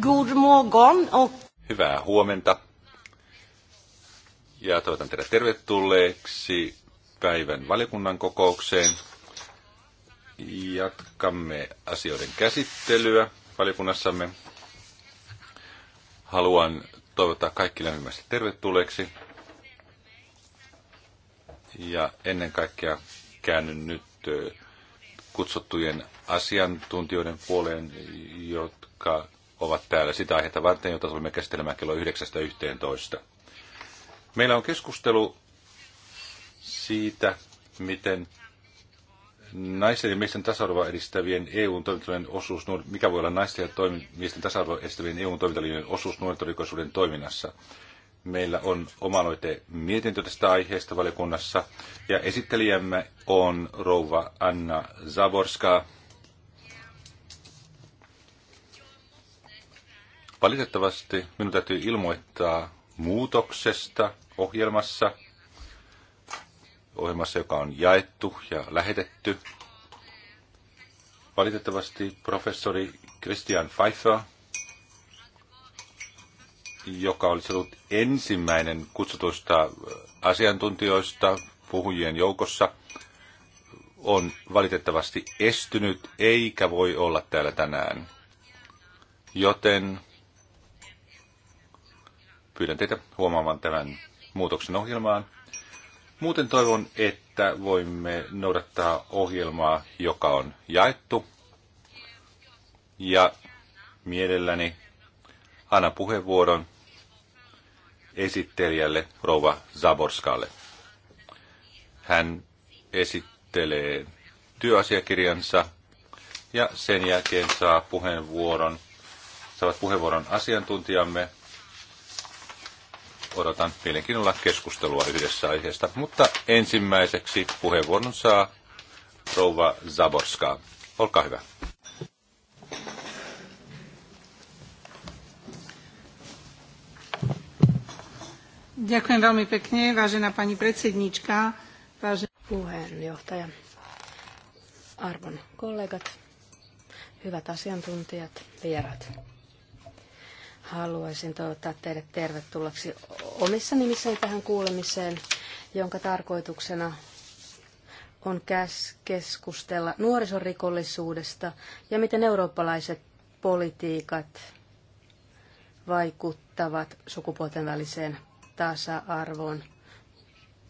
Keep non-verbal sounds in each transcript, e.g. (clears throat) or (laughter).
God morgon och... Hyvää huomenta. Ja toivotan teidät tervetulleeksi päivän valiokunnan kokoukseen. Jatkamme asioiden käsittelyä valiokunnassamme. Haluan toivottaa kaikki lämpimästi tervetulleeksi. Ja ennen kaikkea käännyn nyt kutsuttujen asiantuntijoiden puoleen, jotka ovat täällä sitä aihetta varten, jota tulemme käsittelemään kello 9.11. Meillä on keskustelu siitä, miten naisten ja miesten tasa-arvoa edistävien EUn toimintalien osuus, mikä voi olla naisten ja toimi, miesten tasa-arvoa edistävien EUn toimintalien osuus nuorten toiminnassa. Meillä on oma mietintö tästä aiheesta valiokunnassa ja esittelijämme on rouva Anna Zaborska. Valitettavasti minun täytyy ilmoittaa muutoksesta ohjelmassa, ohjelmassa, joka on jaettu ja lähetetty. Valitettavasti professori Christian Pfeiffer, joka olisi ollut ensimmäinen kutsutuista asiantuntijoista puhujien joukossa, on valitettavasti estynyt eikä voi olla täällä tänään. Joten Pyydän teitä huomaamaan tämän muutoksen ohjelmaan. Muuten toivon, että voimme noudattaa ohjelmaa, joka on jaettu. Ja mielelläni annan puheenvuoron esittelijälle Rova Zaborskalle. Hän esittelee työasiakirjansa ja sen jälkeen saa puheenvuoron, saavat puheenvuoron asiantuntijamme odotan mielenkiinnolla keskustelua yhdessä aiheesta. Mutta ensimmäiseksi puheenvuoron saa rouva Zaborska. Olkaa hyvä. Ďakujem veľmi pekne, vážená pani predsednička, vážená puheenjohtaja, arvon kollegat, hyvät asiantuntijat, vierat. Haluaisin toivottaa teidät tervetulleeksi omissa nimissäni tähän kuulemiseen, jonka tarkoituksena on keskustella nuorisorikollisuudesta ja miten eurooppalaiset politiikat vaikuttavat sukupuolten väliseen tasa-arvoon,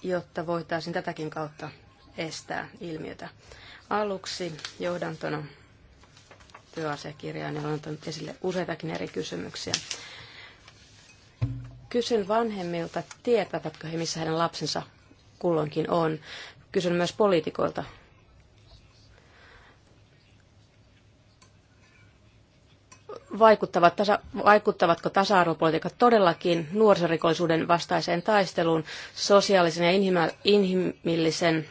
jotta voitaisiin tätäkin kautta estää ilmiötä. Aluksi johdantona työasiakirjaa, ja niin olen ottanut esille useitakin eri kysymyksiä. Kysyn vanhemmilta, tietävätkö he, missä heidän lapsensa kulloinkin on. Kysyn myös poliitikoilta. Vaikuttavat, tasa, vaikuttavatko tasa-arvopolitiikat todellakin nuorisorikollisuuden vastaiseen taisteluun, sosiaalisen ja inhimillisen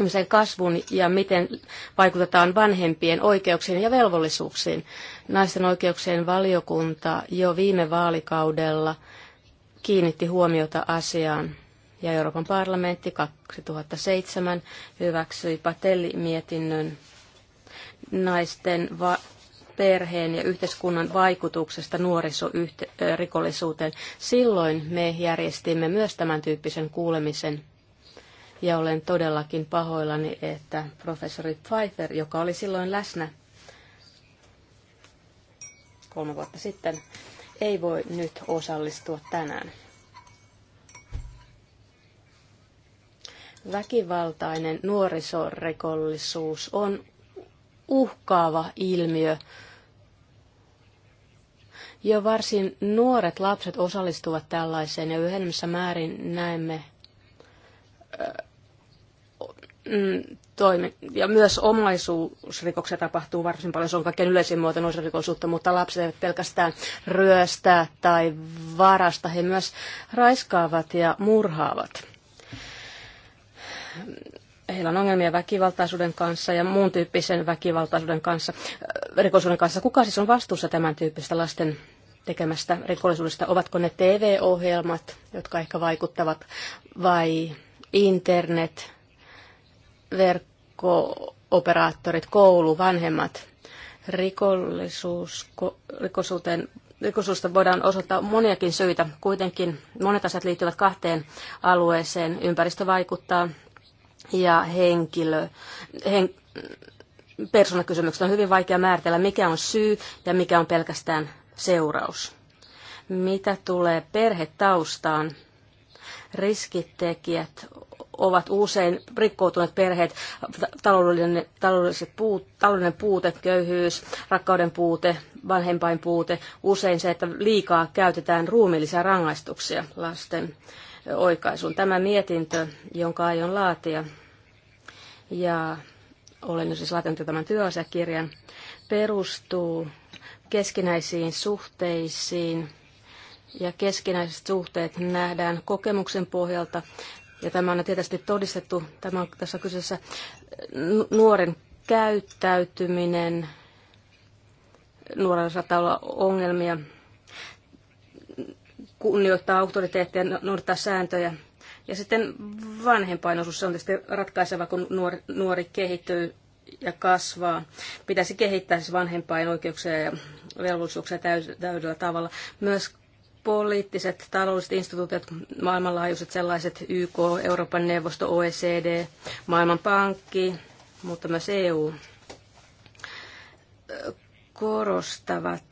oppimisen kasvun ja miten vaikutetaan vanhempien oikeuksiin ja velvollisuuksiin. Naisten oikeuksien valiokunta jo viime vaalikaudella kiinnitti huomiota asiaan ja Euroopan parlamentti 2007 hyväksyi Patelli-mietinnön naisten va- perheen ja yhteiskunnan vaikutuksesta nuorisorikollisuuteen. Silloin me järjestimme myös tämän tyyppisen kuulemisen. Ja olen todellakin pahoillani, että professori Pfeiffer, joka oli silloin läsnä kolme vuotta sitten, ei voi nyt osallistua tänään. Väkivaltainen nuorisorekollisuus on uhkaava ilmiö. Jo varsin nuoret lapset osallistuvat tällaiseen ja yhdessä määrin näemme Mm, toimi. Ja myös omaisuusrikoksia tapahtuu varsin paljon. Se on kaikkein yleisin muoto rikollisuutta, mutta lapset eivät pelkästään ryöstää tai varasta. He myös raiskaavat ja murhaavat. Heillä on ongelmia väkivaltaisuuden kanssa ja muun tyyppisen väkivaltaisuuden kanssa, äh, rikollisuuden kanssa. Kuka siis on vastuussa tämän tyyppistä lasten tekemästä rikollisuudesta? Ovatko ne TV-ohjelmat, jotka ehkä vaikuttavat, vai internet, verkko-operaattorit, koulu, vanhemmat. Rikollisuus, rikollisuuteen Rikosuusta voidaan osoittaa moniakin syitä. Kuitenkin monet asiat liittyvät kahteen alueeseen. Ympäristö vaikuttaa ja henkilö, hen, persoonakysymykset on hyvin vaikea määritellä, mikä on syy ja mikä on pelkästään seuraus. Mitä tulee perhetaustaan, riskitekijät ovat usein rikkoutuneet perheet, taloudellinen, taloudelliset puut, taloudellinen puute, köyhyys, rakkauden puute, vanhempain puute, usein se, että liikaa käytetään ruumiillisia rangaistuksia lasten oikaisuun. Tämä mietintö, jonka aion laatia, ja olen jo siis laatinut tämän työasiakirjan, perustuu keskinäisiin suhteisiin ja keskinäiset suhteet nähdään kokemuksen pohjalta ja tämä on tietysti todistettu, tämä on tässä kyseessä nuoren käyttäytyminen, nuorella saattaa olla ongelmia kunnioittaa auktoriteettia, noudattaa sääntöjä. Ja sitten vanhempainosuus, se on tietysti ratkaiseva, kun nuori, nuori kehittyy ja kasvaa. Pitäisi kehittää siis vanhempain oikeuksia ja velvollisuuksia täydellä tavalla. Myös poliittiset taloudelliset instituutiot, maailmanlaajuiset sellaiset, YK, Euroopan neuvosto, OECD, Maailmanpankki, mutta myös EU, korostavat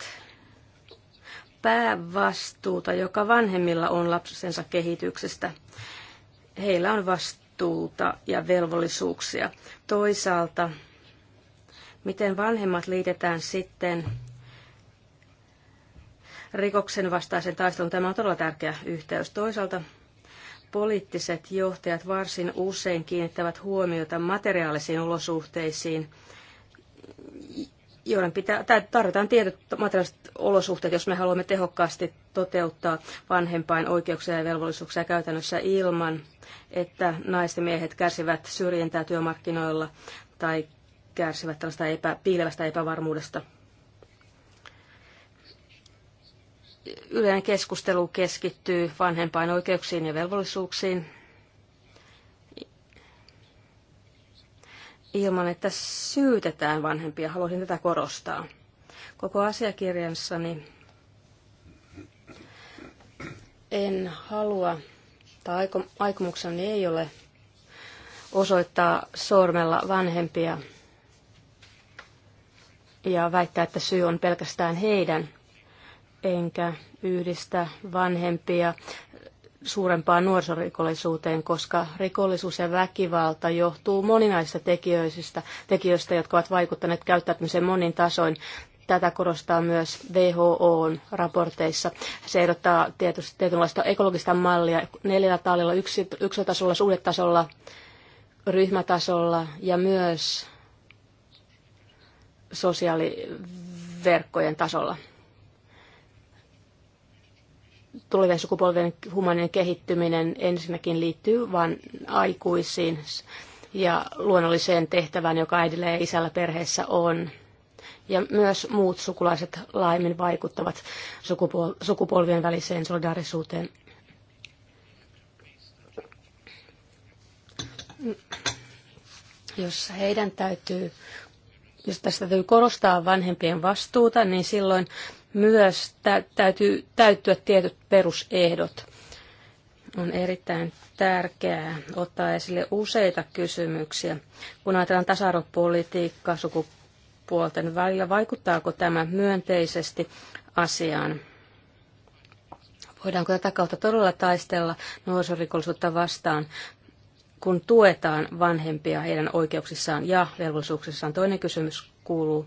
päävastuuta, joka vanhemmilla on lapsensa kehityksestä. Heillä on vastuuta ja velvollisuuksia. Toisaalta, miten vanhemmat liitetään sitten rikoksen vastaisen taistelun. Tämä on todella tärkeä yhteys. Toisaalta poliittiset johtajat varsin usein kiinnittävät huomiota materiaalisiin olosuhteisiin, joiden pitää, tai tarvitaan tietyt materiaaliset olosuhteet, jos me haluamme tehokkaasti toteuttaa vanhempain oikeuksia ja velvollisuuksia käytännössä ilman, että naisten miehet kärsivät syrjintää työmarkkinoilla tai kärsivät tällaista epä, piilevästä epävarmuudesta yleinen keskustelu keskittyy vanhempain oikeuksiin ja velvollisuuksiin ilman, että syytetään vanhempia. Haluaisin tätä korostaa. Koko asiakirjassani en halua, tai aikomukseni ei ole osoittaa sormella vanhempia ja väittää, että syy on pelkästään heidän enkä yhdistä vanhempia suurempaan nuorisorikollisuuteen, koska rikollisuus ja väkivalta johtuu moninaisista tekijöistä, tekijöistä jotka ovat vaikuttaneet käyttäytymiseen monin tasoin. Tätä korostaa myös WHOn raporteissa. Se ehdottaa tietysti tietynlaista ekologista mallia neljällä tallilla, yksilötasolla, suhdetasolla, ryhmätasolla ja myös sosiaaliverkkojen tasolla tulevien sukupolvien humaninen kehittyminen ensinnäkin liittyy vain aikuisiin ja luonnolliseen tehtävään, joka äidillä ja isällä perheessä on. Ja myös muut sukulaiset laimin vaikuttavat sukupol- sukupolvien väliseen solidaarisuuteen. Jos heidän täytyy jos tästä täytyy korostaa vanhempien vastuuta, niin silloin myös täytyy täyttyä tietyt perusehdot. On erittäin tärkeää ottaa esille useita kysymyksiä. Kun ajatellaan tasa-arvopolitiikkaa sukupuolten välillä, vaikuttaako tämä myönteisesti asiaan? Voidaanko tätä kautta todella taistella nuorisorikollisuutta vastaan, kun tuetaan vanhempia heidän oikeuksissaan ja velvollisuuksissaan? Toinen kysymys kuuluu,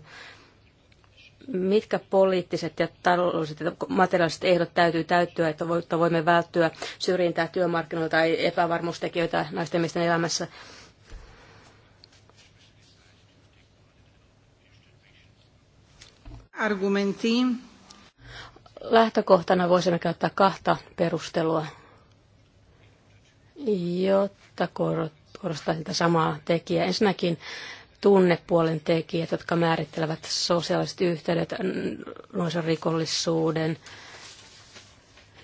mitkä poliittiset ja taloudelliset ja materiaaliset ehdot täytyy täyttyä, että voimme välttyä syrjintää työmarkkinoilta tai epävarmuustekijöitä naisten ja miesten elämässä. Argumentiin. Lähtökohtana voisimme käyttää kahta perustelua, jotta korostaisin sitä samaa tekijää. Ensinnäkin tunnepuolen tekijät, jotka määrittelevät sosiaaliset yhteydet, nuorisorikollisuuden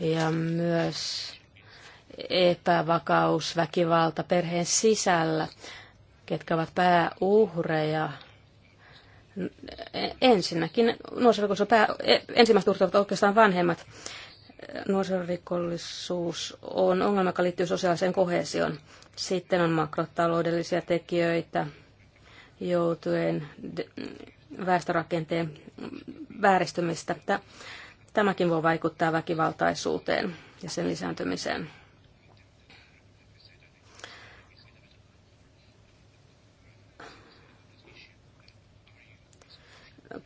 ja myös epävakaus, väkivalta perheen sisällä, ketkä ovat pääuhreja. Ensinnäkin nuorisorikollisuus pää, e, ensimmäiset uhrit ovat oikeastaan vanhemmat. Nuorisorikollisuus on ongelma, joka liittyy sosiaaliseen kohesioon. Sitten on makrotaloudellisia tekijöitä, joutuen väestörakenteen vääristymistä. Tämäkin voi vaikuttaa väkivaltaisuuteen ja sen lisääntymiseen.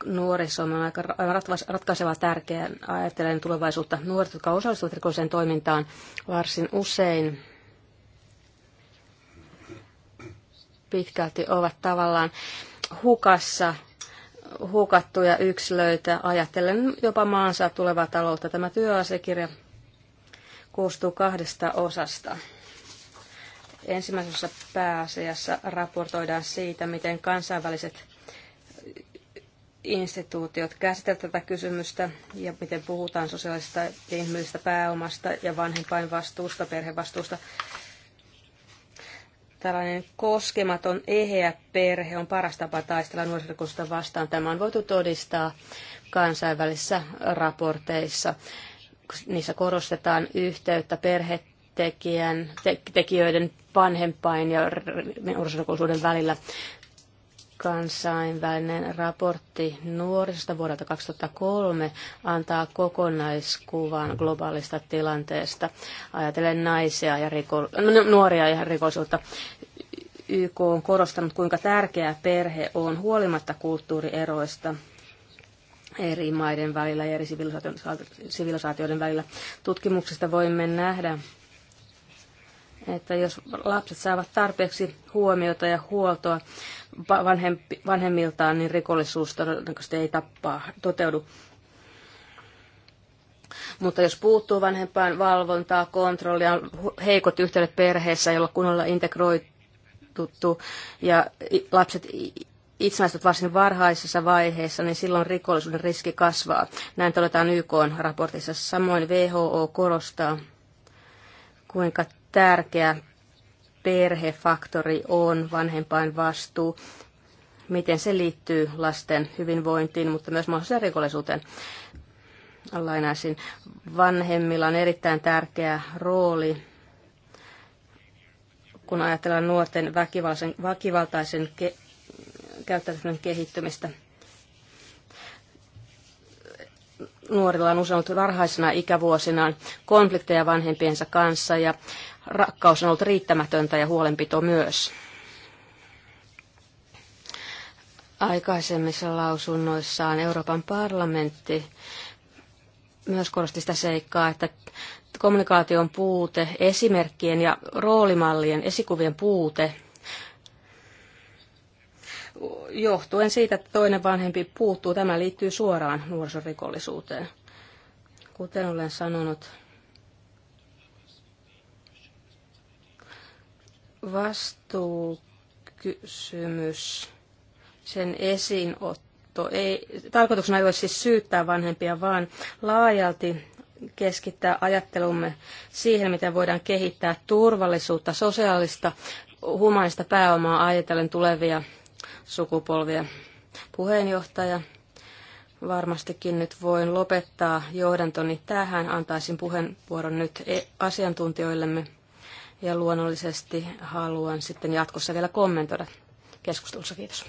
Nuoriso on aika ratkaiseva tärkeä ajatellen tulevaisuutta. Nuoret, jotka osallistuvat rikolliseen toimintaan varsin usein pitkälti ovat tavallaan hukassa hukattuja yksilöitä, ajatellen jopa maansa tulevaa taloutta. Tämä työasiakirja koostuu kahdesta osasta. Ensimmäisessä pääasiassa raportoidaan siitä, miten kansainväliset instituutiot käsittelevät tätä kysymystä ja miten puhutaan sosiaalisesta ja inhimillisestä pääomasta ja vanhempainvastuusta, perhevastuusta. Tällainen koskematon eheä perhe on paras tapa taistella nuorisorikosta vastaan. Tämä on voitu todistaa kansainvälisissä raporteissa. Niissä korostetaan yhteyttä perhetekijän, te, tekijöiden vanhempain ja nuorisorikoisuuden välillä. Kansainvälinen raportti nuorisosta vuodelta 2003 antaa kokonaiskuvan globaalista tilanteesta. Ajatellen naisia ja riko- no, no, nuoria ja rikollisuutta. YK on korostanut, kuinka tärkeä perhe on huolimatta kulttuurieroista eri maiden välillä ja eri sivilisaatioiden välillä. Tutkimuksesta voimme nähdä, että jos lapset saavat tarpeeksi huomiota ja huoltoa vanhempi, vanhemmiltaan, niin rikollisuus todennäköisesti ei tappaa, toteudu. Mutta jos puuttuu vanhempaan valvontaa, kontrollia, heikot yhteydet perheessä, jolla kunnolla integroituttu ja lapset itsenäistyt varsin varhaisessa vaiheessa, niin silloin rikollisuuden riski kasvaa. Näin todetaan YK raportissa. Samoin WHO korostaa, kuinka tärkeä perhefaktori on vanhempain vastuu, miten se liittyy lasten hyvinvointiin, mutta myös mahdolliseen rikollisuuteen. Lainaisin. Vanhemmilla on erittäin tärkeä rooli, kun ajatellaan nuorten väkivaltaisen, väkivaltaisen ke, käyttäytymisen kehittymistä. Nuorilla on usein ollut varhaisena ikävuosinaan konflikteja vanhempiensa kanssa ja rakkaus on ollut riittämätöntä ja huolenpito myös. Aikaisemmissa lausunnoissaan Euroopan parlamentti myös korosti sitä seikkaa, että kommunikaation puute, esimerkkien ja roolimallien, esikuvien puute johtuen siitä, että toinen vanhempi puuttuu, tämä liittyy suoraan nuorisorikollisuuteen. Kuten olen sanonut, Vastuukysymys, sen esiinotto. Ei, tarkoituksena ei ole siis syyttää vanhempia, vaan laajalti keskittää ajattelumme siihen, miten voidaan kehittää turvallisuutta, sosiaalista, humanista pääomaa ajatellen tulevia sukupolvia. Puheenjohtaja, varmastikin nyt voin lopettaa johdantoni tähän. Antaisin puheenvuoron nyt e- asiantuntijoillemme. Ja luonnollisesti haluan sitten jatkossa vielä kommentoida keskustelussa. Kiitos.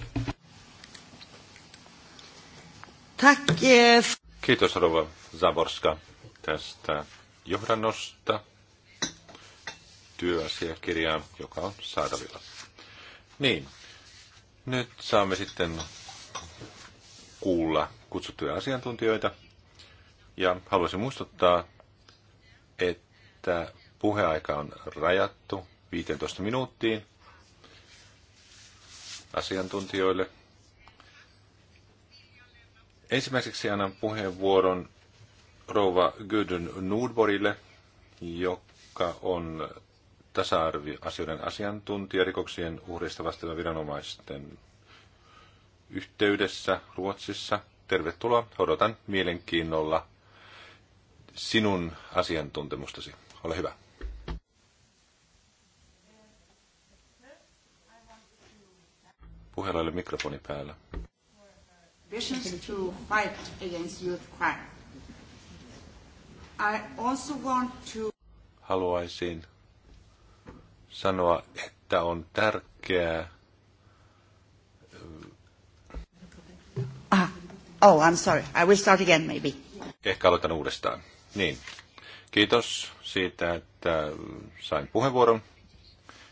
Kiitos Rova Zaborska tästä johdannosta työasiakirjaa, joka on saatavilla. Niin, nyt saamme sitten kuulla kutsuttuja asiantuntijoita. Ja haluaisin muistuttaa, että Puheaika on rajattu 15 minuuttiin asiantuntijoille. Ensimmäiseksi annan puheenvuoron rouva Gudrun Nordborille, joka on tasa-arvoasioiden asiantuntija rikoksien uhreista vastaavien viranomaisten yhteydessä Ruotsissa. Tervetuloa. Odotan mielenkiinnolla sinun asiantuntemustasi. Ole hyvä. Puheella oli mikrofoni päällä. Haluaisin sanoa, että on tärkeää... Ah, oh, I'm sorry. I will start again maybe. Ehkä aloitan uudestaan. Niin. Kiitos siitä, että sain puheenvuoron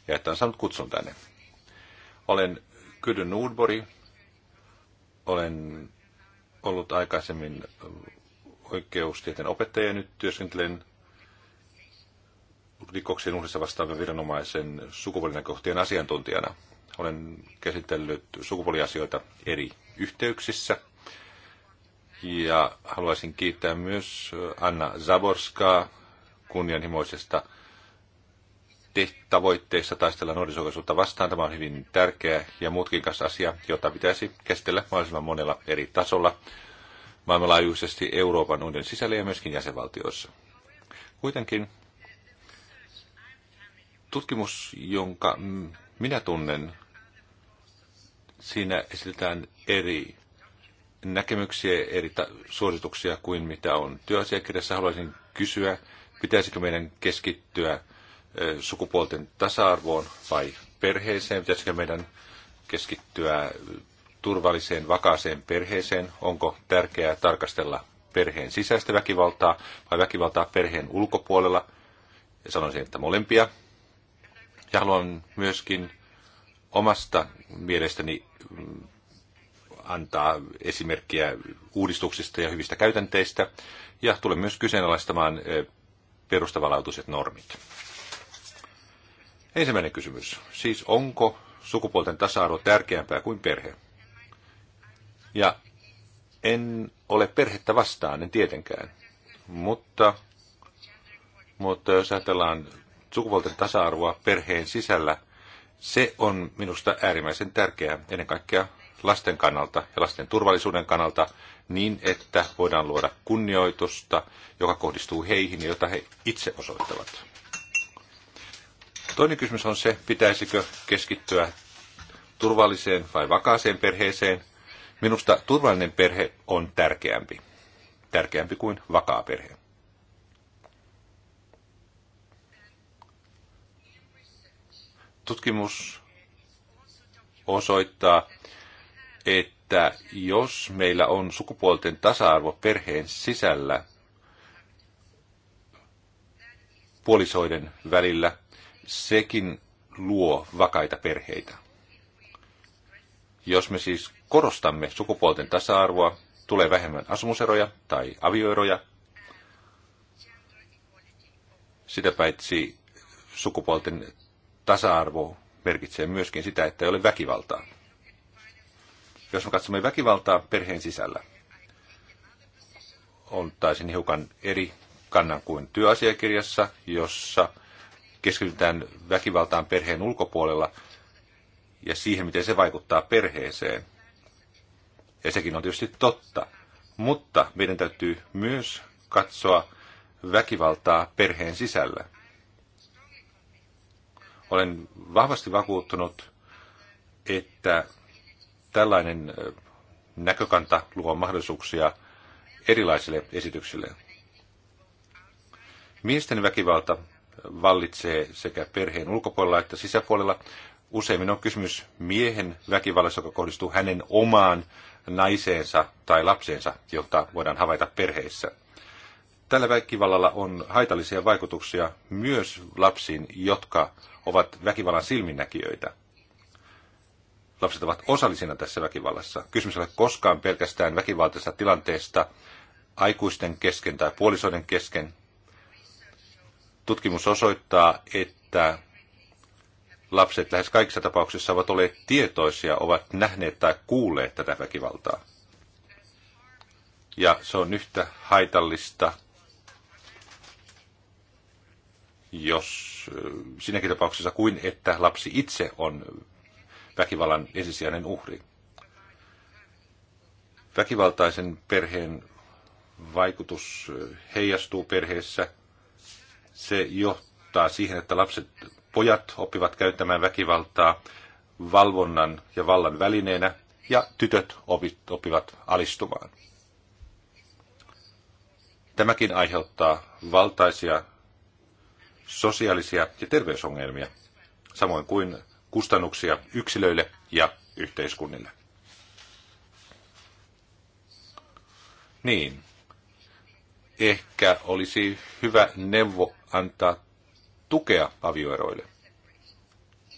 ja että on saanut kutsun tänne. Olen Kydy Nordbori. Olen ollut aikaisemmin oikeustieteen opettaja ja nyt työskentelen rikoksien uhrissa vastaavan viranomaisen sukupuolinäkökohtien asiantuntijana. Olen käsitellyt sukupuoliasioita eri yhteyksissä. Ja haluaisin kiittää myös Anna Zaborskaa kunnianhimoisesta tavoitteissa taistella nuorisokaisuutta vastaan. Tämä on hyvin tärkeä ja kanssa asia, jota pitäisi käsitellä mahdollisimman monella eri tasolla maailmanlaajuisesti Euroopan unionin sisällä ja myöskin jäsenvaltioissa. Kuitenkin tutkimus, jonka minä tunnen, siinä esitetään eri näkemyksiä, eri suosituksia kuin mitä on työasiakirjassa. Haluaisin kysyä, pitäisikö meidän keskittyä sukupuolten tasa-arvoon vai perheeseen? Pitäisikö meidän keskittyä turvalliseen, vakaaseen perheeseen? Onko tärkeää tarkastella perheen sisäistä väkivaltaa vai väkivaltaa perheen ulkopuolella? Ja sanoisin, että molempia. Ja haluan myöskin omasta mielestäni mm, antaa esimerkkiä uudistuksista ja hyvistä käytänteistä. Ja tulen myös kyseenalaistamaan perustavanlaatuiset normit. Ensimmäinen kysymys. Siis onko sukupuolten tasa-arvo tärkeämpää kuin perhe? Ja en ole perhettä vastaan, en tietenkään. Mutta, mutta jos ajatellaan sukupuolten tasa-arvoa perheen sisällä, se on minusta äärimmäisen tärkeää ennen kaikkea lasten kannalta ja lasten turvallisuuden kannalta niin, että voidaan luoda kunnioitusta, joka kohdistuu heihin ja jota he itse osoittavat. Toinen kysymys on se, pitäisikö keskittyä turvalliseen vai vakaaseen perheeseen. Minusta turvallinen perhe on tärkeämpi. Tärkeämpi kuin vakaa perhe. Tutkimus osoittaa, että jos meillä on sukupuolten tasa-arvo perheen sisällä puolisoiden välillä, sekin luo vakaita perheitä. Jos me siis korostamme sukupuolten tasa-arvoa, tulee vähemmän asumuseroja tai avioeroja. Sitä paitsi sukupuolten tasa-arvo merkitsee myöskin sitä, että ei ole väkivaltaa. Jos me katsomme väkivaltaa perheen sisällä, on taisin hiukan eri kannan kuin työasiakirjassa, jossa – keskitytään väkivaltaan perheen ulkopuolella ja siihen, miten se vaikuttaa perheeseen. Ja sekin on tietysti totta. Mutta meidän täytyy myös katsoa väkivaltaa perheen sisällä. Olen vahvasti vakuuttunut, että tällainen näkökanta luo mahdollisuuksia erilaisille esityksille. Miesten väkivalta vallitsee sekä perheen ulkopuolella että sisäpuolella. Useimmin on kysymys miehen väkivallasta, joka kohdistuu hänen omaan naiseensa tai lapseensa, jota voidaan havaita perheissä. Tällä väkivallalla on haitallisia vaikutuksia myös lapsiin, jotka ovat väkivallan silminnäkijöitä. Lapset ovat osallisina tässä väkivallassa. Kysymys ei ole koskaan pelkästään väkivaltaisesta tilanteesta aikuisten kesken tai puolisoiden kesken, Tutkimus osoittaa, että lapset lähes kaikissa tapauksissa ovat olleet tietoisia, ovat nähneet tai kuulleet tätä väkivaltaa. Ja se on yhtä haitallista, jos siinäkin tapauksessa kuin että lapsi itse on väkivallan ensisijainen uhri. Väkivaltaisen perheen vaikutus heijastuu perheessä se johtaa siihen, että lapset, pojat oppivat käyttämään väkivaltaa valvonnan ja vallan välineenä, ja tytöt oppivat alistumaan. Tämäkin aiheuttaa valtaisia sosiaalisia ja terveysongelmia, samoin kuin kustannuksia yksilöille ja yhteiskunnille. Niin, ehkä olisi hyvä neuvo antaa tukea avioeroille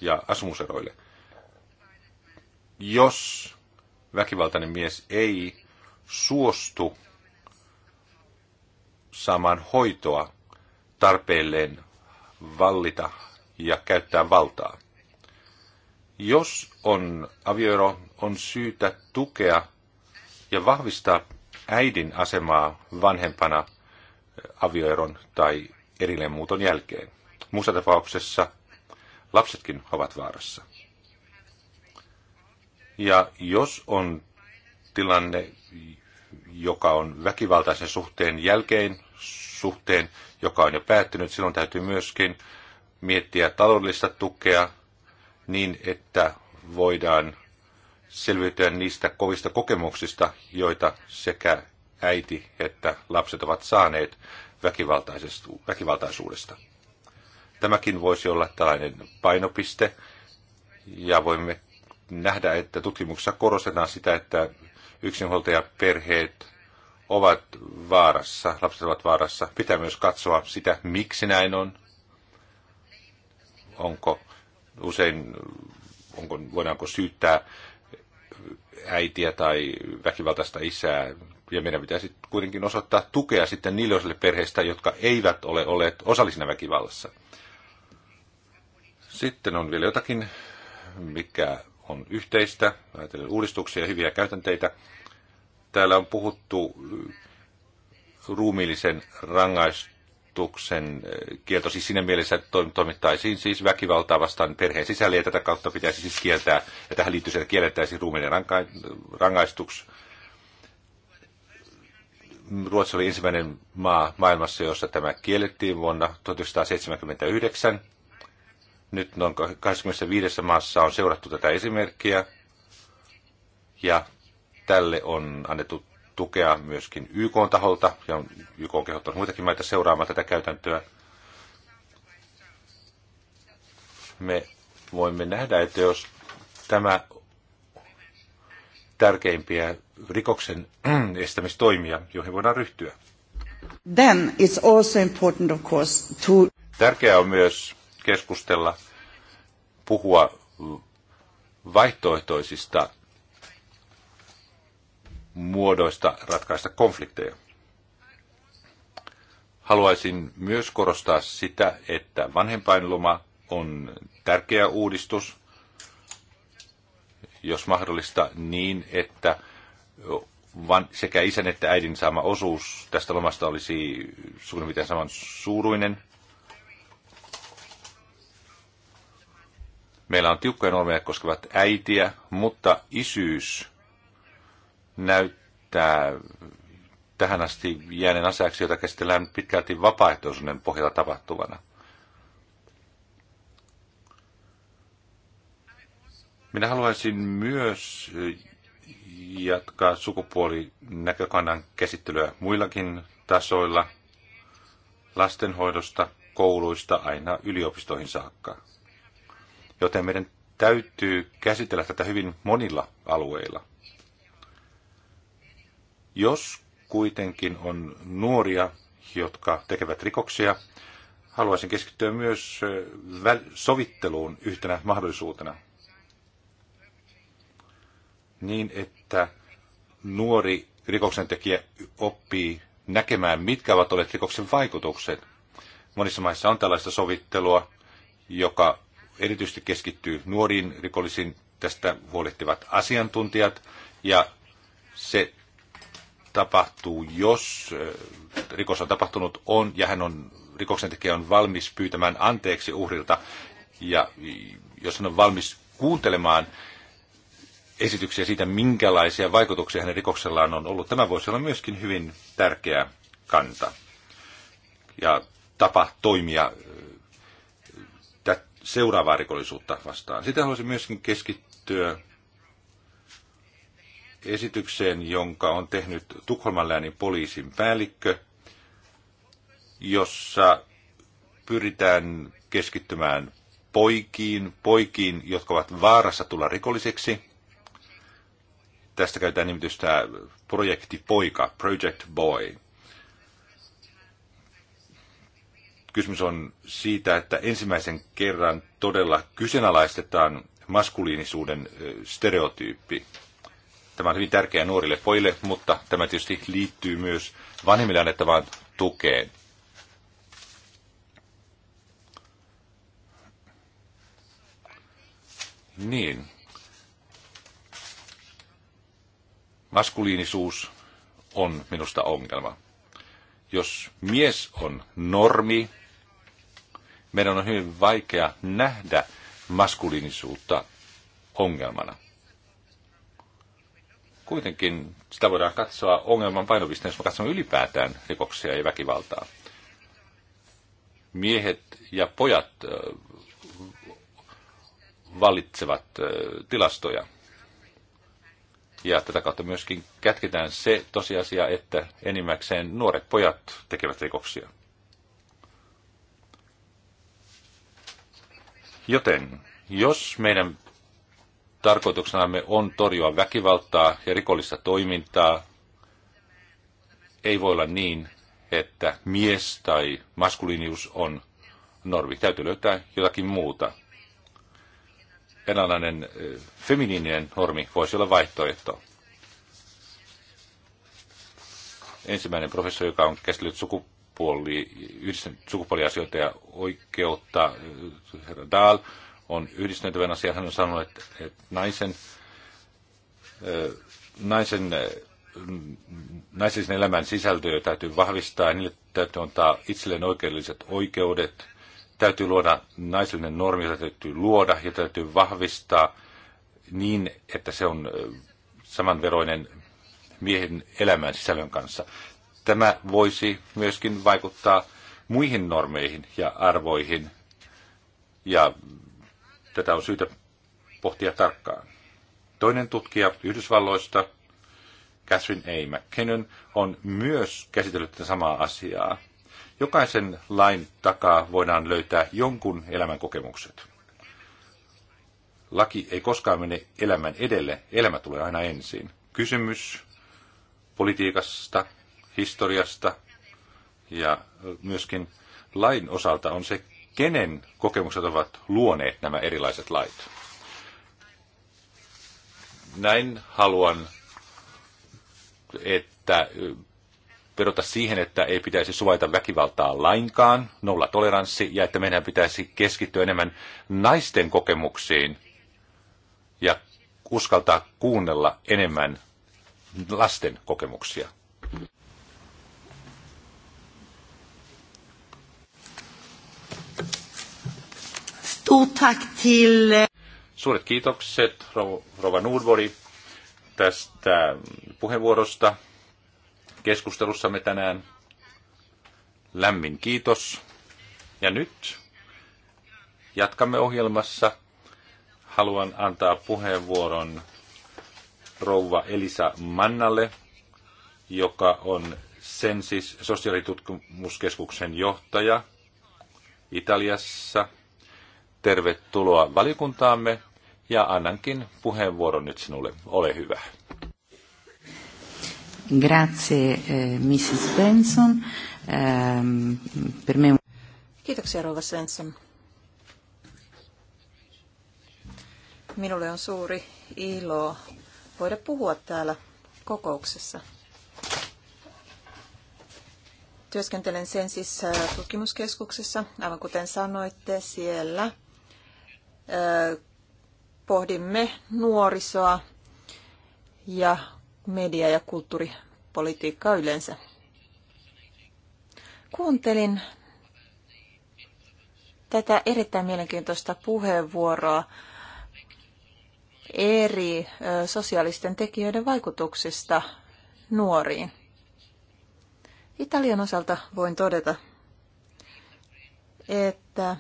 ja asumuseroille. Jos väkivaltainen mies ei suostu saamaan hoitoa tarpeelleen vallita ja käyttää valtaa. Jos on avioero, on syytä tukea ja vahvistaa äidin asemaa vanhempana avioeron tai erilleen muuton jälkeen. Muussa tapauksessa lapsetkin ovat vaarassa. Ja jos on tilanne, joka on väkivaltaisen suhteen jälkeen, suhteen, joka on jo päättynyt, silloin täytyy myöskin miettiä taloudellista tukea niin, että voidaan selviytyä niistä kovista kokemuksista, joita sekä äiti että lapset ovat saaneet väkivaltaisuudesta. Tämäkin voisi olla tällainen painopiste, ja voimme nähdä, että tutkimuksessa korostetaan sitä, että yksinhuoltajaperheet ovat vaarassa, lapset ovat vaarassa. Pitää myös katsoa sitä, miksi näin on. Onko usein, onko, voidaanko syyttää äitiä tai väkivaltaista isää ja meidän pitäisi kuitenkin osoittaa tukea sitten niille osille perheistä, jotka eivät ole olleet osallisina väkivallassa. Sitten on vielä jotakin, mikä on yhteistä, ajatellen uudistuksia ja hyviä käytänteitä. Täällä on puhuttu ruumiillisen rangaistuksen eh, kielto, siis siinä mielessä, että toimittaisiin siis väkivaltaa vastaan perheen sisällä, ja tätä kautta pitäisi siis kieltää, ja tähän liittyy se, että kiellettäisiin ruumiillinen rangaistus, Ruotsi oli ensimmäinen maa maailmassa, jossa tämä kiellettiin vuonna 1979. Nyt noin 25 maassa on seurattu tätä esimerkkiä ja tälle on annettu tukea myöskin YK taholta ja YK on kehottanut muitakin maita seuraamaan tätä käytäntöä. Me voimme nähdä, että jos tämä tärkeimpiä rikoksen (clears throat) estämistoimia, joihin voidaan ryhtyä. Then it's also important, of course, to... Tärkeää on myös keskustella, puhua vaihtoehtoisista muodoista ratkaista konflikteja. Haluaisin myös korostaa sitä, että vanhempainloma on tärkeä uudistus, jos mahdollista niin, että sekä isän että äidin saama osuus tästä lomasta olisi suurin piirtein saman suuruinen. Meillä on tiukkoja normeja koskevat äitiä, mutta isyys näyttää tähän asti jääneen asiaksi, jota käsitellään pitkälti vapaaehtoisuuden pohjalta tapahtuvana. Minä haluaisin myös jatkaa sukupuolinäkökannan käsittelyä muillakin tasoilla, lastenhoidosta, kouluista aina yliopistoihin saakka. Joten meidän täytyy käsitellä tätä hyvin monilla alueilla. Jos kuitenkin on nuoria, jotka tekevät rikoksia, haluaisin keskittyä myös sovitteluun yhtenä mahdollisuutena. Niin, että että nuori rikoksentekijä oppii näkemään, mitkä ovat olleet rikoksen vaikutukset. Monissa maissa on tällaista sovittelua, joka erityisesti keskittyy nuoriin rikollisiin. Tästä huolehtivat asiantuntijat ja se tapahtuu, jos äh, rikos on tapahtunut on, ja hän on, rikoksentekijä on valmis pyytämään anteeksi uhrilta, ja jos hän on valmis kuuntelemaan esityksiä siitä, minkälaisia vaikutuksia hänen rikoksellaan on ollut. Tämä voisi olla myöskin hyvin tärkeä kanta ja tapa toimia äh, seuraavaa rikollisuutta vastaan. Sitä haluaisin myöskin keskittyä esitykseen, jonka on tehnyt Tukholman läänin poliisin päällikkö, jossa pyritään keskittymään poikiin, poikiin, jotka ovat vaarassa tulla rikolliseksi, Tästä käytetään nimitystä projektipoika, project boy. Kysymys on siitä, että ensimmäisen kerran todella kyseenalaistetaan maskuliinisuuden stereotyyppi. Tämä on hyvin tärkeää nuorille pojille, mutta tämä tietysti liittyy myös vanhemmille annettavaan tukeen. Niin. maskuliinisuus on minusta ongelma. Jos mies on normi, meidän on hyvin vaikea nähdä maskuliinisuutta ongelmana. Kuitenkin sitä voidaan katsoa ongelman painopisteen, jos me katsomme ylipäätään rikoksia ja väkivaltaa. Miehet ja pojat valitsevat tilastoja. Ja tätä kautta myöskin kätketään se tosiasia, että enimmäkseen nuoret pojat tekevät rikoksia. Joten, jos meidän tarkoituksenamme on torjua väkivaltaa ja rikollista toimintaa, ei voi olla niin, että mies tai maskuliinius on normi. Täytyy löytää jotakin muuta eräänlainen feminiininen normi voisi olla vaihtoehto. Ensimmäinen professori, joka on käsitellyt sukupuoli, sukupuoliasioita ja oikeutta, herra Dahl, on yhdistynetyvän asian. Hän on sanonut, että, että naisen, naisen naisen elämän sisältöjä täytyy vahvistaa ja niille täytyy antaa itselleen oikeudelliset oikeudet – täytyy luoda naisellinen normi, jota täytyy luoda ja täytyy vahvistaa niin, että se on samanveroinen miehen elämän sisällön kanssa. Tämä voisi myöskin vaikuttaa muihin normeihin ja arvoihin, ja tätä on syytä pohtia tarkkaan. Toinen tutkija Yhdysvalloista, Catherine A. McKinnon, on myös käsitellyt tätä samaa asiaa. Jokaisen lain takaa voidaan löytää jonkun elämän kokemukset. Laki ei koskaan mene elämän edelle, elämä tulee aina ensin. Kysymys politiikasta, historiasta ja myöskin lain osalta on se, kenen kokemukset ovat luoneet nämä erilaiset lait. Näin haluan, että vedota siihen, että ei pitäisi suvaita väkivaltaa lainkaan, nolla toleranssi, ja että meidän pitäisi keskittyä enemmän naisten kokemuksiin ja uskaltaa kuunnella enemmän lasten kokemuksia. Eh, Suuret kiitokset Rova Nordbori, tästä puheenvuorosta keskustelussamme tänään. Lämmin kiitos. Ja nyt jatkamme ohjelmassa. Haluan antaa puheenvuoron rouva Elisa Mannalle, joka on Sensis sosiaalitutkimuskeskuksen johtaja Italiassa. Tervetuloa valiokuntaamme ja annankin puheenvuoron nyt sinulle. Ole hyvä. Grazie, eh, Mrs. Benson. Ähm, per me... Kiitoksia, Rova Svensson. Minulle on suuri ilo voida puhua täällä kokouksessa. Työskentelen sen siis tutkimuskeskuksessa, aivan kuten sanoitte, siellä eh, pohdimme nuorisoa ja media- ja kulttuuripolitiikkaa yleensä. Kuuntelin tätä erittäin mielenkiintoista puheenvuoroa eri sosiaalisten tekijöiden vaikutuksista nuoriin. Italian osalta voin todeta, että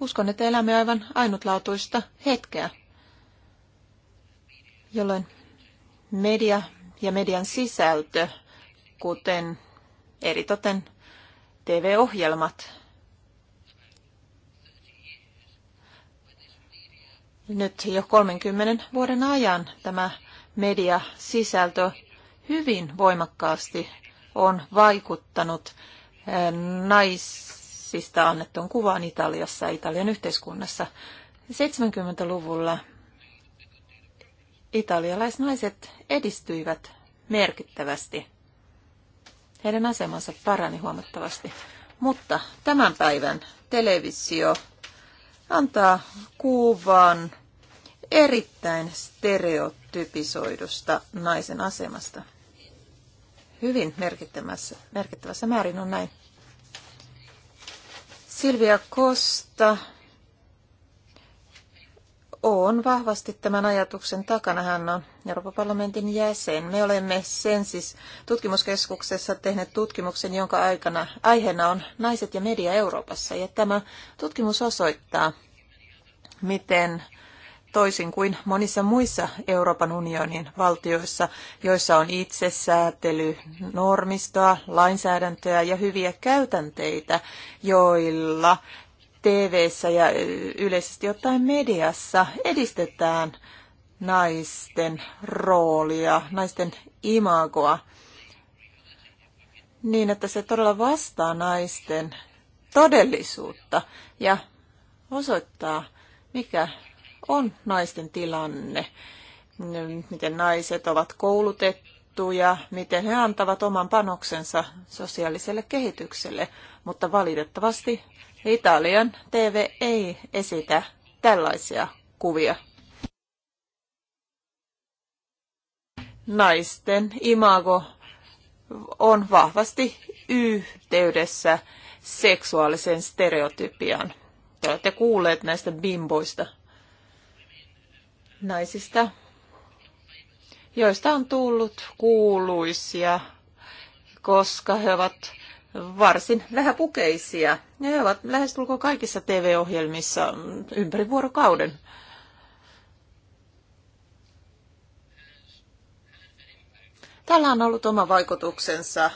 uskon, että elämme aivan ainutlaatuista hetkeä, jolloin Media ja median sisältö, kuten eritoten TV-ohjelmat, nyt jo 30 vuoden ajan tämä mediasisältö hyvin voimakkaasti on vaikuttanut eh, naisista annettuun kuvaan Italiassa, Italian yhteiskunnassa. 70-luvulla italialaisnaiset edistyivät merkittävästi. Heidän asemansa parani huomattavasti. Mutta tämän päivän televisio antaa kuvan erittäin stereotypisoidusta naisen asemasta. Hyvin merkittävässä, merkittävässä määrin on näin. Silvia Kosta on vahvasti tämän ajatuksen takana. Hän on Euroopan parlamentin jäsen. Me olemme sen siis tutkimuskeskuksessa tehneet tutkimuksen, jonka aikana aiheena on naiset ja media Euroopassa. Ja tämä tutkimus osoittaa, miten toisin kuin monissa muissa Euroopan unionin valtioissa, joissa on itsesäätely, normistoa, lainsäädäntöä ja hyviä käytänteitä, joilla tv ja yleisesti ottaen mediassa edistetään naisten roolia, naisten imagoa niin, että se todella vastaa naisten todellisuutta ja osoittaa, mikä on naisten tilanne, miten naiset ovat koulutettuja, miten he antavat oman panoksensa sosiaaliselle kehitykselle, mutta valitettavasti Italian TV ei esitä tällaisia kuvia. Naisten imago on vahvasti yhteydessä seksuaalisen stereotypian. Te olette kuulleet näistä bimboista naisista, joista on tullut kuuluisia, koska he ovat varsin lähäpukeisia. Ne he ovat lähestulkoon kaikissa TV-ohjelmissa ympäri vuorokauden. Tällä on ollut oma vaikutuksensa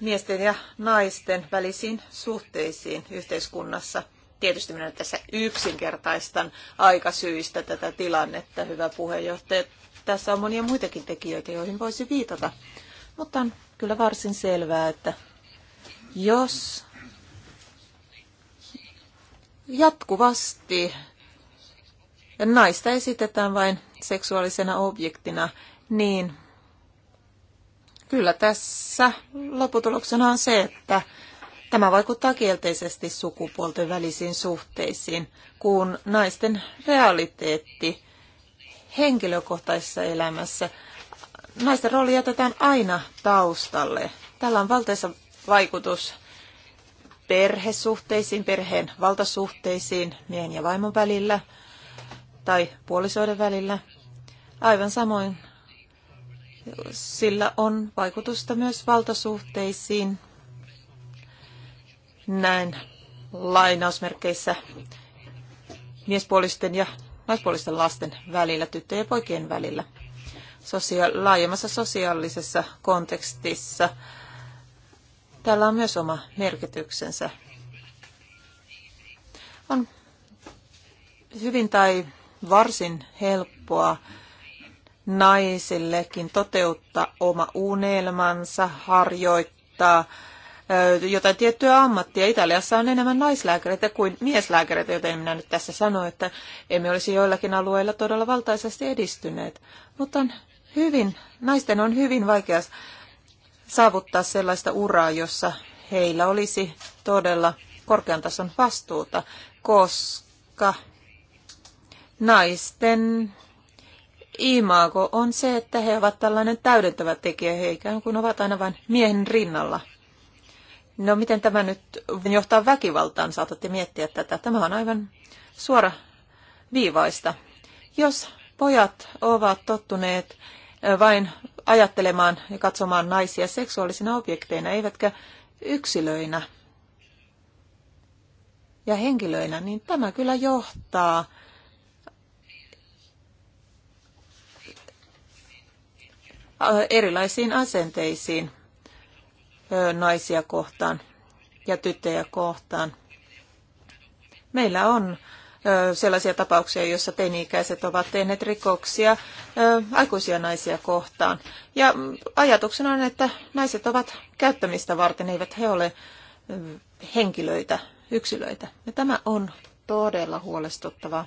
miesten ja naisten välisiin suhteisiin yhteiskunnassa. Tietysti minä tässä yksinkertaistan aikasyistä tätä tilannetta, hyvä puheenjohtaja. Tässä on monia muitakin tekijöitä, joihin voisi viitata. Mutta on kyllä varsin selvää, että jos jatkuvasti naista esitetään vain seksuaalisena objektina, niin kyllä tässä lopputuloksena on se, että tämä vaikuttaa kielteisesti sukupuolten välisiin suhteisiin, kun naisten realiteetti henkilökohtaisessa elämässä – naisten rooli jätetään aina taustalle. Tällä on valtaisa vaikutus perhesuhteisiin, perheen valtasuhteisiin miehen ja vaimon välillä tai puolisoiden välillä. Aivan samoin sillä on vaikutusta myös valtasuhteisiin näin lainausmerkeissä miespuolisten ja naispuolisten lasten välillä, tyttöjen ja poikien välillä sosia- laajemmassa sosiaalisessa kontekstissa. Tällä on myös oma merkityksensä. On hyvin tai varsin helppoa naisillekin toteuttaa oma unelmansa, harjoittaa jotain tiettyä ammattia. Italiassa on enemmän naislääkäreitä kuin mieslääkäreitä, joten minä nyt tässä sano, että emme olisi joillakin alueilla todella valtaisesti edistyneet. Mutta on hyvin, naisten on hyvin vaikea saavuttaa sellaista uraa, jossa heillä olisi todella korkean tason vastuuta, koska naisten imago on se, että he ovat tällainen täydentävä tekijä, he ikään kuin ovat aina vain miehen rinnalla. No miten tämä nyt johtaa väkivaltaan, saatatte miettiä tätä. Tämä on aivan suora viivaista. Jos Pojat ovat tottuneet vain ajattelemaan ja katsomaan naisia seksuaalisina objekteina, eivätkä yksilöinä ja henkilöinä, niin tämä kyllä johtaa erilaisiin asenteisiin naisia kohtaan ja tyttöjä kohtaan. Meillä on sellaisia tapauksia, joissa teini-ikäiset ovat tehneet rikoksia aikuisia naisia kohtaan. Ja mm, ajatuksena on, että naiset ovat käyttämistä varten, eivät he ole henkilöitä, yksilöitä. Ja tämä on todella huolestuttavaa.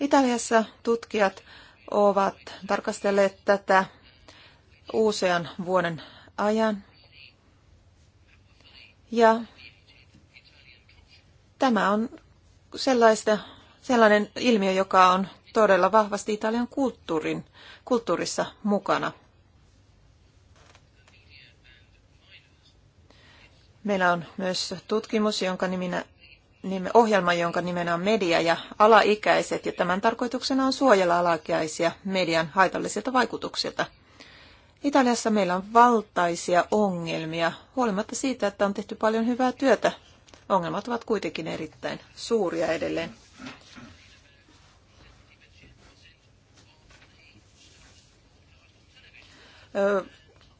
Italiassa tutkijat ovat tarkastelleet tätä usean vuoden ajan. Ja tämä on sellaista sellainen ilmiö, joka on todella vahvasti Italian kulttuurin, kulttuurissa mukana. Meillä on myös tutkimus, jonka niminä, nime, ohjelma, jonka nimenä on media ja alaikäiset, ja tämän tarkoituksena on suojella alaikäisiä median haitallisilta vaikutuksilta. Italiassa meillä on valtaisia ongelmia, huolimatta siitä, että on tehty paljon hyvää työtä. Ongelmat ovat kuitenkin erittäin suuria edelleen.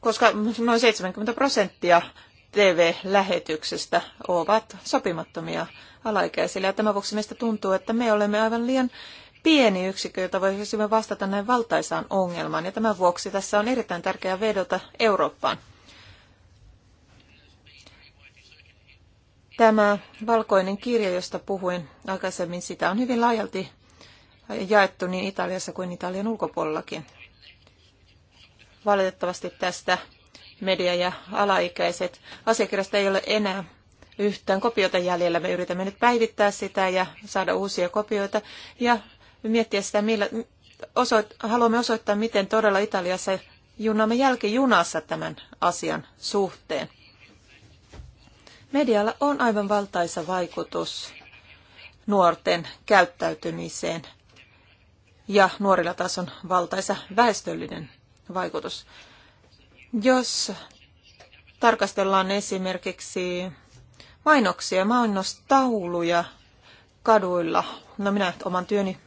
koska noin 70 prosenttia TV-lähetyksestä ovat sopimattomia alaikäisille. Ja tämän vuoksi meistä tuntuu, että me olemme aivan liian pieni yksikkö, jota voisimme vastata näin valtaisaan ongelmaan. Ja tämän vuoksi tässä on erittäin tärkeää vedota Eurooppaan. Tämä valkoinen kirja, josta puhuin aikaisemmin, sitä on hyvin laajalti jaettu niin Italiassa kuin Italian ulkopuolellakin. Valitettavasti tästä media ja alaikäiset asiakirjasta ei ole enää yhtään kopiota jäljellä. Me yritämme nyt päivittää sitä ja saada uusia kopioita ja miettiä sitä, millä osoit, haluamme osoittaa, miten todella Italiassa junnamme jälkijunassa tämän asian suhteen. Medialla on aivan valtaisa vaikutus nuorten käyttäytymiseen ja nuorilla taas on valtaisa väestöllinen vaikutus. Jos tarkastellaan esimerkiksi mainoksia, mainostauluja kaduilla, no minä oman työni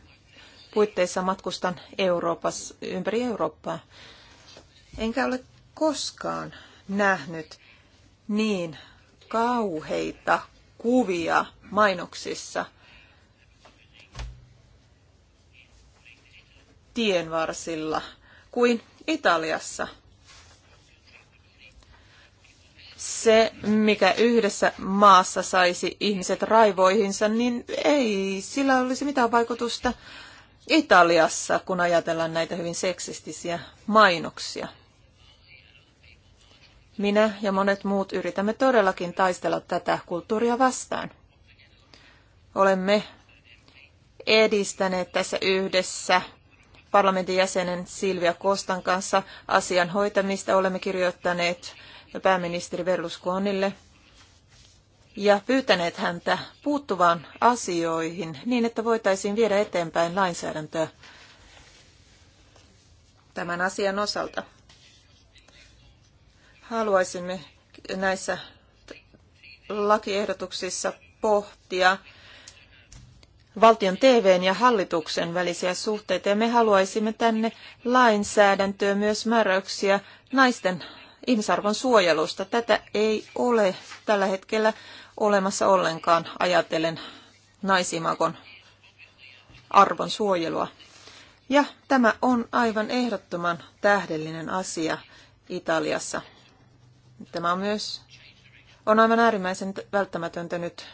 puitteissa matkustan Euroopassa, ympäri Eurooppaa, enkä ole koskaan nähnyt niin kauheita kuvia mainoksissa tienvarsilla kuin Italiassa. Se, mikä yhdessä maassa saisi ihmiset raivoihinsa, niin ei sillä olisi mitään vaikutusta Italiassa, kun ajatellaan näitä hyvin seksistisiä mainoksia. Minä ja monet muut yritämme todellakin taistella tätä kulttuuria vastaan. Olemme edistäneet tässä yhdessä parlamentin jäsenen Silvia Kostan kanssa asian hoitamista. Olemme kirjoittaneet pääministeri Berlusconille ja pyytäneet häntä puuttuvaan asioihin niin, että voitaisiin viedä eteenpäin lainsäädäntöä tämän asian osalta. Haluaisimme näissä lakiehdotuksissa pohtia valtion TVn ja hallituksen välisiä suhteita. Ja me haluaisimme tänne lainsäädäntöä myös määräyksiä naisten ihmisarvon suojelusta. Tätä ei ole tällä hetkellä olemassa ollenkaan ajatellen naisimakon arvon suojelua. Ja tämä on aivan ehdottoman tähdellinen asia Italiassa. Tämä on myös on aivan äärimmäisen välttämätöntä nyt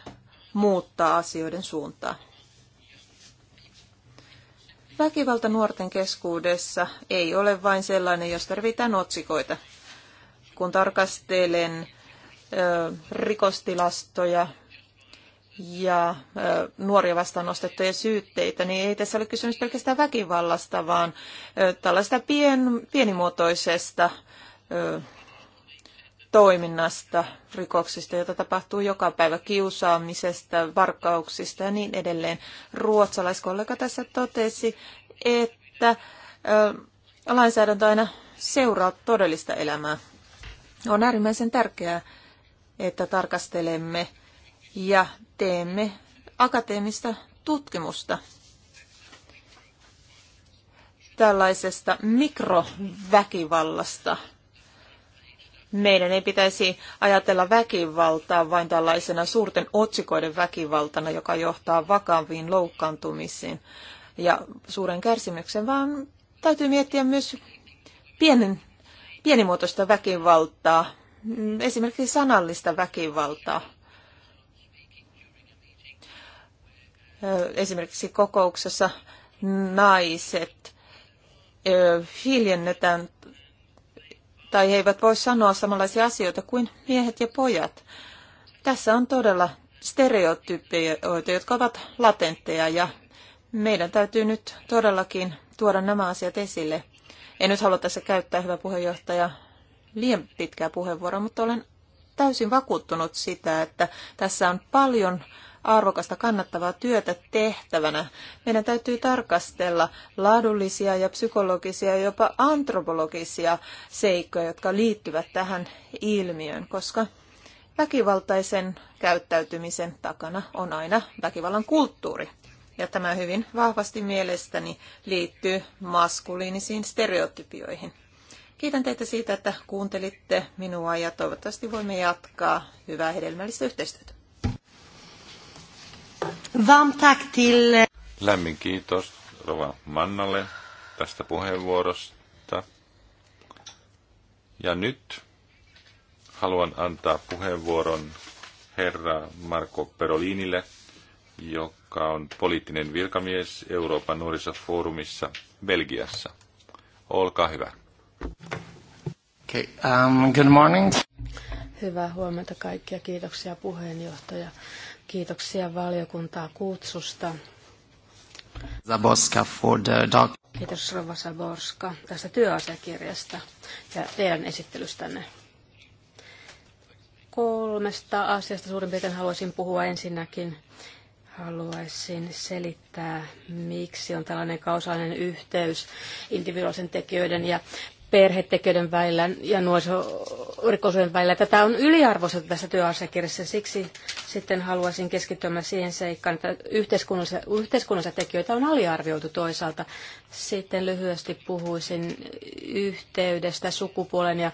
muuttaa asioiden suuntaa. Väkivalta nuorten keskuudessa ei ole vain sellainen, jos tarvitaan otsikoita. Kun tarkastelen ö, rikostilastoja ja ö, nuoria vastaan nostettuja syytteitä, niin ei tässä ole kysymys pelkästään väkivallasta, vaan ö, tällaista pien, pienimuotoisesta ö, toiminnasta, rikoksista, jota tapahtuu joka päivä, kiusaamisesta, varkauksista ja niin edelleen. Ruotsalaiskollega tässä totesi, että lainsäädäntö aina seuraa todellista elämää. On äärimmäisen tärkeää, että tarkastelemme ja teemme akateemista tutkimusta tällaisesta mikroväkivallasta – meidän ei pitäisi ajatella väkivaltaa vain tällaisena suurten otsikoiden väkivaltana, joka johtaa vakaviin loukkaantumisiin ja suuren kärsimyksen, vaan täytyy miettiä myös pienen, pienimuotoista väkivaltaa, mm, esimerkiksi sanallista väkivaltaa. Esimerkiksi kokouksessa naiset hiljennetään tai he eivät voi sanoa samanlaisia asioita kuin miehet ja pojat. Tässä on todella stereotypioita, jotka ovat latentteja ja meidän täytyy nyt todellakin tuoda nämä asiat esille. En nyt halua tässä käyttää, hyvä puheenjohtaja, liian pitkää puheenvuoroa, mutta olen täysin vakuuttunut sitä, että tässä on paljon arvokasta kannattavaa työtä tehtävänä. Meidän täytyy tarkastella laadullisia ja psykologisia ja jopa antropologisia seikkoja, jotka liittyvät tähän ilmiöön, koska väkivaltaisen käyttäytymisen takana on aina väkivallan kulttuuri. Ja tämä hyvin vahvasti mielestäni liittyy maskuliinisiin stereotypioihin. Kiitän teitä siitä, että kuuntelitte minua ja toivottavasti voimme jatkaa hyvää hedelmällistä yhteistyötä. Varmt tack till... Eh, Lämmin kiitos Rova Mannalle tästä puheenvuorosta. Ja nyt haluan antaa puheenvuoron herra Marko Perolinille, joka on poliittinen virkamies Euroopan nuorisofoorumissa Belgiassa. Olkaa hyvä. Okay, um, good morning. Hyvää huomenta kaikkia. Kiitoksia puheenjohtaja. Kiitoksia valiokuntaa kutsusta. for the doc. Kiitos Rova Zaborska tästä työasiakirjasta ja teidän esittelystänne. Kolmesta asiasta suurin piirtein haluaisin puhua ensinnäkin. Haluaisin selittää, miksi on tällainen kausaalinen yhteys individuaalisen tekijöiden ja perhetekijöiden välillä ja nuorisorikosujen välillä. Tätä on yliarvoisuutta tässä työasiakirjassa, siksi sitten haluaisin keskittyä siihen seikkaan, että yhteiskunnallisia, yhteiskunnallisia tekijöitä on aliarvioitu toisaalta. Sitten lyhyesti puhuisin yhteydestä sukupuolen ja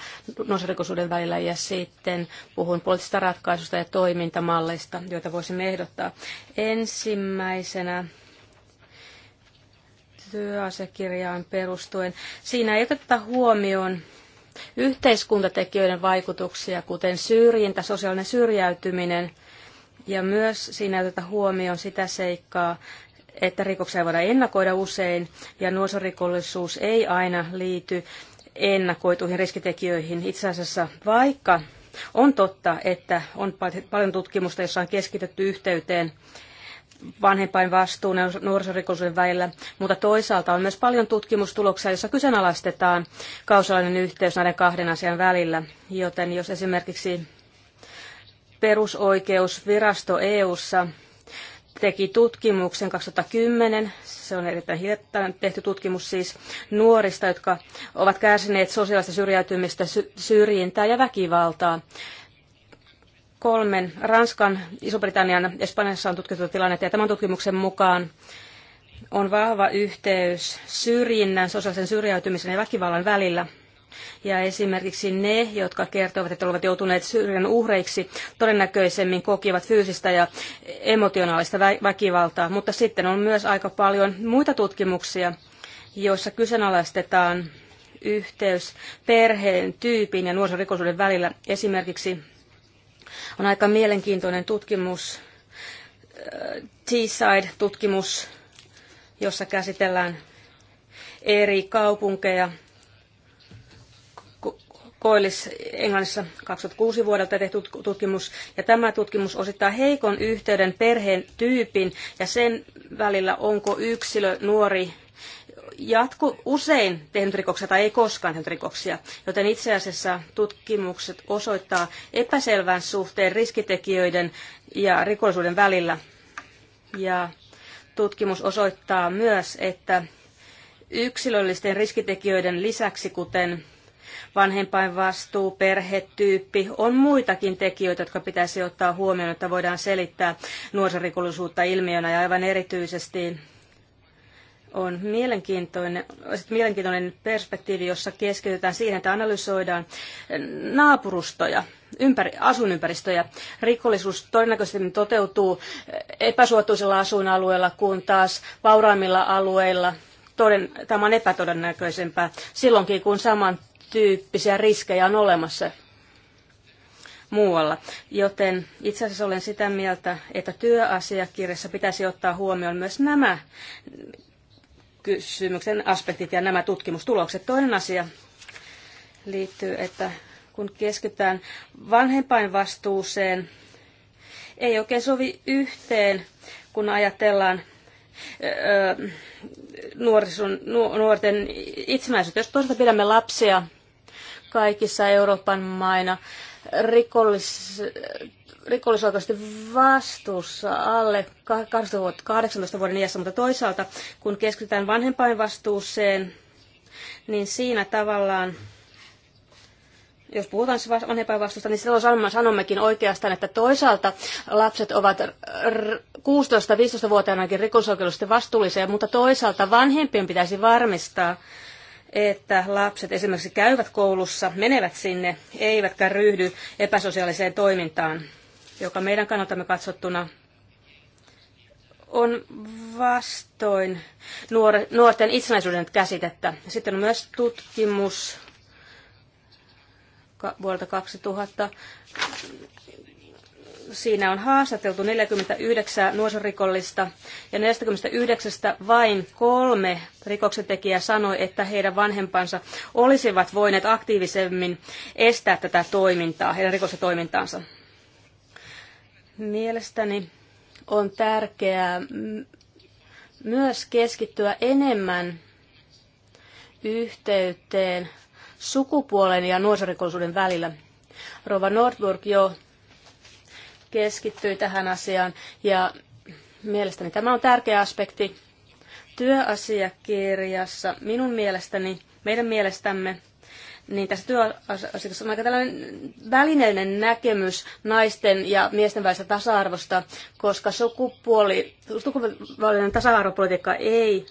nuorisorikosuuden välillä ja sitten puhun poliittisista ratkaisusta ja toimintamalleista, joita voisimme ehdottaa. Ensimmäisenä työasiakirjaan perustuen. Siinä ei oteta huomioon yhteiskuntatekijöiden vaikutuksia, kuten syrjintä, sosiaalinen syrjäytyminen, ja myös siinä oteta huomioon sitä seikkaa, että rikoksia voidaan ennakoida usein, ja nuorisorikollisuus ei aina liity ennakoituihin riskitekijöihin. Itse asiassa vaikka on totta, että on paljon tutkimusta, jossa on keskitetty yhteyteen vanhempain vastuun ja nuorisorikollisuuden välillä, mutta toisaalta on myös paljon tutkimustuloksia, joissa kyseenalaistetaan kausalainen yhteys näiden kahden asian välillä. Joten jos esimerkiksi perusoikeusvirasto EU:ssa teki tutkimuksen 2010, se on erittäin hiljattain tehty tutkimus siis nuorista, jotka ovat kärsineet sosiaalista syrjäytymistä, syrjintää ja väkivaltaa kolmen Ranskan, Iso-Britannian ja Espanjassa on tutkittu tilannetta ja tämän tutkimuksen mukaan on vahva yhteys syrjinnän, sosiaalisen syrjäytymisen ja väkivallan välillä. Ja esimerkiksi ne, jotka kertovat, että olivat joutuneet syrjän uhreiksi, todennäköisemmin kokivat fyysistä ja emotionaalista väkivaltaa. Mutta sitten on myös aika paljon muita tutkimuksia, joissa kyseenalaistetaan yhteys perheen tyypin ja nuorisorikollisuuden välillä. Esimerkiksi on aika mielenkiintoinen tutkimus, äh, Teesside-tutkimus, jossa käsitellään eri kaupunkeja Koillis Englannissa 2006 vuodelta tehty tutkimus, ja tämä tutkimus osittaa heikon yhteyden perheen tyypin ja sen välillä, onko yksilö nuori jatku usein tehnyt rikoksia tai ei koskaan tehnyt rikoksia, joten itse asiassa tutkimukset osoittaa epäselvän suhteen riskitekijöiden ja rikollisuuden välillä. Ja tutkimus osoittaa myös, että yksilöllisten riskitekijöiden lisäksi, kuten vanhempainvastuu, perhetyyppi, on muitakin tekijöitä, jotka pitäisi ottaa huomioon, että voidaan selittää nuorisorikollisuutta ilmiönä ja aivan erityisesti on mielenkiintoinen, mielenkiintoinen perspektiivi, jossa keskitytään siihen, että analysoidaan naapurustoja, ympäri, asuinympäristöjä. Rikollisuus todennäköisesti toteutuu epäsuotuisella asuinalueella kun taas vauraimmilla alueilla toden, tämä on epätodennäköisempää silloinkin, kun samantyyppisiä riskejä on olemassa muualla. Joten itse asiassa olen sitä mieltä, että työasiakirjassa pitäisi ottaa huomioon myös nämä kysymyksen aspektit ja nämä tutkimustulokset. Toinen asia liittyy, että kun keskitytään vanhempainvastuuseen, ei oikein sovi yhteen, kun ajatellaan öö, nuorison, nuorten itsenäisyyttä. Jos toisaalta pidämme lapsia kaikissa Euroopan maina rikollis, vastuussa alle 18 vuoden iässä, mutta toisaalta kun keskitytään vastuuseen, niin siinä tavallaan jos puhutaan siis vastuusta, niin silloin sanommekin oikeastaan, että toisaalta lapset ovat 16-15-vuotiaanakin rikosoikeudellisesti vastuullisia, mutta toisaalta vanhempien pitäisi varmistaa, että lapset esimerkiksi käyvät koulussa, menevät sinne, eivätkä ryhdy epäsosiaaliseen toimintaan, joka meidän kannaltamme katsottuna on vastoin nuorten itsenäisyyden käsitettä. Sitten on myös tutkimus vuodelta 2000 Siinä on haastateltu 49 nuorisorikollista ja 49 vain kolme rikoksentekijää sanoi, että heidän vanhempansa olisivat voineet aktiivisemmin estää tätä toimintaa, heidän rikosten toimintaansa. Mielestäni on tärkeää myös keskittyä enemmän yhteyteen sukupuolen ja nuorisorikollisuuden välillä. Rova Nordburg jo keskittyi tähän asiaan ja mielestäni tämä on tärkeä aspekti työasiakirjassa. Minun mielestäni, meidän mielestämme, niin tässä työasiakirjassa on aika tällainen välineinen näkemys naisten ja miesten välisestä tasa-arvosta, koska sukupuoli, sukupuolinen tasa-arvopolitiikka ei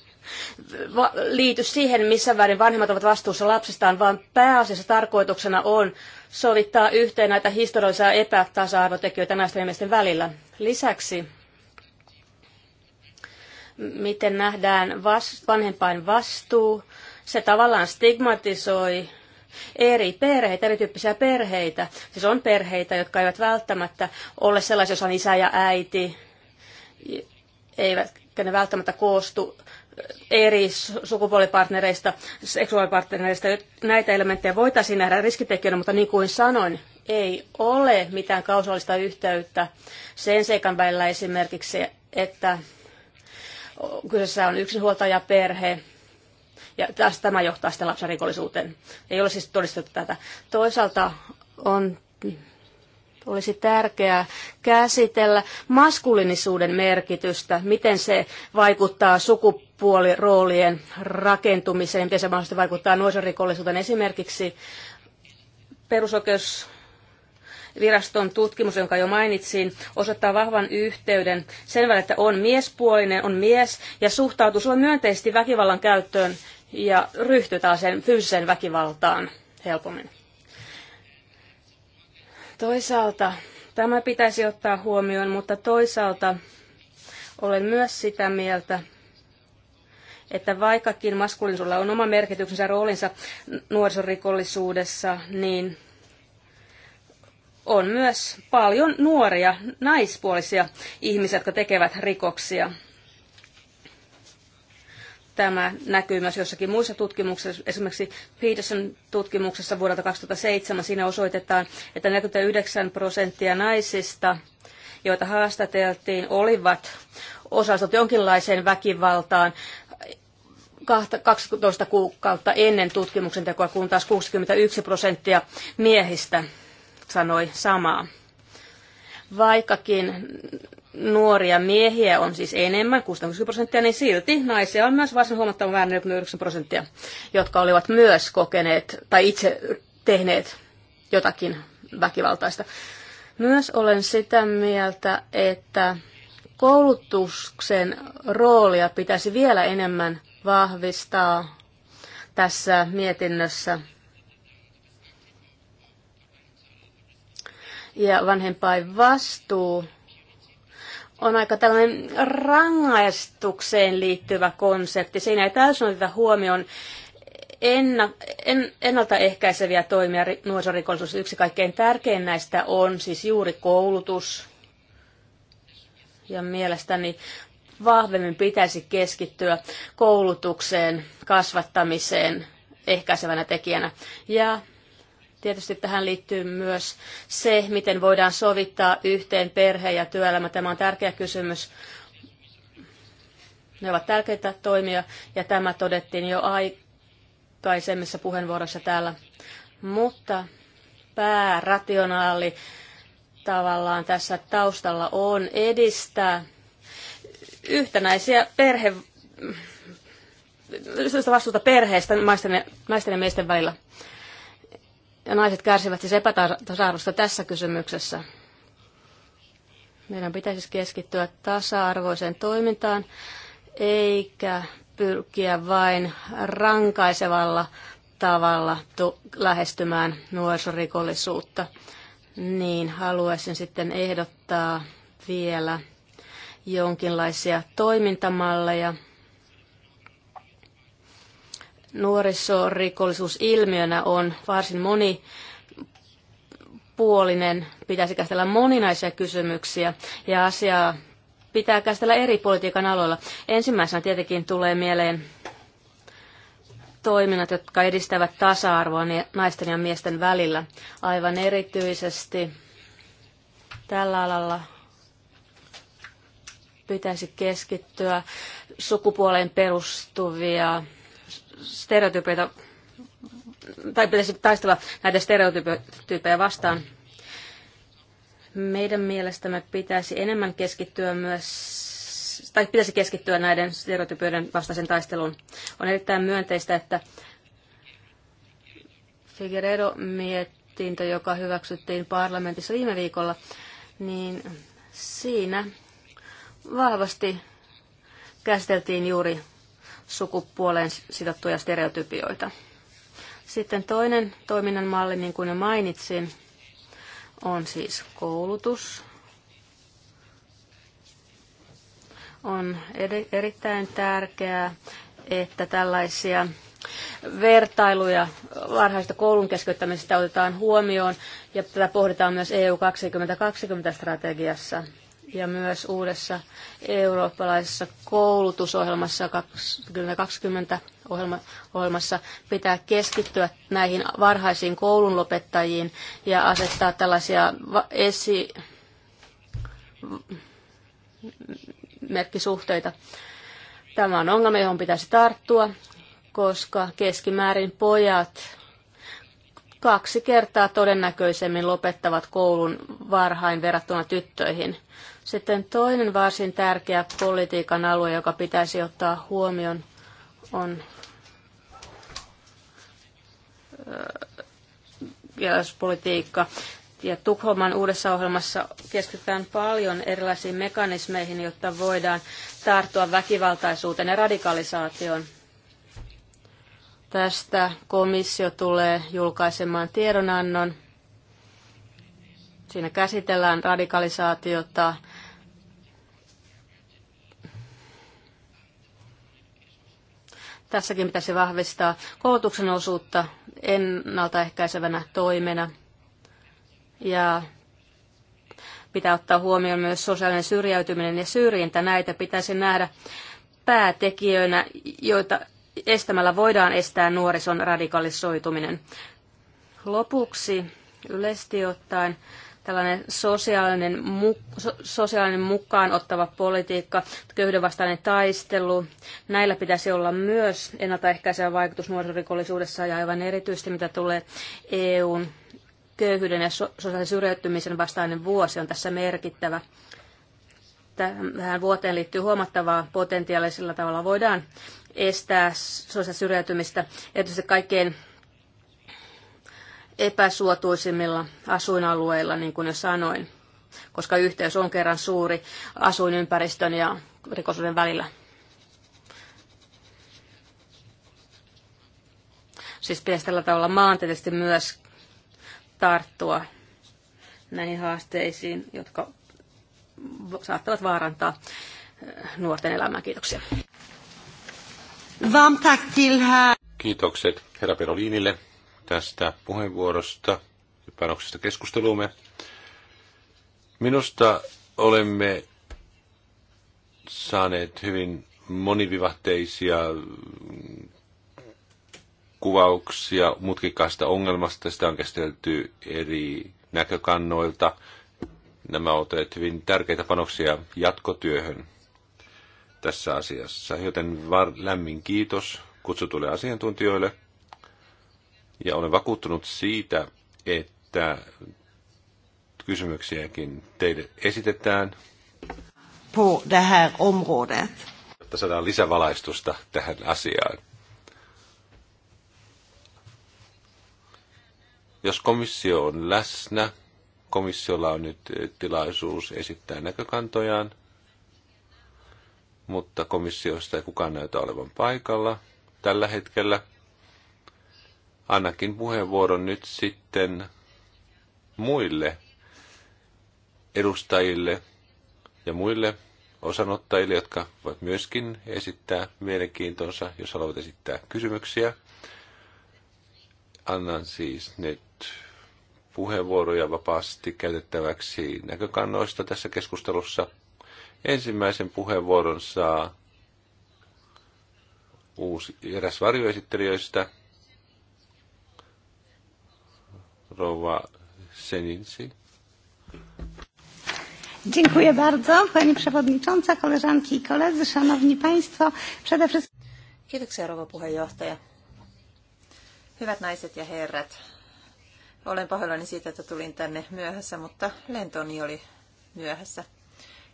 liity siihen, missä väärin vanhemmat ovat vastuussa lapsistaan, vaan pääasiassa tarkoituksena on sovittaa yhteen näitä historiallisia epätasa-arvotekijöitä naisten ja miesten välillä. Lisäksi miten nähdään vas- vanhempain vastuu, se tavallaan stigmatisoi eri perheitä, erityyppisiä perheitä. Siis on perheitä, jotka eivät välttämättä ole sellaisia, joissa on isä ja äiti, eivätkä ne välttämättä koostu eri sukupuolipartnereista, seksuaalipartnereista. Näitä elementtejä voitaisiin nähdä riskitekijöinä, mutta niin kuin sanoin, ei ole mitään kausaalista yhteyttä sen seikan välillä esimerkiksi, että kyseessä on yksinhuoltajaperhe, ja tästä tämä johtaa sitten lapsen rikollisuuteen. Ei ole siis todistettu tätä. Toisaalta on, olisi tärkeää käsitellä maskuliinisuuden merkitystä, miten se vaikuttaa sukupuoleen sukupuoliroolien rakentumiseen, miten se mahdollisesti vaikuttaa nuorisorikollisuuteen. Esimerkiksi perusoikeusviraston tutkimus, jonka jo mainitsin, osoittaa vahvan yhteyden sen välillä, että on miespuolinen, on mies ja suhtautuu sulle myönteisesti väkivallan käyttöön ja taas sen fyysiseen väkivaltaan helpommin. Toisaalta tämä pitäisi ottaa huomioon, mutta toisaalta olen myös sitä mieltä, että vaikkakin maskuliinisuudella on oma merkityksensä ja roolinsa nuorisorikollisuudessa, niin on myös paljon nuoria naispuolisia ihmisiä, jotka tekevät rikoksia. Tämä näkyy myös jossakin muissa tutkimuksissa. Esimerkiksi Peterson tutkimuksessa vuodelta 2007 siinä osoitetaan, että 49 prosenttia naisista, joita haastateltiin, olivat osallistuneet jonkinlaiseen väkivaltaan 12 kuukautta ennen tutkimuksen tekoa, kun taas 61 prosenttia miehistä sanoi samaa. Vaikkakin nuoria miehiä on siis enemmän, 60 prosenttia, niin silti naisia on myös varsin huomattavan vähän 49 prosenttia, jotka olivat myös kokeneet tai itse tehneet jotakin väkivaltaista. Myös olen sitä mieltä, että koulutuksen roolia pitäisi vielä enemmän vahvistaa tässä mietinnössä. Ja vanhempain vastuu on aika tällainen rangaistukseen liittyvä konsepti. Siinä ei täysin oteta huomioon enna, en, ennaltaehkäiseviä toimia nuorisorikollisuus. Yksi kaikkein tärkein näistä on siis juuri koulutus. Ja mielestäni vahvemmin pitäisi keskittyä koulutukseen, kasvattamiseen ehkäisevänä tekijänä. Ja tietysti tähän liittyy myös se, miten voidaan sovittaa yhteen perhe ja työelämä. Tämä on tärkeä kysymys. Ne ovat tärkeitä toimia ja tämä todettiin jo aikaisemmissa puheenvuoroissa täällä. Mutta päärationaali tavallaan tässä taustalla on edistää yhtenäisiä perhe, vastuuta perheestä naisten ja, naisten ja miesten välillä. Ja naiset kärsivät siis epätasa-arvosta tässä kysymyksessä. Meidän pitäisi siis keskittyä tasa-arvoiseen toimintaan, eikä pyrkiä vain rankaisevalla tavalla lähestymään nuorisorikollisuutta. Niin haluaisin sitten ehdottaa vielä jonkinlaisia toimintamalleja. nuorisorikollisuusilmiönä on varsin moni puolinen, pitäisi käsitellä moninaisia kysymyksiä ja asiaa pitää käsitellä eri politiikan aloilla. Ensimmäisenä tietenkin tulee mieleen toiminnat, jotka edistävät tasa-arvoa naisten ja miesten välillä. Aivan erityisesti tällä alalla pitäisi keskittyä sukupuoleen perustuvia stereotypeita, tai pitäisi taistella näitä stereotypeja vastaan. Meidän mielestämme pitäisi enemmän keskittyä myös tai pitäisi keskittyä näiden stereotypioiden vastaisen taisteluun. On erittäin myönteistä, että Figueredo-mietintö, joka hyväksyttiin parlamentissa viime viikolla, niin siinä vahvasti käsiteltiin juuri sukupuoleen sidottuja stereotypioita. Sitten toinen toiminnan malli, niin kuin jo mainitsin, on siis koulutus. On ed- erittäin tärkeää, että tällaisia vertailuja varhaista koulun keskeyttämisestä otetaan huomioon ja tätä pohditaan myös EU 2020 strategiassa – ja myös uudessa eurooppalaisessa koulutusohjelmassa 2020 ohjelma, ohjelmassa pitää keskittyä näihin varhaisiin koulun lopettajiin ja asettaa tällaisia esi merkkisuhteita. Tämä on ongelma, johon pitäisi tarttua, koska keskimäärin pojat kaksi kertaa todennäköisemmin lopettavat koulun varhain verrattuna tyttöihin. Sitten toinen varsin tärkeä politiikan alue, joka pitäisi ottaa huomioon, on politiikka Ja Tukholman uudessa ohjelmassa keskitytään paljon erilaisiin mekanismeihin, jotta voidaan tarttua väkivaltaisuuteen ja radikalisaatioon. Tästä komissio tulee julkaisemaan tiedonannon – Siinä käsitellään radikalisaatiota, Tässäkin pitäisi vahvistaa koulutuksen osuutta ennaltaehkäisevänä toimena ja pitää ottaa huomioon myös sosiaalinen syrjäytyminen ja syrjintä. Näitä pitäisi nähdä päätekijöinä, joita estämällä voidaan estää nuorison radikalisoituminen. Lopuksi yleisesti ottaen tällainen sosiaalinen, mu- so- sosiaalinen mukaan ottava politiikka, köyhdenvastainen taistelu. Näillä pitäisi olla myös ennaltaehkäisevä vaikutus nuorisorikollisuudessa ja aivan erityisesti mitä tulee EUn köyhyyden ja so- sosiaalisen syrjäytymisen vastainen vuosi on tässä merkittävä. Tähän vuoteen liittyy huomattavaa potentiaalisella tavalla voidaan estää sosiaalisen syrjäytymistä, erityisesti kaikkein epäsuotuisimmilla asuinalueilla, niin kuin jo sanoin, koska yhteys on kerran suuri asuinympäristön ja rikollisuuden välillä. Siis pitäisi tällä tavalla maantieteellisesti myös tarttua näihin haasteisiin, jotka saattavat vaarantaa eh, nuorten elämää. Kiitoksia. Kiitokset herra Perolinille tästä puheenvuorosta ja panoksesta keskusteluumme. Minusta olemme saaneet hyvin monivivahteisia kuvauksia mutkikkaasta ongelmasta. Sitä on käsitelty eri näkökannoilta. Nämä ovat olleet hyvin tärkeitä panoksia jatkotyöhön tässä asiassa, joten var, lämmin kiitos kutsutuille asiantuntijoille – ja olen vakuuttunut siitä, että kysymyksiäkin teille esitetään. På det här området. Jotta saadaan lisävalaistusta tähän asiaan. Jos komissio on läsnä, komissiolla on nyt eh, tilaisuus esittää näkökantojaan, mutta komissiosta ei kukaan näytä olevan paikalla tällä hetkellä – Annakin puheenvuoron nyt sitten muille edustajille ja muille osanottajille, jotka voivat myöskin esittää mielenkiintonsa, jos haluavat esittää kysymyksiä. Annan siis nyt puheenvuoroja vapaasti käytettäväksi näkökannoista tässä keskustelussa. Ensimmäisen puheenvuoron saa uusi, eräs varjoesittelijöistä, Dziękuję bardzo, pani przewodnicząca, koleżanki i koledzy, szanowni państwo. Przede wszystkim... Kiitoksia, rouva puheenjohtaja. Hyvät naiset ja herrat, olen pahoillani siitä, että tulin tänne myöhässä, mutta lentoni oli myöhässä.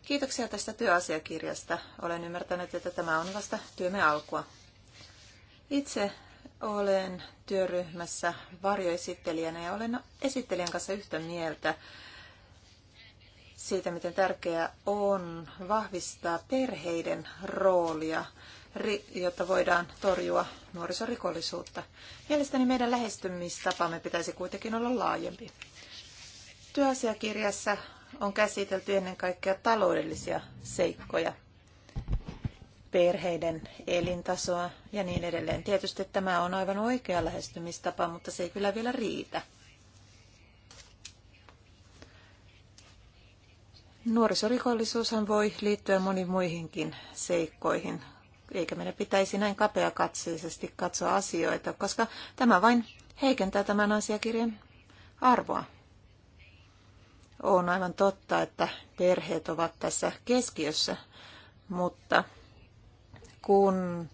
Kiitoksia tästä työasiakirjasta. Olen ymmärtänyt, että tämä on vasta työmme alkua. Itse olen työryhmässä varjoesittelijänä ja olen esittelijän kanssa yhtä mieltä siitä, miten tärkeää on vahvistaa perheiden roolia, jotta voidaan torjua nuorisorikollisuutta. Mielestäni meidän lähestymistapamme pitäisi kuitenkin olla laajempi. Työasiakirjassa on käsitelty ennen kaikkea taloudellisia seikkoja perheiden elintasoa ja niin edelleen. Tietysti tämä on aivan oikea lähestymistapa, mutta se ei kyllä vielä riitä. Nuorisorikollisuushan voi liittyä moniin muihinkin seikkoihin, eikä meidän pitäisi näin kapeakatseisesti katsoa asioita, koska tämä vain heikentää tämän asiakirjan arvoa. On aivan totta, että perheet ovat tässä keskiössä, mutta kun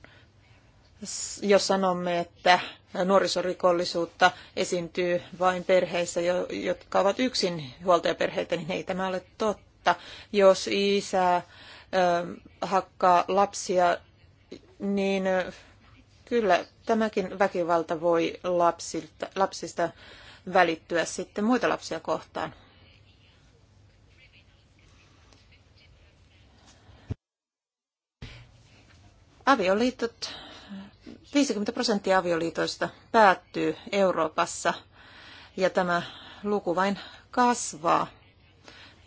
jos sanomme, että nuorisorikollisuutta esiintyy vain perheissä, jotka ovat yksin huoltajaperheitä, niin ei tämä ole totta. Jos isä hakkaa lapsia, niin kyllä tämäkin väkivalta voi lapsilta, lapsista välittyä sitten muita lapsia kohtaan. Avioliitot, 50 prosenttia avioliitoista päättyy Euroopassa ja tämä luku vain kasvaa,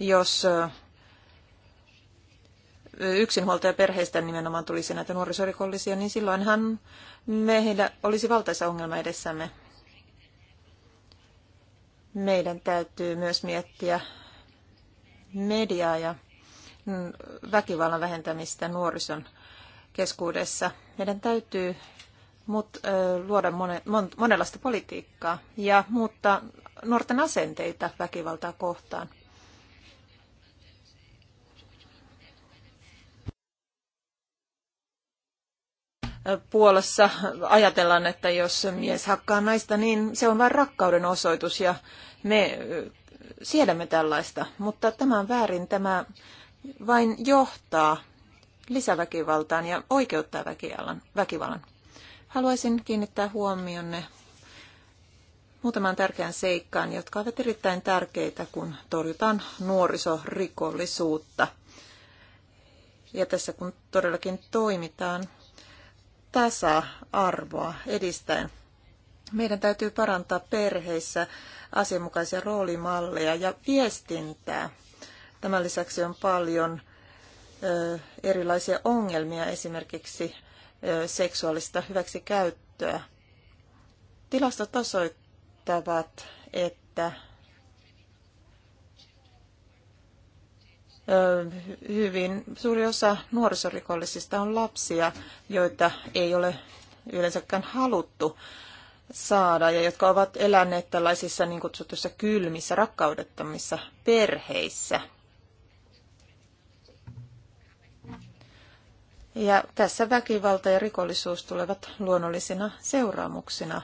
jos yksinhuoltajaperheistä nimenomaan tulisi näitä nuorisorikollisia, niin silloinhan meillä olisi valtaisa ongelma edessämme. Meidän täytyy myös miettiä mediaa ja mm, väkivallan vähentämistä nuorison keskuudessa. Meidän täytyy mut, ö, luoda mone, mon, monenlaista politiikkaa ja muuttaa nuorten asenteita väkivaltaa kohtaan. Puolassa ajatellaan, että jos mies hakkaa naista, niin se on vain rakkauden osoitus ja me siedämme tällaista. Mutta tämä on väärin. Tämä vain johtaa lisäväkivaltaan ja oikeuttaa väkivallan. väkivallan. Haluaisin kiinnittää huomionne muutamaan tärkeään seikkaan, jotka ovat erittäin tärkeitä, kun torjutaan nuorisorikollisuutta. Ja tässä kun todellakin toimitaan tasa-arvoa edistäen. Meidän täytyy parantaa perheissä asianmukaisia roolimalleja ja viestintää. Tämän lisäksi on paljon erilaisia ongelmia, esimerkiksi seksuaalista hyväksikäyttöä. Tilastot osoittavat, että hyvin suuri osa nuorisorikollisista on lapsia, joita ei ole yleensäkään haluttu saada ja jotka ovat eläneet tällaisissa niin kutsutuissa kylmissä, rakkaudettomissa perheissä – Ja tässä väkivalta ja rikollisuus tulevat luonnollisina seuraamuksina.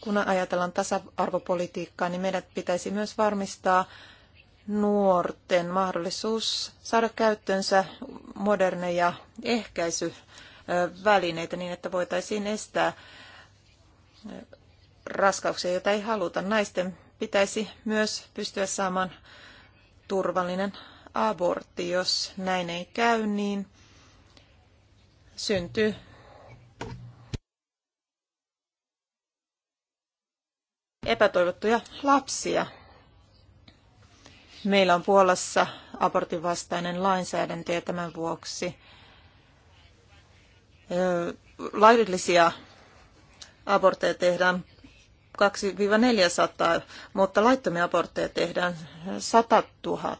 Kun ajatellaan tasa-arvopolitiikkaa, niin meidän pitäisi myös varmistaa nuorten mahdollisuus saada käyttöönsä moderneja ehkäisyvälineitä niin, että voitaisiin estää raskauksia, joita ei haluta. Naisten pitäisi myös pystyä saamaan turvallinen abortti. Jos näin ei käy, niin syntyy epätoivottuja lapsia. Meillä on Puolassa abortin vastainen lainsäädäntö ja tämän vuoksi laillisia abortteja tehdään 2-400, mutta laittomia abortteja tehdään 100 000.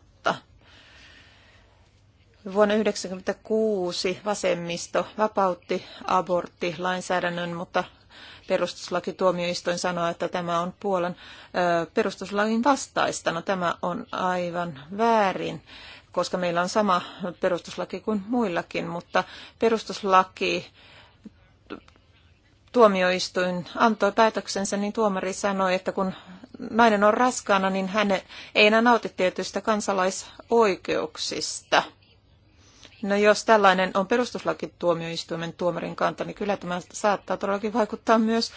Vuonna 1996 vasemmisto vapautti lainsäädännön, mutta perustuslakituomioistuin sanoi, että tämä on Puolan perustuslain vastaista. No tämä on aivan väärin, koska meillä on sama perustuslaki kuin muillakin, mutta perustuslaki tuomioistuin antoi päätöksensä, niin tuomari sanoi, että kun nainen on raskaana, niin hän ei enää nauti tietyistä kansalaisoikeuksista – No jos tällainen on perustuslakituomioistuimen tuomarin kanta, niin kyllä tämä saattaa todellakin vaikuttaa myös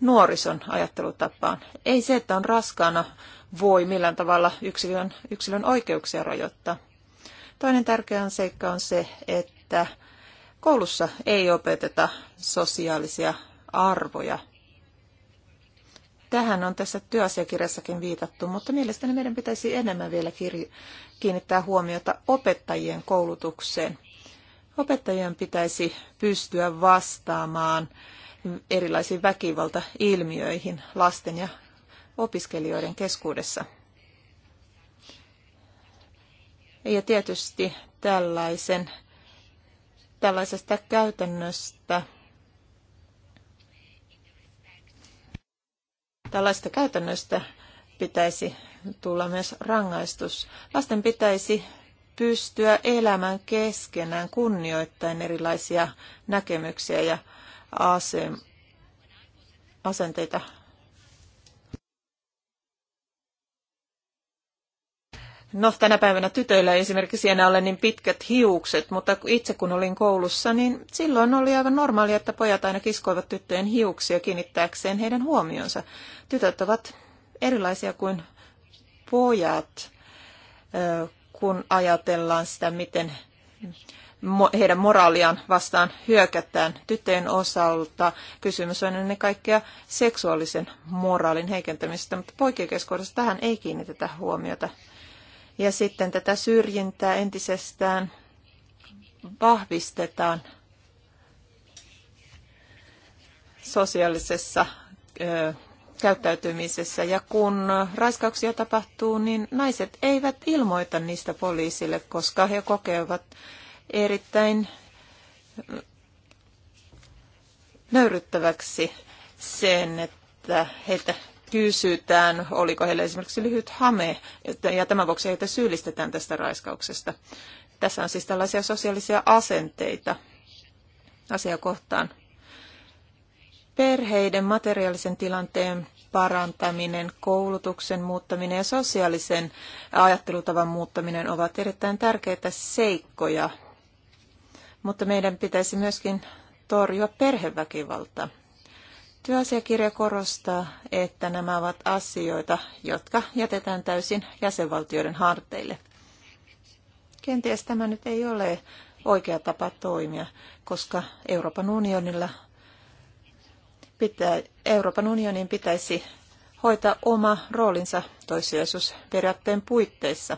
nuorison ajattelutapaan. Ei se, että on raskaana, voi millään tavalla yksilön, yksilön oikeuksia rajoittaa. Toinen tärkeä seikka on se, että koulussa ei opeteta sosiaalisia arvoja Tähän on tässä työasiakirjassakin viitattu, mutta mielestäni meidän pitäisi enemmän vielä kiinnittää huomiota opettajien koulutukseen. Opettajien pitäisi pystyä vastaamaan erilaisiin väkivaltailmiöihin lasten ja opiskelijoiden keskuudessa. Ja tietysti tällaisen, tällaisesta käytännöstä Tällaista käytännöstä pitäisi tulla myös rangaistus. Lasten pitäisi pystyä elämään keskenään kunnioittain erilaisia näkemyksiä ja asenteita No, tänä päivänä tytöillä ei esimerkiksi enää ole niin pitkät hiukset, mutta itse kun olin koulussa, niin silloin oli aivan normaalia, että pojat aina kiskoivat tyttöjen hiuksia kiinnittääkseen heidän huomionsa. Tytöt ovat erilaisia kuin pojat, kun ajatellaan sitä, miten heidän moraaliaan vastaan hyökätään tyttöjen osalta. Kysymys on ennen kaikkea seksuaalisen moraalin heikentämisestä, mutta poikien keskuudessa tähän ei kiinnitetä huomiota ja sitten tätä syrjintää entisestään vahvistetaan sosiaalisessa ö, käyttäytymisessä. Ja kun raiskauksia tapahtuu, niin naiset eivät ilmoita niistä poliisille, koska he kokevat erittäin nöyryttäväksi sen, että heitä kysytään, oliko heillä esimerkiksi lyhyt hame, ja tämän vuoksi heitä syyllistetään tästä raiskauksesta. Tässä on siis tällaisia sosiaalisia asenteita asiakohtaan. Perheiden materiaalisen tilanteen parantaminen, koulutuksen muuttaminen ja sosiaalisen ajattelutavan muuttaminen ovat erittäin tärkeitä seikkoja. Mutta meidän pitäisi myöskin torjua perheväkivaltaa. Työasiakirja korostaa, että nämä ovat asioita, jotka jätetään täysin jäsenvaltioiden harteille. Kenties tämä nyt ei ole oikea tapa toimia, koska Euroopan unionilla pitää, Euroopan unionin pitäisi hoitaa oma roolinsa toissijaisuusperiaatteen puitteissa.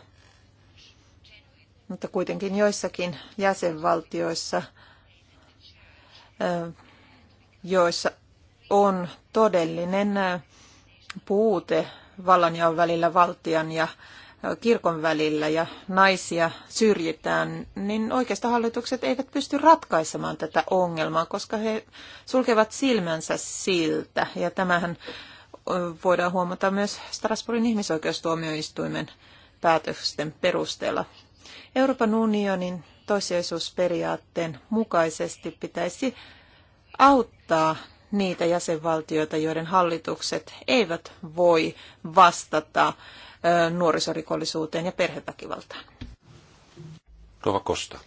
Mutta kuitenkin joissakin jäsenvaltioissa, joissa on todellinen puute vallanjaon välillä valtion ja kirkon välillä ja naisia syrjitään, niin hallitukset eivät pysty ratkaisemaan tätä ongelmaa, koska he sulkevat silmänsä siltä. Ja tämähän voidaan huomata myös Strasbourgin ihmisoikeustuomioistuimen päätösten perusteella. Euroopan unionin toissijaisuusperiaatteen mukaisesti pitäisi auttaa niitä jäsenvaltioita, joiden hallitukset eivät voi vastata nuorisorikollisuuteen ja perheväkivaltaan. Rova Costa.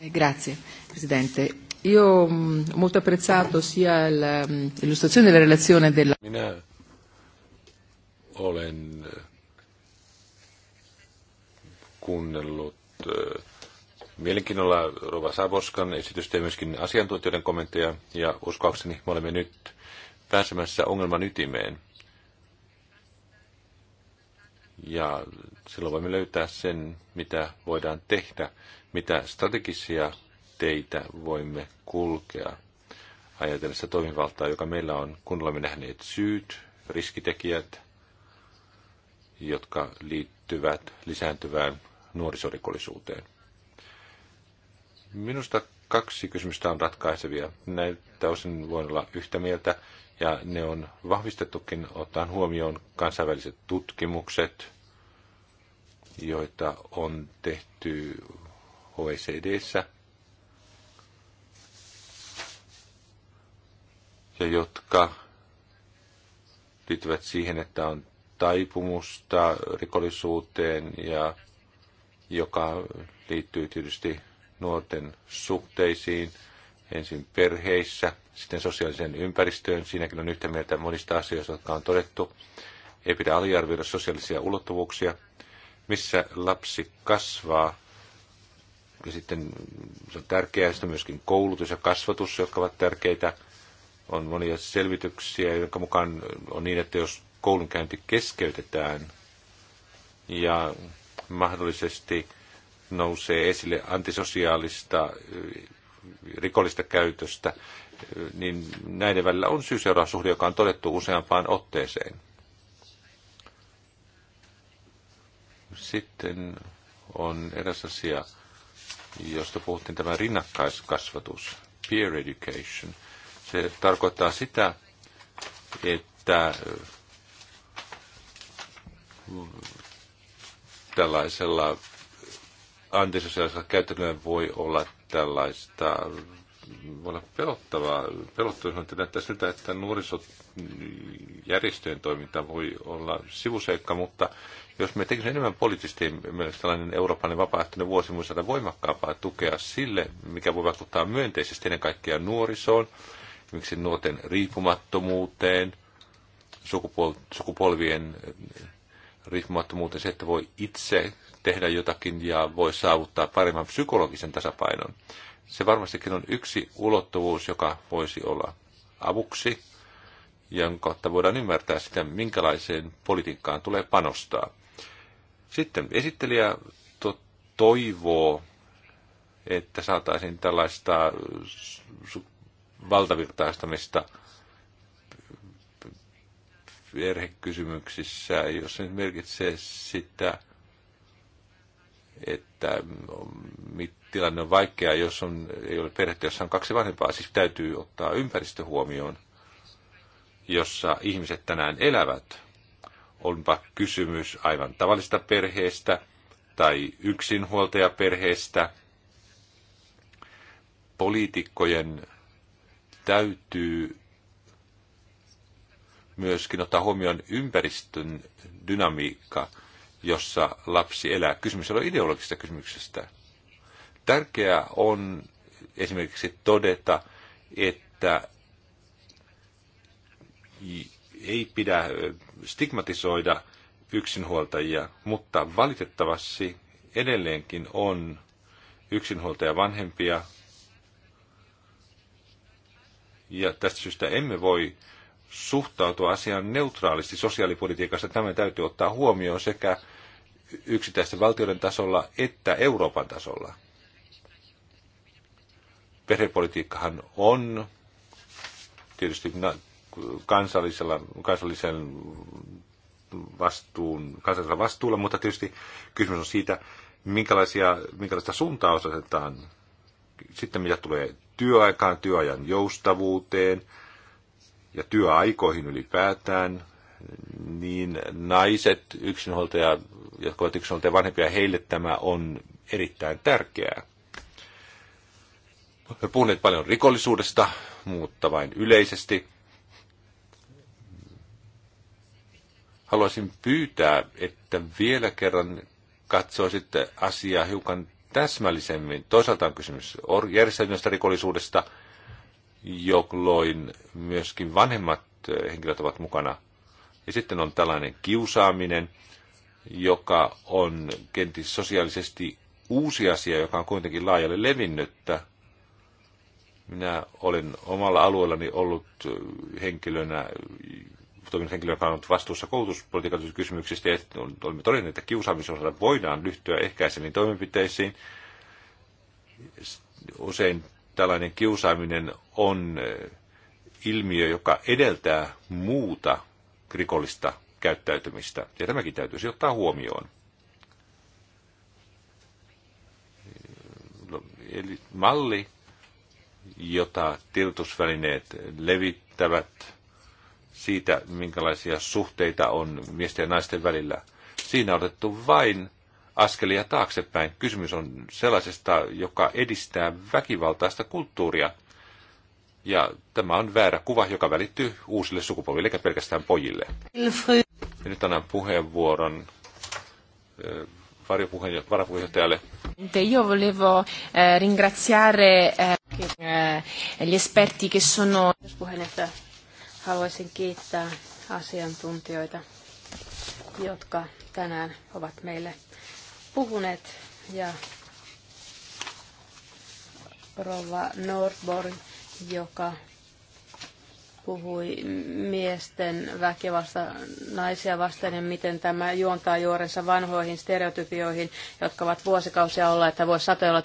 Eh, grazie, Presidente. Io ho mm, molto apprezzato sia mm, l'illustrazione della relazione della... Minä olen eh, kuunnellut eh, mielenkiinnolla Rova Savoskan esitystä ja myöskin asiantuntijoiden kommentteja, ja uskoakseni me olemme nyt pääsemässä ongelman ytimeen. Ja silloin voimme löytää sen, mitä voidaan tehdä, mitä strategisia teitä voimme kulkea. Ajatellen sitä toimivaltaa, joka meillä on, kun olemme nähneet syyt, riskitekijät, jotka liittyvät lisääntyvään nuorisorikollisuuteen. Minusta kaksi kysymystä on ratkaisevia. Näitä osin voin olla yhtä mieltä, ja ne on vahvistettukin ottaen huomioon kansainväliset tutkimukset, joita on tehty OECDssä, ja jotka liittyvät siihen, että on taipumusta rikollisuuteen ja joka liittyy tietysti nuorten suhteisiin, ensin perheissä, sitten sosiaaliseen ympäristöön. Siinäkin on yhtä mieltä monista asioista, jotka on todettu. Ei pidä aliarvioida sosiaalisia ulottuvuuksia. Missä lapsi kasvaa, ja sitten se on tärkeää, sitten myöskin koulutus ja kasvatus, jotka ovat tärkeitä. On monia selvityksiä, jonka mukaan on niin, että jos koulunkäynti keskeytetään ja mahdollisesti nousee esille antisosiaalista rikollista käytöstä, niin näiden välillä on syy suhde, joka on todettu useampaan otteeseen. Sitten on eräs asia, josta puhuttiin tämä rinnakkaiskasvatus, peer education. Se tarkoittaa sitä, että tällaisella antisosiaalisella käyttäytyminen voi olla tällaista, voi olla pelottavaa. Pelottuisuus että näyttää siltä, että nuorisojärjestöjen toiminta voi olla sivuseikka, mutta jos me tekisimme enemmän poliittisesti, meillä tällainen eurooppalainen vapaaehtoinen vuosi voi saada voimakkaampaa tukea sille, mikä voi vaikuttaa myönteisesti ennen kaikkea nuorisoon, miksi nuorten riippumattomuuteen, sukupolvien riippumattomuuteen, se, että voi itse tehdä jotakin ja voi saavuttaa paremman psykologisen tasapainon. Se varmastikin on yksi ulottuvuus, joka voisi olla avuksi, jonka kautta voidaan ymmärtää sitä, minkälaiseen politiikkaan tulee panostaa. Sitten esittelijä to- toivoo, että saataisiin tällaista valtavirtaistamista perhekysymyksissä, jos se merkitsee sitä, että mm, tilanne on vaikea, jos on, ei ole perhettä, jossa on kaksi vanhempaa. Siis täytyy ottaa ympäristö huomioon, jossa ihmiset tänään elävät. Onpa kysymys aivan tavallista perheestä tai yksinhuoltajaperheestä. Poliitikkojen täytyy myöskin ottaa huomioon ympäristön dynamiikka – jossa lapsi elää. Kysymys on ideologisesta kysymyksestä. Tärkeää on esimerkiksi todeta, että ei pidä stigmatisoida yksinhuoltajia, mutta valitettavasti edelleenkin on yksinhuoltaja vanhempia. Ja tästä syystä emme voi suhtautua asiaan neutraalisti sosiaalipolitiikassa. Tämä täytyy ottaa huomioon sekä yksittäisten valtioiden tasolla että Euroopan tasolla. Perhepolitiikkahan on tietysti kansallisella, kansallisen vastuun, kansallisella vastuulla, mutta tietysti kysymys on siitä, minkälaisia, minkälaista suuntaa osoitetaan sitten, mitä tulee työaikaan, työajan joustavuuteen ja työaikoihin ylipäätään, niin naiset, yksinhuoltaja, jotka ovat yksinhuoltaja vanhempia, heille tämä on erittäin tärkeää. Olemme puhuneet paljon rikollisuudesta, mutta vain yleisesti. Haluaisin pyytää, että vielä kerran katsoisit asiaa hiukan täsmällisemmin. Toisaalta on kysymys järjestäytyneestä rikollisuudesta, jolloin myöskin vanhemmat eh, henkilöt ovat mukana. Ja sitten on tällainen kiusaaminen, joka on kenties sosiaalisesti uusi asia, joka on kuitenkin laajalle levinnyttä. Minä olen omalla alueellani ollut henkilönä, toiminut henkilö, joka on ollut vastuussa koulutuspolitiikan kysymyksistä, ja olemme todenneet, että kiusaamisen osalta voidaan lyhtyä ehkäiseviin toimenpiteisiin. Usein tällainen kiusaaminen on ilmiö, joka edeltää muuta rikollista käyttäytymistä. Ja tämäkin täytyisi ottaa huomioon. No, eli malli, jota tiedotusvälineet levittävät siitä, minkälaisia suhteita on miesten ja naisten välillä. Siinä on otettu vain askelia taaksepäin. Kysymys on sellaisesta, joka edistää väkivaltaista kulttuuria – ja tämä on väärä kuva, joka välittyy uusille sukupolville, eikä pelkästään pojille. Ja nyt annan puheenvuoron eh, varapuheenjohtajalle. Io volevo eh, ringraziare eh, gli esperti che sono... Puheenjohtaja, haluaisin kiittää asiantuntijoita, jotka tänään ovat meille puhuneet ja Rova Nordborg joka puhui miesten väkivasta naisia vastaan ja miten tämä juontaa juorensa vanhoihin stereotypioihin, jotka ovat vuosikausia olleet että vuosisatoja olla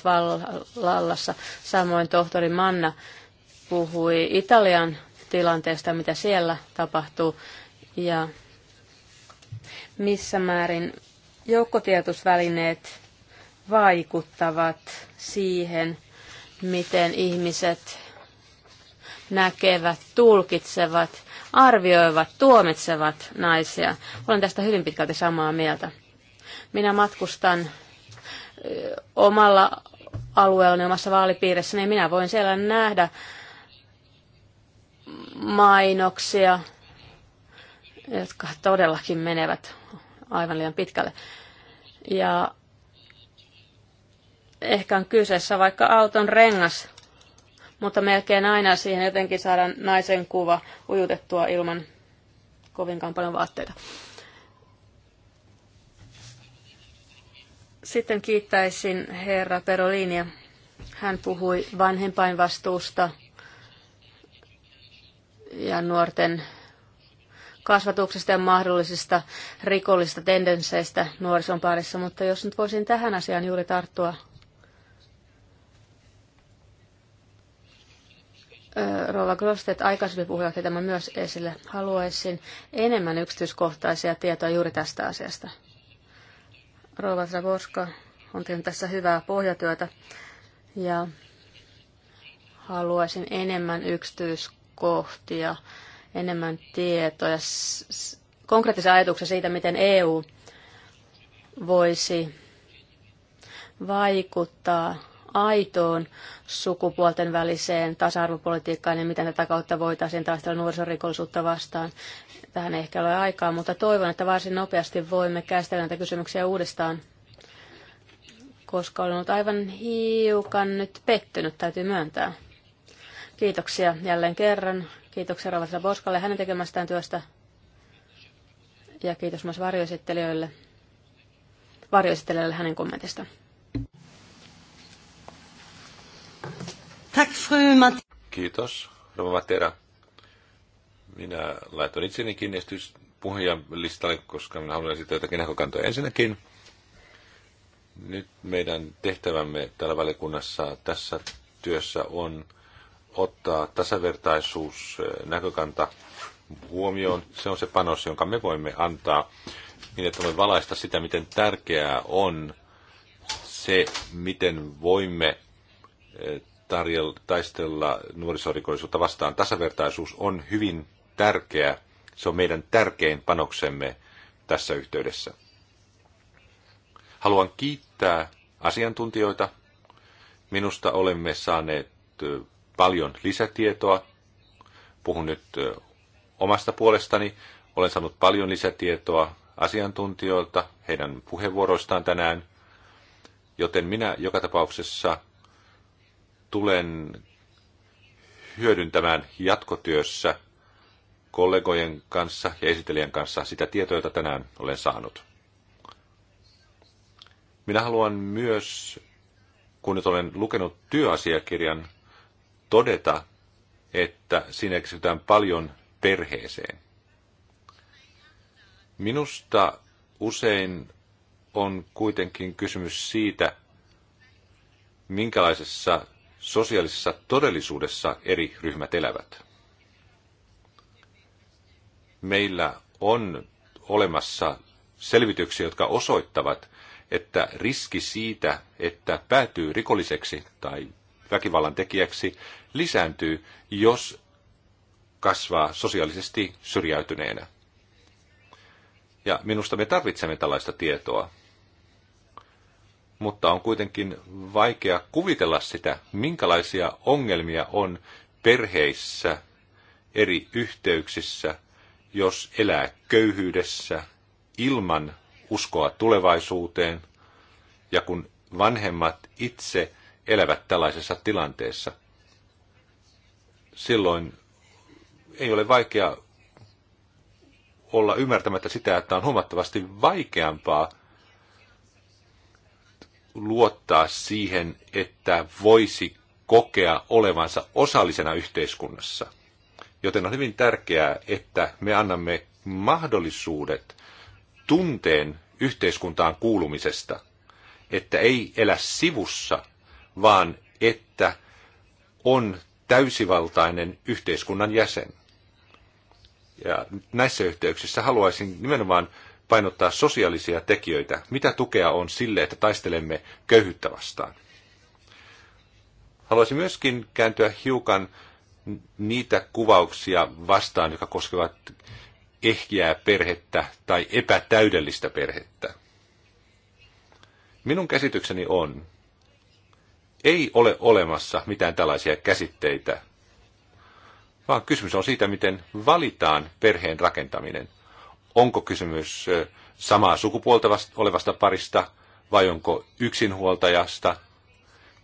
vallassa. Samoin tohtori Manna puhui Italian tilanteesta, mitä siellä tapahtuu ja missä määrin joukkotietusvälineet vaikuttavat siihen, miten ihmiset näkevät, tulkitsevat, arvioivat, tuomitsevat naisia. Olen tästä hyvin pitkälti samaa mieltä. Minä matkustan omalla alueellani, omassa vaalipiirissäni, niin minä voin siellä nähdä mainoksia, jotka todellakin menevät aivan liian pitkälle. Ja ehkä on kyseessä vaikka auton rengas, mutta melkein aina siihen jotenkin saadaan naisen kuva ujutettua ilman kovinkaan paljon vaatteita. Sitten kiittäisin herra Perolinia. Hän puhui vanhempainvastuusta ja nuorten kasvatuksesta ja mahdollisista rikollisista tendensseistä nuorison parissa, mutta jos nyt voisin tähän asiaan juuri tarttua Rova Grosted aikaisemmin puhujakin tämän myös esille. Haluaisin enemmän yksityiskohtaisia tietoja juuri tästä asiasta. Rova Zaborska on tehnyt tässä hyvää pohjatyötä ja haluaisin enemmän yksityiskohtia, enemmän tietoja, konkreettisia ajatuksia siitä, miten EU voisi vaikuttaa aitoon sukupuolten väliseen tasa-arvopolitiikkaan ja miten tätä kautta voitaisiin taistella nuorisorikollisuutta vastaan. Tähän ei ehkä ole aikaa, mutta toivon, että varsin nopeasti voimme käsitellä näitä kysymyksiä uudestaan, koska olen ollut aivan hiukan nyt pettynyt, täytyy myöntää. Kiitoksia jälleen kerran. Kiitoksia Ravatsa Boskalle hänen tekemästään työstä. Ja kiitos myös varjoesittelijöille, varjoesittelijöille hänen kommentistaan. Tack, fru Kiitos, Rova Matera. Minä laitoin itseni kiinnistys puhujan listalle, koska minä haluan esittää jotakin näkökantoja. Ensinnäkin nyt meidän tehtävämme täällä valiokunnassa tässä työssä on ottaa tasavertaisuus näkökanta huomioon. Se on se panos, jonka me voimme antaa niin, että voimme valaista sitä, miten tärkeää on se, miten voimme eh, tarjel, taistella nuorisorikollisuutta vastaan. Tasavertaisuus on hyvin tärkeä. Se on meidän tärkein panoksemme tässä yhteydessä. Haluan kiittää asiantuntijoita. Minusta olemme saaneet paljon lisätietoa. Puhun nyt omasta puolestani. Olen saanut paljon lisätietoa asiantuntijoilta heidän puheenvuoroistaan tänään, joten minä joka tapauksessa tulen hyödyntämään jatkotyössä kollegojen kanssa ja esittelijän kanssa sitä tietoa, jota tänään olen saanut. Minä haluan myös, kun nyt olen lukenut työasiakirjan, todeta, että siinä keskitytään paljon perheeseen. Minusta usein on kuitenkin kysymys siitä, minkälaisessa sosiaalisessa todellisuudessa eri ryhmät elävät. Meillä on olemassa selvityksiä, jotka osoittavat, että riski siitä, että päätyy rikolliseksi tai väkivallan tekijäksi, lisääntyy, jos kasvaa sosiaalisesti syrjäytyneenä. Ja minusta me tarvitsemme tällaista tietoa mutta on kuitenkin vaikea kuvitella sitä, minkälaisia ongelmia on perheissä, eri yhteyksissä, jos elää köyhyydessä ilman uskoa tulevaisuuteen ja kun vanhemmat itse elävät tällaisessa tilanteessa. Silloin ei ole vaikea olla ymmärtämättä sitä, että on huomattavasti vaikeampaa luottaa siihen, että voisi kokea olevansa osallisena yhteiskunnassa. Joten on hyvin tärkeää, että me annamme mahdollisuudet tunteen yhteiskuntaan kuulumisesta, että ei elä sivussa, vaan että on täysivaltainen yhteiskunnan jäsen. Ja näissä yhteyksissä haluaisin nimenomaan painottaa sosiaalisia tekijöitä. Mitä tukea on sille, että taistelemme köyhyyttä vastaan? Haluaisin myöskin kääntyä hiukan niitä kuvauksia vastaan, jotka koskevat ehkiää perhettä tai epätäydellistä perhettä. Minun käsitykseni on, ei ole olemassa mitään tällaisia käsitteitä, vaan kysymys on siitä, miten valitaan perheen rakentaminen – onko kysymys samaa sukupuolta olevasta parista vai onko yksinhuoltajasta.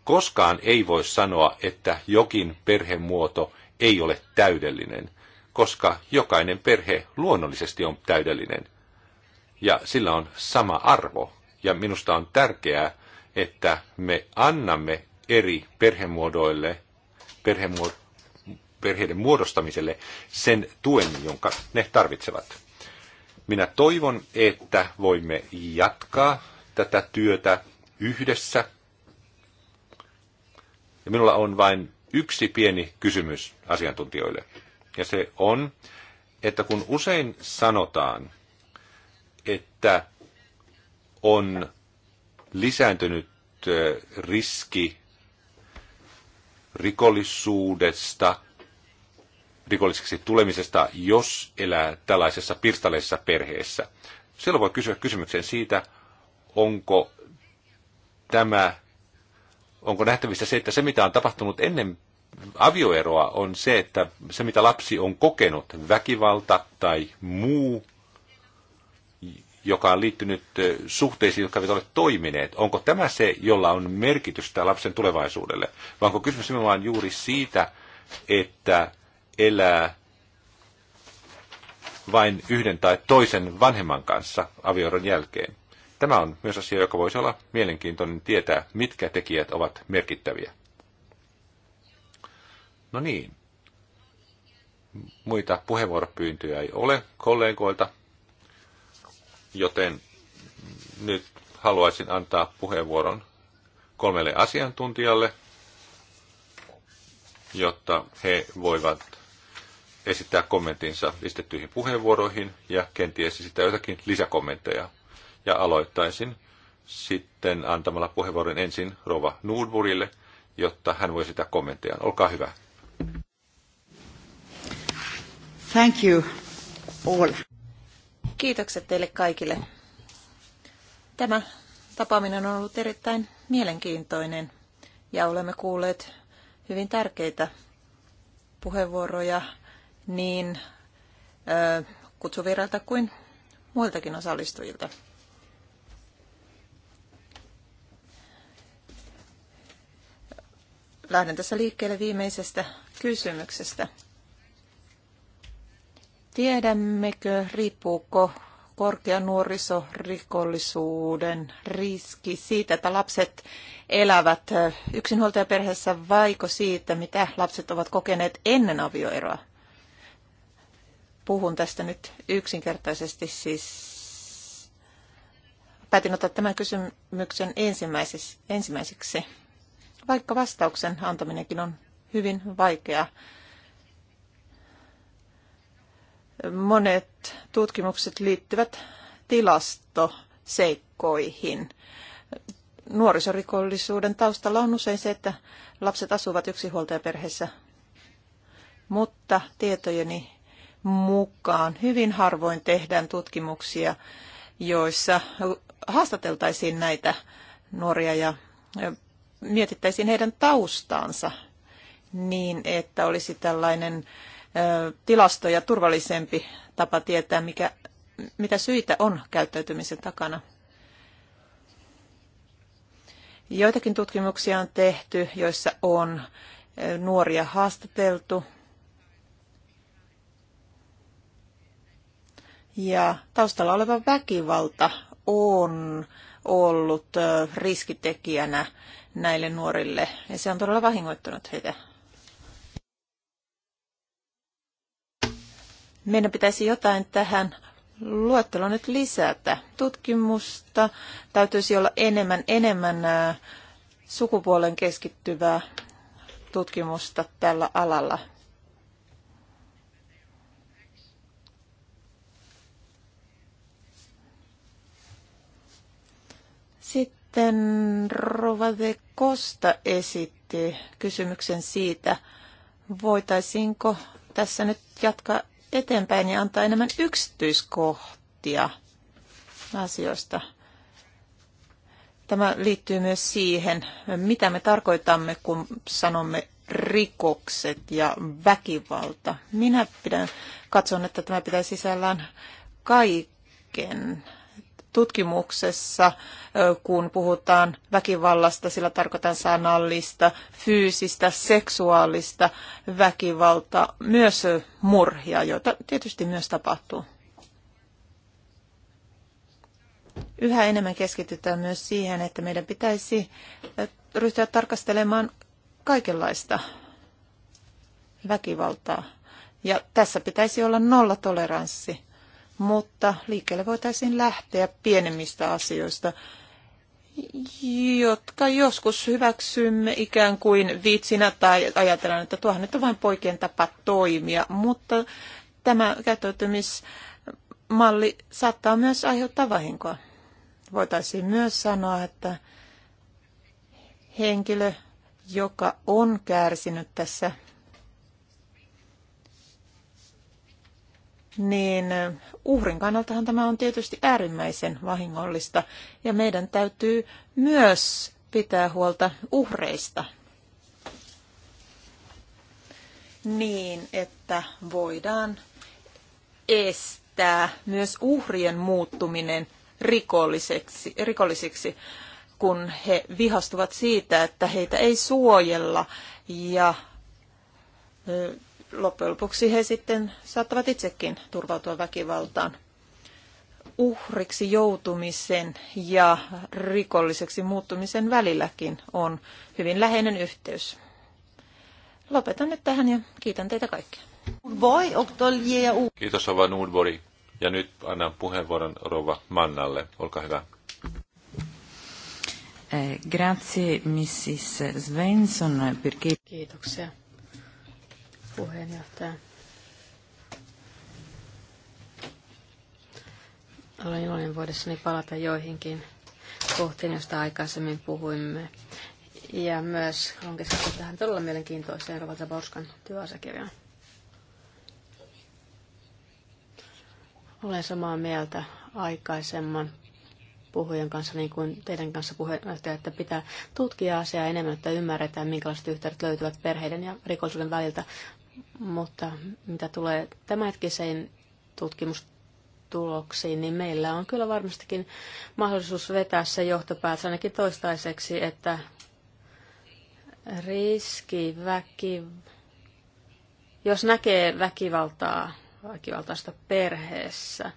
Koskaan ei voi sanoa, että jokin perhemuoto ei ole täydellinen, koska jokainen perhe luonnollisesti on täydellinen. Ja sillä on sama arvo. Ja minusta on tärkeää, että me annamme eri perhemuodoille, perhemuodoille perheiden muodostamiselle sen tuen, jonka ne tarvitsevat. Minä toivon, että voimme jatkaa tätä työtä yhdessä. Ja minulla on vain yksi pieni kysymys asiantuntijoille. Ja se on, että kun usein sanotaan, että on lisääntynyt äh, riski rikollisuudesta rikolliseksi tulemisesta, jos elää tällaisessa pirstaleisessa perheessä. Silloin voi kysyä kysymyksen siitä, onko tämä, onko nähtävissä se, että se mitä on tapahtunut ennen avioeroa on se, että se mitä lapsi on kokenut, väkivalta tai muu, joka on liittynyt suhteisiin, jotka eivät ole toimineet, onko tämä se, jolla on merkitystä lapsen tulevaisuudelle? Vai onko kysymys nimenomaan juuri siitä, että elää vain yhden tai toisen vanhemman kanssa avioron jälkeen. Tämä on myös asia, joka voisi olla mielenkiintoinen tietää, mitkä tekijät ovat merkittäviä. No niin. Muita puheenvuoropyyntöjä ei ole kollegoilta, joten nyt haluaisin antaa puheenvuoron kolmelle asiantuntijalle, jotta he voivat esittää kommentinsa listettyihin puheenvuoroihin ja kenties esittää jotakin lisäkommentteja. Ja aloittaisin sitten antamalla puheenvuoron ensin Rova Nordburille, jotta hän voi sitä kommentteja. Olkaa hyvä. Thank you all. Kiitokset teille kaikille. Tämä tapaaminen on ollut erittäin mielenkiintoinen ja olemme kuulleet hyvin tärkeitä puheenvuoroja niin kutsuviralta kuin muiltakin osallistujilta. Lähden tässä liikkeelle viimeisestä kysymyksestä. Tiedämmekö, riippuuko korkea nuorisorikollisuuden riski siitä, että lapset elävät yksinhuoltajaperheessä vaiko siitä, mitä lapset ovat kokeneet ennen avioeroa? puhun tästä nyt yksinkertaisesti siis päätin ottaa tämän kysymyksen ensimmäiseksi, vaikka vastauksen antaminenkin on hyvin vaikeaa. Monet tutkimukset liittyvät tilastoseikkoihin. Nuorisorikollisuuden taustalla on usein se, että lapset asuvat yksinhuoltajaperheessä, mutta tietojeni mukaan. Hyvin harvoin tehdään tutkimuksia, joissa haastateltaisiin näitä nuoria ja mietittäisiin heidän taustaansa niin, että olisi tällainen tilasto ja turvallisempi tapa tietää, mikä, mitä syitä on käyttäytymisen takana. Joitakin tutkimuksia on tehty, joissa on nuoria haastateltu Ja taustalla oleva väkivalta on ollut riskitekijänä näille nuorille, ja se on todella vahingoittanut heitä. Meidän pitäisi jotain tähän luetteloon nyt lisätä. Tutkimusta täytyisi olla enemmän, enemmän sukupuolen keskittyvää tutkimusta tällä alalla. Sitten Rova de Costa esitti kysymyksen siitä, voitaisiinko tässä nyt jatkaa eteenpäin ja antaa enemmän yksityiskohtia asioista. Tämä liittyy myös siihen, mitä me tarkoitamme, kun sanomme rikokset ja väkivalta. Minä pidän, katson, että tämä pitää sisällään kaiken tutkimuksessa, kun puhutaan väkivallasta, sillä tarkoitan sanallista, fyysistä, seksuaalista väkivaltaa, myös murhia, joita tietysti myös tapahtuu. Yhä enemmän keskitytään myös siihen, että meidän pitäisi ryhtyä tarkastelemaan kaikenlaista väkivaltaa. Ja tässä pitäisi olla nollatoleranssi mutta liikkeelle voitaisiin lähteä pienemmistä asioista, jotka joskus hyväksymme ikään kuin viitsinä tai ajatellaan, että tuohan nyt on vain poikien tapa toimia, mutta tämä käyttäytymismalli saattaa myös aiheuttaa vahinkoa. Voitaisiin myös sanoa, että henkilö, joka on kärsinyt tässä niin uhrin kannaltahan tämä on tietysti äärimmäisen vahingollista. Ja meidän täytyy myös pitää huolta uhreista niin, että voidaan estää myös uhrien muuttuminen rikolliseksi, rikollisiksi, kun he vihastuvat siitä, että heitä ei suojella ja loppujen lopuksi he sitten saattavat itsekin turvautua väkivaltaan. Uhriksi joutumisen ja rikolliseksi muuttumisen välilläkin on hyvin läheinen yhteys. Lopetan nyt tähän ja kiitän teitä kaikkia. Kiitos Ova Nudbori. Ja nyt annan puheenvuoron Rova Mannalle. Olkaa hyvä. Eh, grazie Mrs. Svensson, perché... Kiitoksia puheenjohtaja. Olen iloinen voidessani palata joihinkin kohtiin, joista aikaisemmin puhuimme. Ja myös on keskittynyt tähän todella mielenkiintoiseen Rovalta Borskan työasiakirjaan. Olen samaa mieltä aikaisemman puhujan kanssa, niin kuin teidän kanssa puheenjohtaja, että pitää tutkia asiaa enemmän, että ymmärretään, minkälaiset yhteydet löytyvät perheiden ja rikollisuuden väliltä. Mutta mitä tulee tämänhetkiseen tutkimustuloksiin, niin meillä on kyllä varmastikin mahdollisuus vetää se johtopäätös ainakin toistaiseksi, että riski, väki, jos näkee väkivaltaa, väkivaltaista perheessä,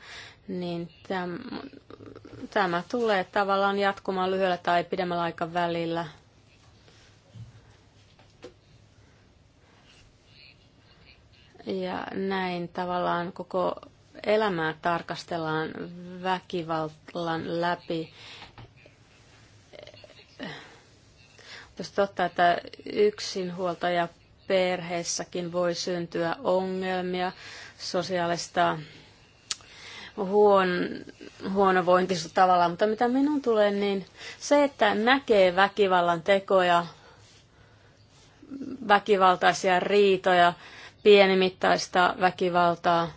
niin täm, tämä tulee tavallaan jatkumaan lyhyellä tai pidemmällä aikavälillä – Ja näin tavallaan koko elämää tarkastellaan väkivallan läpi. Tuossa totta, että yksinhuoltaja perheessäkin voi syntyä ongelmia sosiaalista huon, huonovointista tavallaan, mutta mitä minun tulee, niin se, että näkee väkivallan tekoja, väkivaltaisia riitoja, pienimittaista väkivaltaa.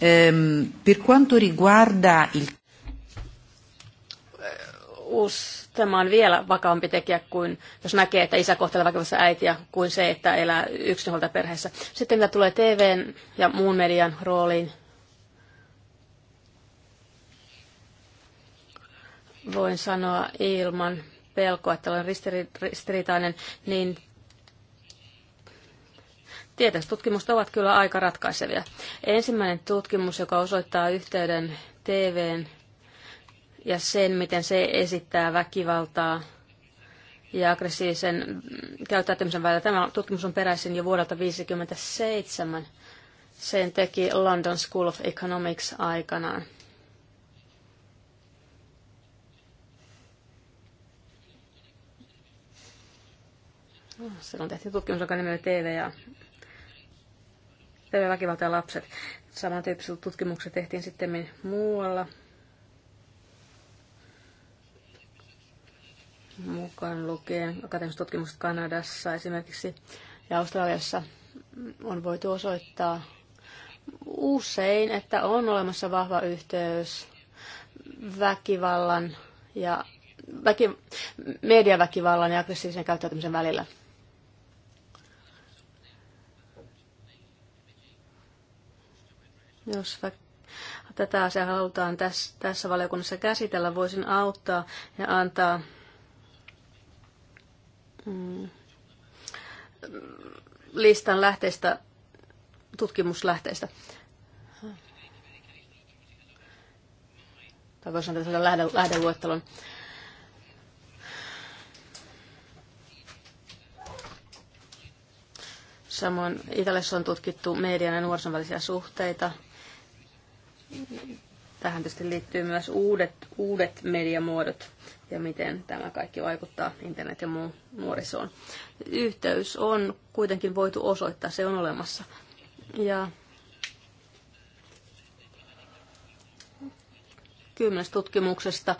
Ehm, per quanto riguarda il... Us, tämä on vielä vakaampi tekijä kuin jos näkee, että isä kohtelee vakavassa äitiä kuin se, että elää perheessä. Sitten mitä tulee TVn ja muun median rooliin, voin sanoa ilman pelkoa, että olen ristiriitainen, niin Tieteelliset tutkimukset ovat kyllä aika ratkaisevia. Ensimmäinen tutkimus, joka osoittaa yhteyden TVn ja sen, miten se esittää väkivaltaa ja aggressiivisen käyttäytymisen välillä. Tämä tutkimus on peräisin jo vuodelta 1957. Sen teki London School of Economics aikanaan. Ah, on tehty tutkimus, joka nimellä TV ja perheväkivalta ja lapset. Samantyyppiset tutkimukset tehtiin sitten muualla. Mukaan lukien akateemiset tutkimukset Kanadassa esimerkiksi ja Australiassa on voitu osoittaa usein, että on olemassa vahva yhteys väkivallan ja väki, mediaväkivallan ja aggressiivisen käyttäytymisen välillä. Jos tätä asiaa halutaan tässä, tässä valiokunnassa käsitellä, voisin auttaa ja antaa mm, listan lähteistä, tutkimuslähteistä. Tai voisi antaa sellaisen lähde, lähdeluettelon. Samoin Italiassa on tutkittu median ja nuorison välisiä suhteita, Tähän tietysti liittyy myös uudet, uudet mediamuodot ja miten tämä kaikki vaikuttaa internet ja muu nuorisoon. Yhteys on kuitenkin voitu osoittaa, se on olemassa. Ja 10 tutkimuksesta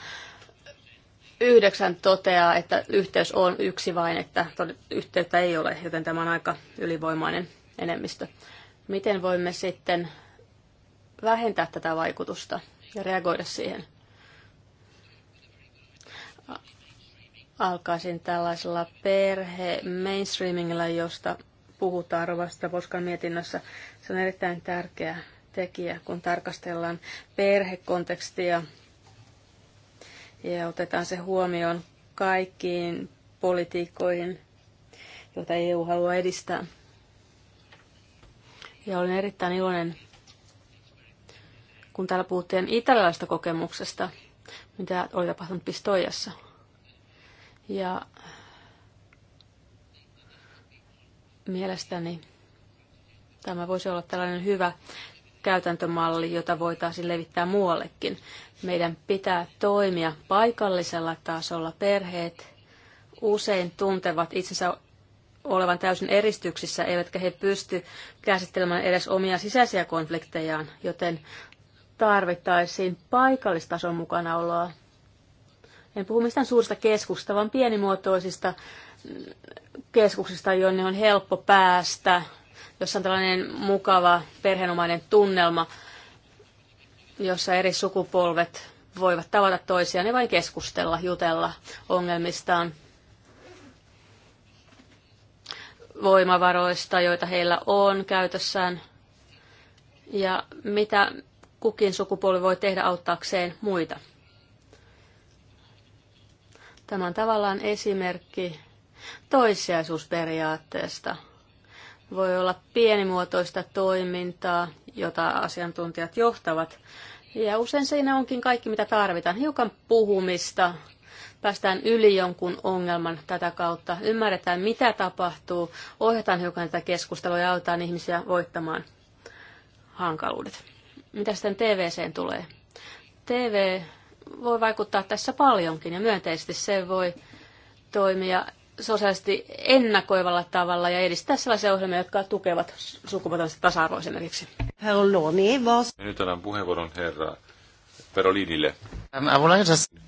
yhdeksän toteaa, että yhteys on yksi vain, että yhteyttä ei ole, joten tämä on aika ylivoimainen enemmistö. Miten voimme sitten vähentää tätä vaikutusta ja reagoida siihen. Alkaisin tällaisella perhe mainstreamingilla, josta puhutaan Rovasta Poskan mietinnössä. Se on erittäin tärkeä tekijä, kun tarkastellaan perhekontekstia ja otetaan se huomioon kaikkiin politiikkoihin, joita EU haluaa edistää. Ja olen erittäin iloinen kun täällä puhuttiin italialaista kokemuksesta, mitä oli tapahtunut Pistoijassa. Ja mielestäni tämä voisi olla tällainen hyvä käytäntömalli, jota voitaisiin levittää muuallekin. Meidän pitää toimia paikallisella tasolla. Perheet usein tuntevat itsensä olevan täysin eristyksissä, eivätkä he pysty käsittelemään edes omia sisäisiä konfliktejaan, joten tarvittaisiin paikallistason mukanaoloa. En puhu mistään suurista keskusta, vaan pienimuotoisista keskuksista, jonne on helppo päästä, jossa on tällainen mukava perheenomainen tunnelma, jossa eri sukupolvet voivat tavata toisiaan ja vain keskustella, jutella ongelmistaan, voimavaroista, joita heillä on käytössään ja mitä kukin sukupolvi voi tehdä auttaakseen muita. Tämä on tavallaan esimerkki toissijaisuusperiaatteesta. Voi olla pienimuotoista toimintaa, jota asiantuntijat johtavat, ja usein siinä onkin kaikki, mitä tarvitaan. Hiukan puhumista, päästään yli jonkun ongelman tätä kautta, ymmärretään, mitä tapahtuu, ohjataan hiukan tätä keskustelua ja autetaan ihmisiä voittamaan hankaluudet. Mitä sitten TVCen tulee? TV voi vaikuttaa tässä paljonkin ja myönteisesti se voi toimia sosiaalisesti ennakoivalla tavalla ja edistää sellaisia ohjelmia, jotka tukevat sukupuolta tasa-arvoa esimerkiksi. Nyt annan puheenvuoron herra Perolinille.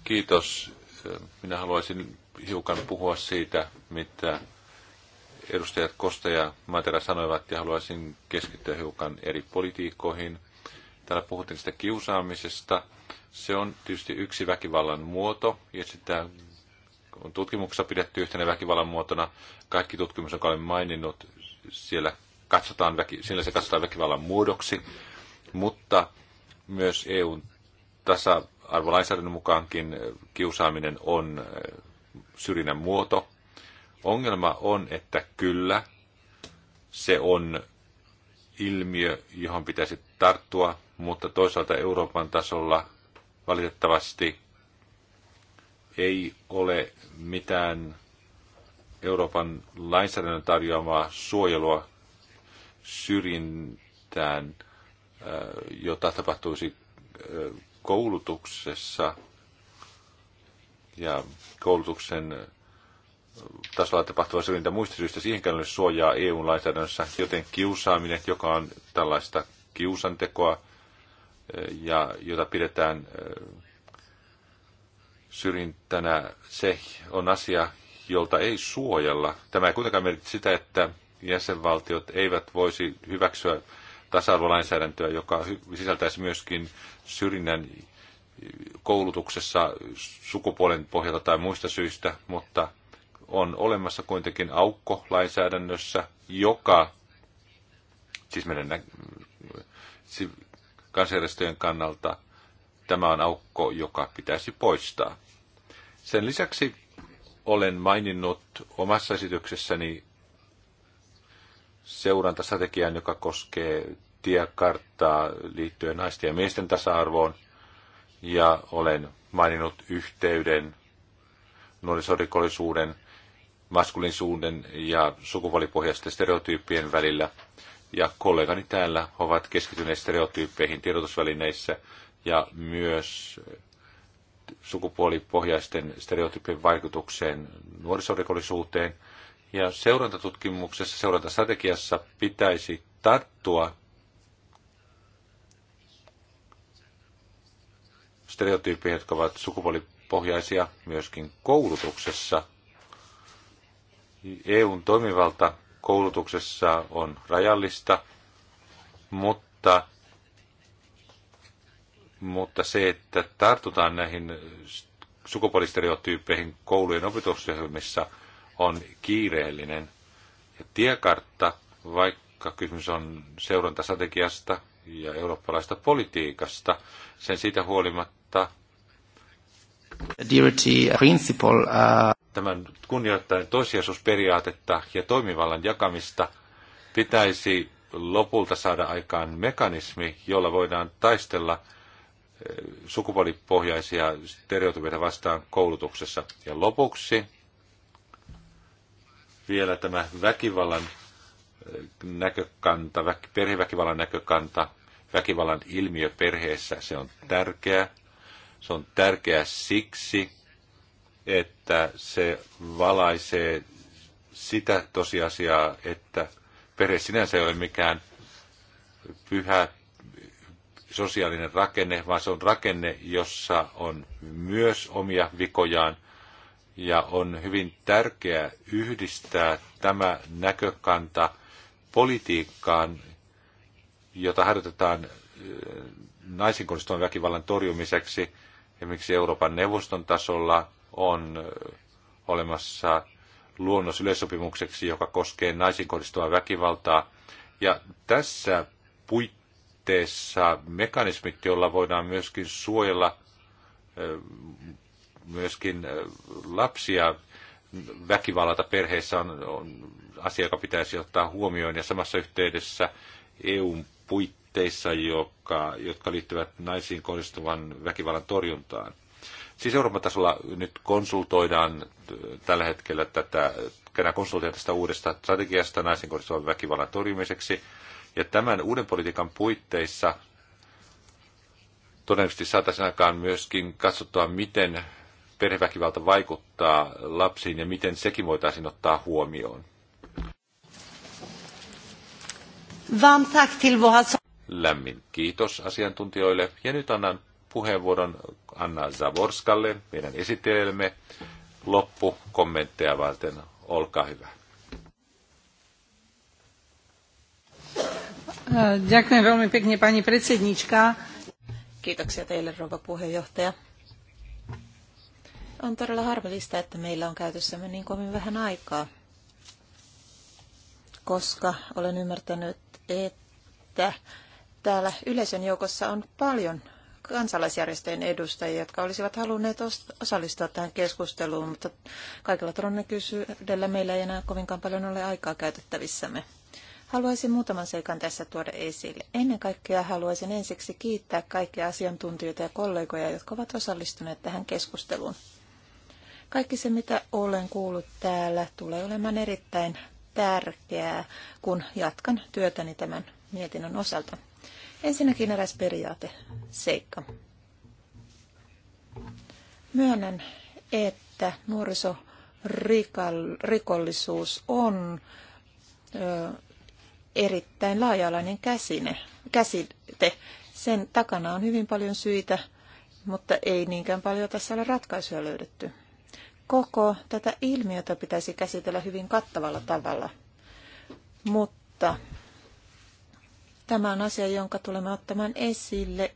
Kiitos. Minä haluaisin hiukan puhua siitä, mitä edustajat Kosta ja Matera sanoivat, ja haluaisin keskittyä hiukan eri politiikkoihin – Täällä puhuttiin sitä kiusaamisesta. Se on tietysti yksi väkivallan muoto, ja sitä on tutkimuksessa pidetty yhtenä väkivallan muotona. Kaikki tutkimukset, jotka olen maininnut, siellä, katsotaan väki, siellä se katsotaan väkivallan muodoksi, mutta myös EUn tasa-arvolainsäädännön mukaankin kiusaaminen on äh, syrjinnän muoto. Ongelma on, että kyllä se on ilmiö, johon pitäisi tarttua mutta toisaalta Euroopan tasolla valitettavasti ei ole mitään Euroopan lainsäädännön tarjoamaa suojelua syrjintään, jota tapahtuisi koulutuksessa ja koulutuksen tasolla tapahtuva syrjintä muista syistä siihenkään ole suojaa EU-lainsäädännössä, joten kiusaaminen, joka on tällaista kiusantekoa, ja jota pidetään syrjintänä, se on asia, jolta ei suojella. Tämä ei kuitenkaan merkitse sitä, että jäsenvaltiot eivät voisi hyväksyä tasa-arvolainsäädäntöä, joka sisältäisi myöskin syrjinnän koulutuksessa sukupuolen pohjalta tai muista syistä, mutta on olemassa kuitenkin aukko lainsäädännössä, joka, siis meidän kansanjärjestöjen kannalta tämä on aukko, joka pitäisi poistaa. Sen lisäksi olen maininnut omassa esityksessäni seurantastrategian, joka koskee tiekarttaa liittyen naisten ja miesten tasa-arvoon. Ja olen maininnut yhteyden nuorisorikollisuuden, maskulinsuuden ja sukupuolipohjaisten stereotyyppien välillä ja kollegani täällä ovat keskityneet stereotyyppeihin tiedotusvälineissä ja myös sukupuolipohjaisten stereotyyppien vaikutukseen nuorisorikollisuuteen. Ja seurantatutkimuksessa, seurantastrategiassa pitäisi tarttua stereotyyppeihin, jotka ovat sukupuolipohjaisia myöskin koulutuksessa. EUn toimivalta koulutuksessa on rajallista, mutta, mutta se, että tartutaan näihin sukupuolistereotyyppeihin koulujen opetusryhmissä, on kiireellinen. Ja tiekartta, vaikka kysymys on seurantastrategiasta ja eurooppalaista politiikasta, sen siitä huolimatta Uh, Tämän kunnioittain toissijaisuusperiaatetta ja toimivallan jakamista pitäisi lopulta saada aikaan mekanismi, jolla voidaan taistella eh, sukupuolipohjaisia stereotypioita vastaan koulutuksessa. Ja lopuksi vielä tämä väkivallan eh, näkökanta, perheväkivallan näkökanta, väkivallan ilmiö perheessä, se on tärkeä. Se on tärkeä siksi, että se valaisee sitä tosiasiaa, että perhe sinänsä ei ole mikään pyhä sosiaalinen rakenne, vaan se on rakenne, jossa on myös omia vikojaan. Ja on hyvin tärkeää yhdistää tämä näkökanta politiikkaan, jota harjoitetaan eh, naisiin kohdistuvan väkivallan torjumiseksi esimerkiksi Euroopan neuvoston tasolla on olemassa luonnos yleissopimukseksi, joka koskee naisiin kohdistuvaa väkivaltaa. Ja tässä puitteissa mekanismit, joilla voidaan myöskin suojella myöskin lapsia väkivallalta perheessä on, on asia, joka pitäisi ottaa huomioon. Ja samassa yhteydessä EUn puitteissa teissä, jotka liittyvät naisiin kohdistuvan väkivallan torjuntaan. Siis Euroopan tasolla nyt konsultoidaan äh, tällä hetkellä tätä, käydään konsultoidaan tästä uudesta strategiasta naisiin kohdistuvan väkivallan torjumiseksi. Ja tämän uuden politiikan puitteissa todennäköisesti saataisiin aikaan myöskin katsottua, miten perheväkivalta vaikuttaa lapsiin ja miten sekin voitaisiin ottaa huomioon. Varmt tack till våra Lämmin kiitos asiantuntijoille ja nyt annan puheenvuoron Anna Zavorskalle, meidän esittelijämme, kommentteja varten. Olkaa hyvä. pani Kiitoksia teille, rouva puheenjohtaja. On todella harmillista, että meillä on käytössämme niin kovin vähän aikaa, koska olen ymmärtänyt, että täällä yleisön joukossa on paljon kansalaisjärjestöjen edustajia, jotka olisivat halunneet osallistua tähän keskusteluun, mutta kaikilla todennäköisyydellä meillä ei enää kovinkaan paljon ole aikaa käytettävissämme. Haluaisin muutaman seikan tässä tuoda esille. Ennen kaikkea haluaisin ensiksi kiittää kaikkia asiantuntijoita ja kollegoja, jotka ovat osallistuneet tähän keskusteluun. Kaikki se, mitä olen kuullut täällä, tulee olemaan erittäin tärkeää, kun jatkan työtäni tämän mietinnön osalta. Ensinnäkin eräs periaate, seikka. Myönnän, että nuorisorikollisuus on ö, erittäin laaja-alainen käsine, käsite. Sen takana on hyvin paljon syitä, mutta ei niinkään paljon tässä ole ratkaisuja löydetty. Koko tätä ilmiötä pitäisi käsitellä hyvin kattavalla tavalla, mutta Tämä on asia, jonka tulemme ottamaan esille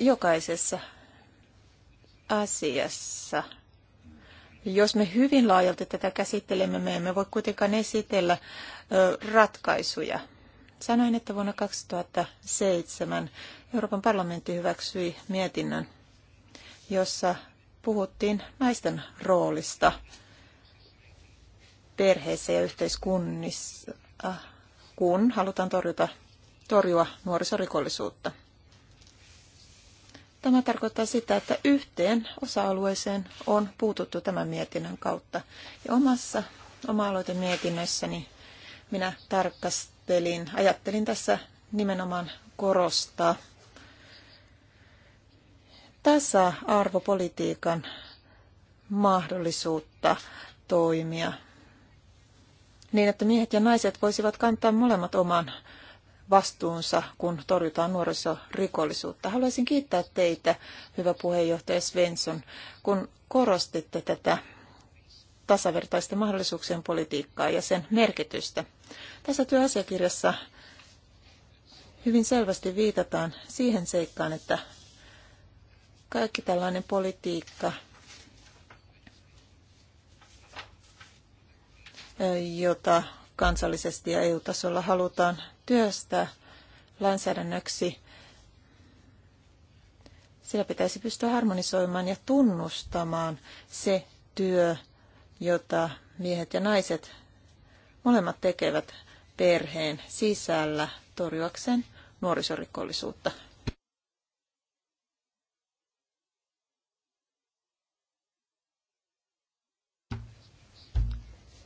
jokaisessa asiassa. Jos me hyvin laajalti tätä käsittelemme, me emme voi kuitenkaan esitellä ratkaisuja. Sanoin, että vuonna 2007 Euroopan parlamentti hyväksyi mietinnön, jossa puhuttiin naisten roolista perheissä ja yhteiskunnissa kun halutaan torjuta, torjua nuorisorikollisuutta. Tämä tarkoittaa sitä, että yhteen osa-alueeseen on puututtu tämän mietinnön kautta. Ja omassa oma mietinnössäni. minä tarkastelin, ajattelin tässä nimenomaan korostaa tasa-arvopolitiikan mahdollisuutta toimia niin että miehet ja naiset voisivat kantaa molemmat oman vastuunsa, kun torjutaan nuorisorikollisuutta. Haluaisin kiittää teitä, hyvä puheenjohtaja Svensson, kun korostitte tätä tasavertaisten mahdollisuuksien politiikkaa ja sen merkitystä. Tässä työasiakirjassa hyvin selvästi viitataan siihen seikkaan, että kaikki tällainen politiikka – jota kansallisesti ja EU-tasolla halutaan työstää lainsäädännöksi, sillä pitäisi pystyä harmonisoimaan ja tunnustamaan se työ, jota miehet ja naiset molemmat tekevät perheen sisällä torjuakseen nuorisorikollisuutta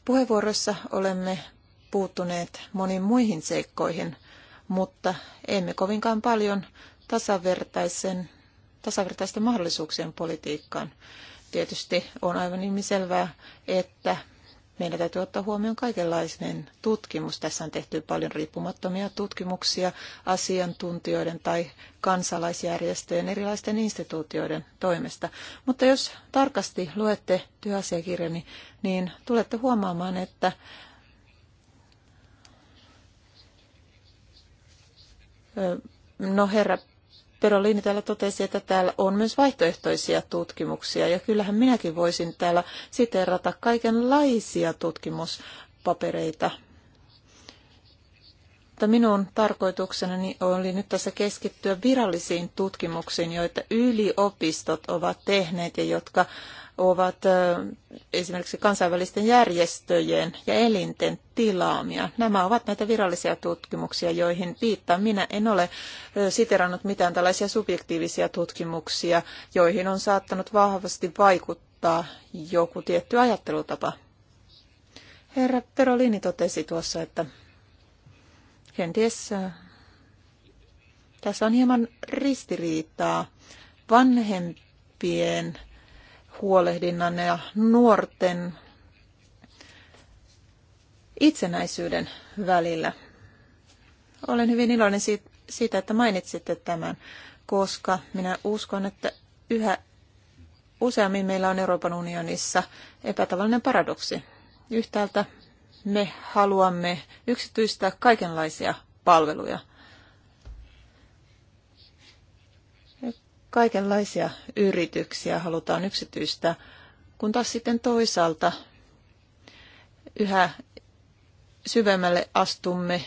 Puheenvuoroissa olemme puuttuneet moniin muihin seikkoihin, mutta emme kovinkaan paljon tasavertaisen, tasavertaisten mahdollisuuksien politiikkaan. Tietysti on aivan ilmiselvää, että meidän täytyy ottaa huomioon kaikenlainen tutkimus. Tässä on tehty paljon riippumattomia tutkimuksia asiantuntijoiden tai kansalaisjärjestöjen erilaisten instituutioiden toimesta. Mutta jos tarkasti luette työasiakirjani, niin tulette huomaamaan, että No herra Perolini täällä totesi, että täällä on myös vaihtoehtoisia tutkimuksia. Ja kyllähän minäkin voisin täällä siterata kaikenlaisia tutkimuspapereita. Mutta minun tarkoituksenani oli nyt tässä keskittyä virallisiin tutkimuksiin, joita yliopistot ovat tehneet ja jotka ovat esimerkiksi kansainvälisten järjestöjen ja elinten tilaamia. Nämä ovat näitä virallisia tutkimuksia, joihin viittaan. Minä en ole siterannut mitään tällaisia subjektiivisia tutkimuksia, joihin on saattanut vahvasti vaikuttaa joku tietty ajattelutapa. Herra Perolini totesi tuossa, että kenties tässä on hieman ristiriitaa vanhempien huolehdinnan ja nuorten itsenäisyyden välillä. Olen hyvin iloinen siitä, että mainitsitte tämän, koska minä uskon, että yhä useammin meillä on Euroopan unionissa epätavallinen paradoksi. Yhtäältä me haluamme yksityistää kaikenlaisia palveluja – kaikenlaisia yrityksiä halutaan yksityistä, kun taas sitten toisaalta yhä syvemmälle astumme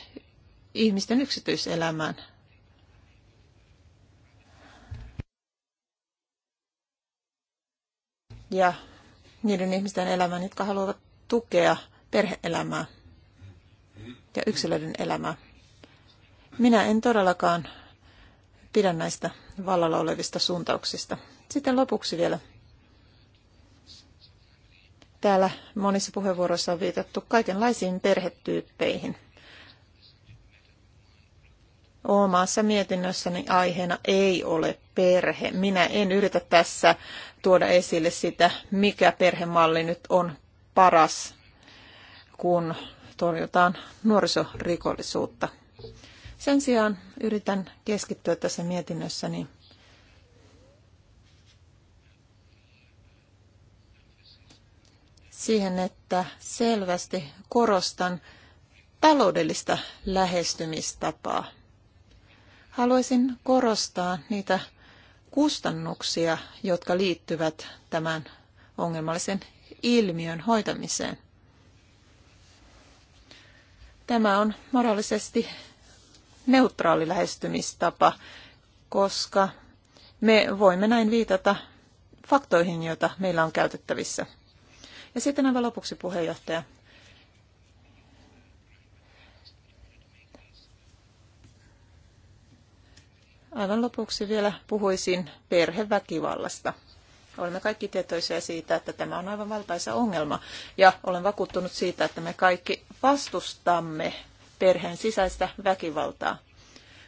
ihmisten yksityiselämään. Ja niiden ihmisten elämään, jotka haluavat tukea perheelämää ja yksilöiden elämää. Minä en todellakaan pidä näistä vallalla olevista suuntauksista. Sitten lopuksi vielä. Täällä monissa puheenvuoroissa on viitattu kaikenlaisiin perhetyyppeihin. Omaassa mietinnössäni aiheena ei ole perhe. Minä en yritä tässä tuoda esille sitä, mikä perhemalli nyt on paras, kun torjutaan nuorisorikollisuutta. Sen sijaan yritän keskittyä tässä mietinnössäni siihen, että selvästi korostan taloudellista lähestymistapaa. Haluaisin korostaa niitä kustannuksia, jotka liittyvät tämän ongelmallisen ilmiön hoitamiseen. Tämä on moraalisesti neutraali lähestymistapa, koska me voimme näin viitata faktoihin, joita meillä on käytettävissä. Ja sitten aivan lopuksi puheenjohtaja. Aivan lopuksi vielä puhuisin perheväkivallasta. Olemme kaikki tietoisia siitä, että tämä on aivan valtaisa ongelma ja olen vakuuttunut siitä, että me kaikki vastustamme perheen sisäistä väkivaltaa.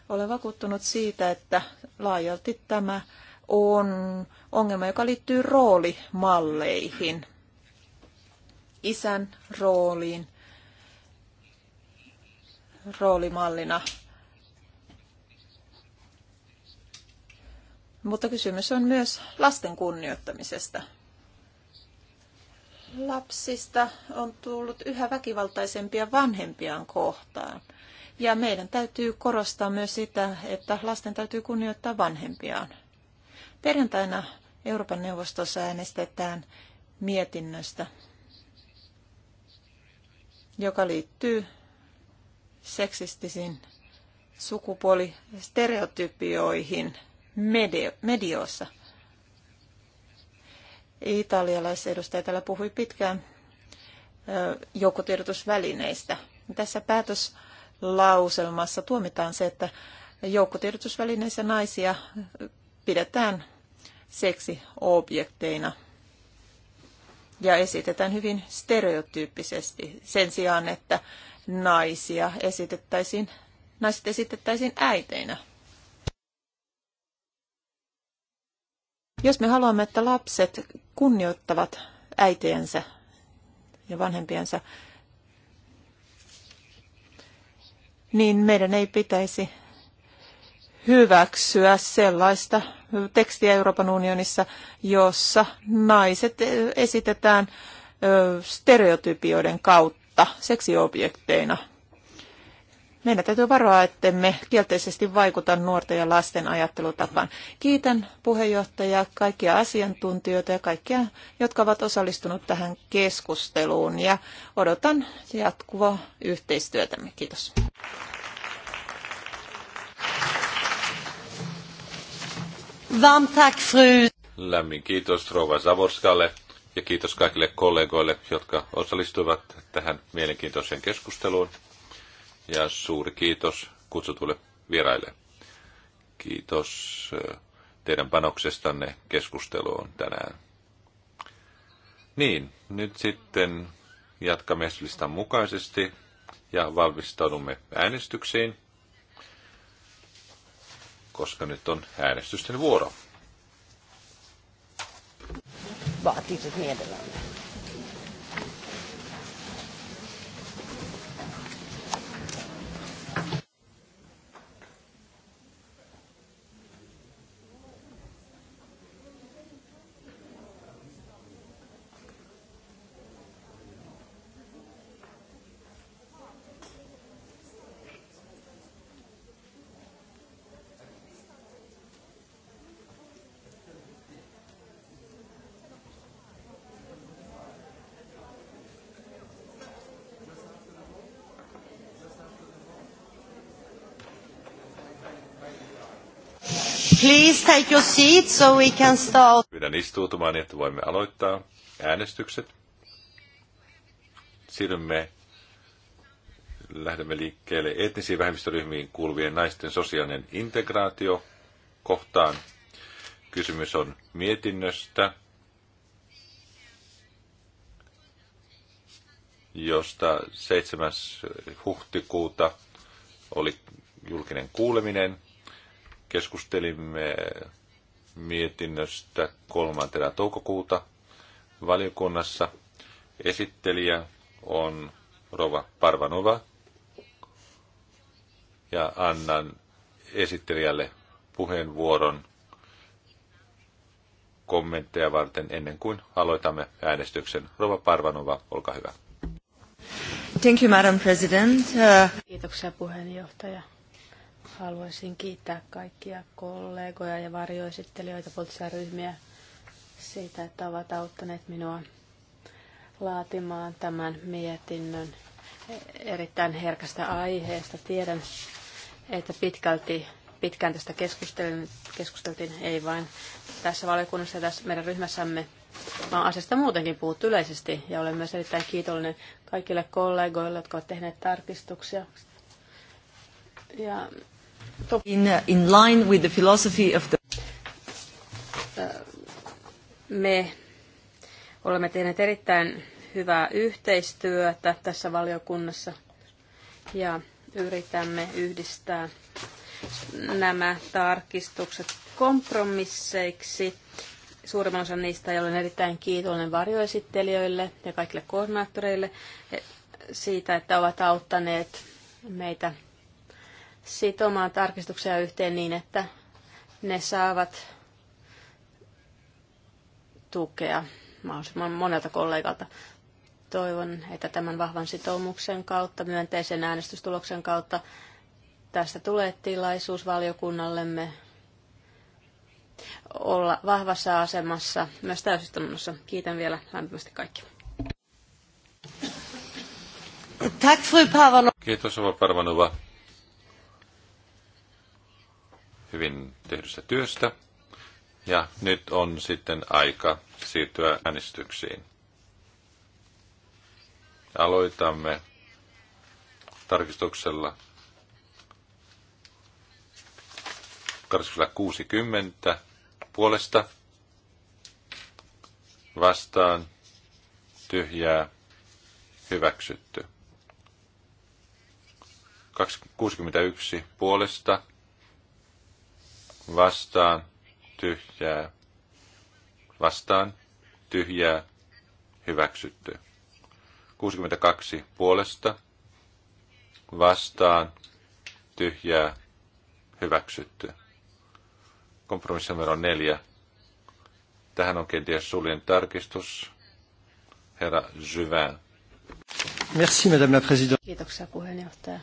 Olen vakuuttunut siitä, että laajalti tämä on ongelma, joka liittyy roolimalleihin, isän rooliin, roolimallina. Mutta kysymys on myös lasten kunnioittamisesta lapsista on tullut yhä väkivaltaisempia vanhempiaan kohtaan. Ja meidän täytyy korostaa myös sitä, että lasten täytyy kunnioittaa vanhempiaan. Perjantaina Euroopan neuvostossa äänestetään mietinnöstä, joka liittyy seksistisiin sukupuolistereotypioihin medioissa – italialaisedustaja täällä puhui pitkään joukkotiedotusvälineistä. Tässä päätöslauselmassa tuomitaan se, että joukkotiedotusvälineissä naisia pidetään seksiobjekteina ja esitetään hyvin stereotyyppisesti sen sijaan, että naisia esitettäisiin, naiset esitettäisiin äiteinä. Jos me haluamme, että lapset kunnioittavat äitejensä ja vanhempiensa, niin meidän ei pitäisi hyväksyä sellaista tekstiä Euroopan unionissa, jossa naiset esitetään stereotypioiden kautta seksiobjekteina meidän täytyy varoa, ettemme kielteisesti vaikuta nuorten ja lasten ajattelutapaan. Kiitän puheenjohtaja, kaikkia asiantuntijoita ja kaikkia, jotka ovat osallistuneet tähän keskusteluun ja odotan jatkuvaa yhteistyötämme. Kiitos. Lämmin kiitos Rova Zavorskalle ja kiitos kaikille kollegoille, jotka osallistuivat tähän mielenkiintoiseen keskusteluun ja suuri kiitos kutsutulle vieraille. Kiitos äh, teidän panoksestanne keskusteluun tänään. Niin, nyt sitten jatkamme listan mukaisesti ja valmistaudumme äänestyksiin, koska nyt on äänestysten vuoro. Vaatii mielellään. take your seat so we can start. Pyydän istuutumaan, niin, että voimme aloittaa äänestykset. Siirrymme, lähdemme liikkeelle etnisiin vähemmistöryhmiin kuuluvien naisten sosiaalinen integraatio kohtaan. Kysymys on mietinnöstä, josta 7. huhtikuuta oli julkinen kuuleminen – Keskustelimme mietinnöstä 3. toukokuuta valiokunnassa. Esittelijä on Rova Parvanova ja annan esittelijälle puheenvuoron kommentteja varten ennen kuin aloitamme äänestyksen. Rova Parvanova, olkaa hyvä. Thank you, Madam President. Uh... Kiitoksia puheenjohtaja. Haluaisin kiittää kaikkia kollegoja ja varjoesittelijöitä, poliittisia ryhmiä siitä, että ovat auttaneet minua laatimaan tämän mietinnön erittäin herkästä aiheesta. Tiedän, että pitkälti, pitkään tästä keskusteltiin, ei vain tässä valiokunnassa ja tässä meidän ryhmässämme, vaan asiasta muutenkin puhuttu yleisesti. Ja olen myös erittäin kiitollinen kaikille kollegoille, jotka ovat tehneet tarkistuksia. Ja In, in line with the philosophy of the... Me olemme tehneet erittäin hyvää yhteistyötä tässä valiokunnassa ja yritämme yhdistää nämä tarkistukset kompromisseiksi. Suurimman osan niistä olen erittäin kiitollinen varjoesittelijöille ja kaikille koordinaattoreille eh, siitä, että ovat auttaneet meitä sitomaan tarkistuksia yhteen niin, että ne saavat tukea mahdollisimman monelta kollegalta. Toivon, että tämän vahvan sitoumuksen kautta, myönteisen äänestystuloksen kautta, tästä tulee tilaisuus valiokunnallemme olla vahvassa asemassa myös täysistunnossa. Kiitän vielä lämpimästi kaikkia. Kiitos, Ova Parvanova hyvin tehdystä työstä. Ja nyt on sitten aika siirtyä äänestyksiin. Aloitamme tarkistuksella 60 puolesta vastaan tyhjää hyväksytty. 61 puolesta vastaan, tyhjää, vastaan, tyhjää, hyväksytty. 62 puolesta, vastaan, tyhjää, hyväksytty. Kompromissi numero neljä. Tähän on kenties suljen tarkistus. Herra Jyvän. Merci, madame la présidente. Kiitoksia puheenjohtaja.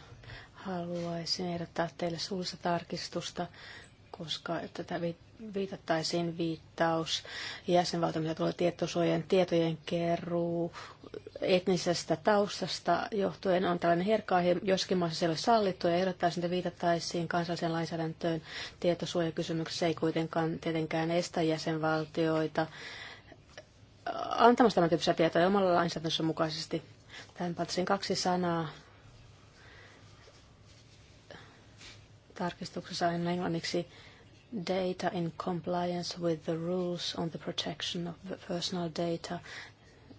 Haluaisin ehdottaa teille suullista tarkistusta koska tätä viitattaisiin viittaus jäsenvaltio, mitä tulee tietosuojan tietojen keruu etnisestä taustasta johtuen on tällainen herkkaihe, joskin maassa se ei ole sallittu ja ehdottaisiin, että viitattaisiin kansalliseen lainsäädäntöön tietosuojakysymyksessä ei kuitenkaan tietenkään estä jäsenvaltioita antamasta tämän tyyppisiä tietoja omalla lainsäädännössä mukaisesti. Tähän pantaisiin kaksi sanaa tarkistuksessa on englanniksi data in compliance with the rules on the protection of the personal data.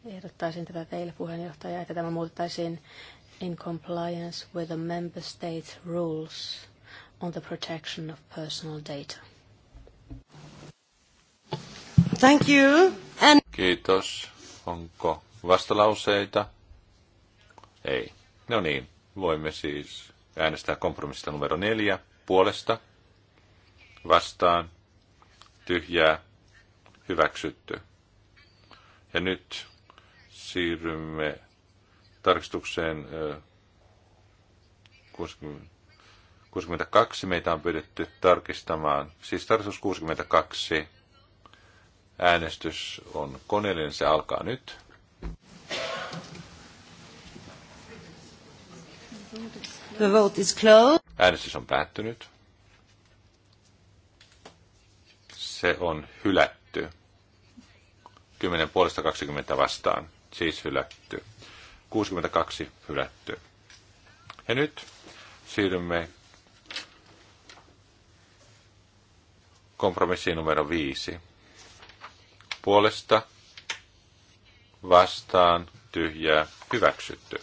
Ehdottaisin tätä teille puheenjohtaja, että tämä muutettaisiin in compliance with the member states rules on the protection of personal data. Thank you. And... Kiitos. Onko vastalauseita? Ei. No niin, voimme siis äänestää kompromissista numero neljä puolesta, vastaan, tyhjää, hyväksytty. Ja nyt siirrymme tarkistukseen 62. Meitä on pyydetty tarkistamaan. Siis tarkistus 62. Äänestys on koneellinen, niin se alkaa nyt. The vote is closed. Äänestys on päättynyt. Se on hylätty. 10 puolesta 20 vastaan, siis hylätty. 62 hylätty. Ja nyt siirrymme kompromissiin numero 5. Puolesta vastaan tyhjää hyväksytty.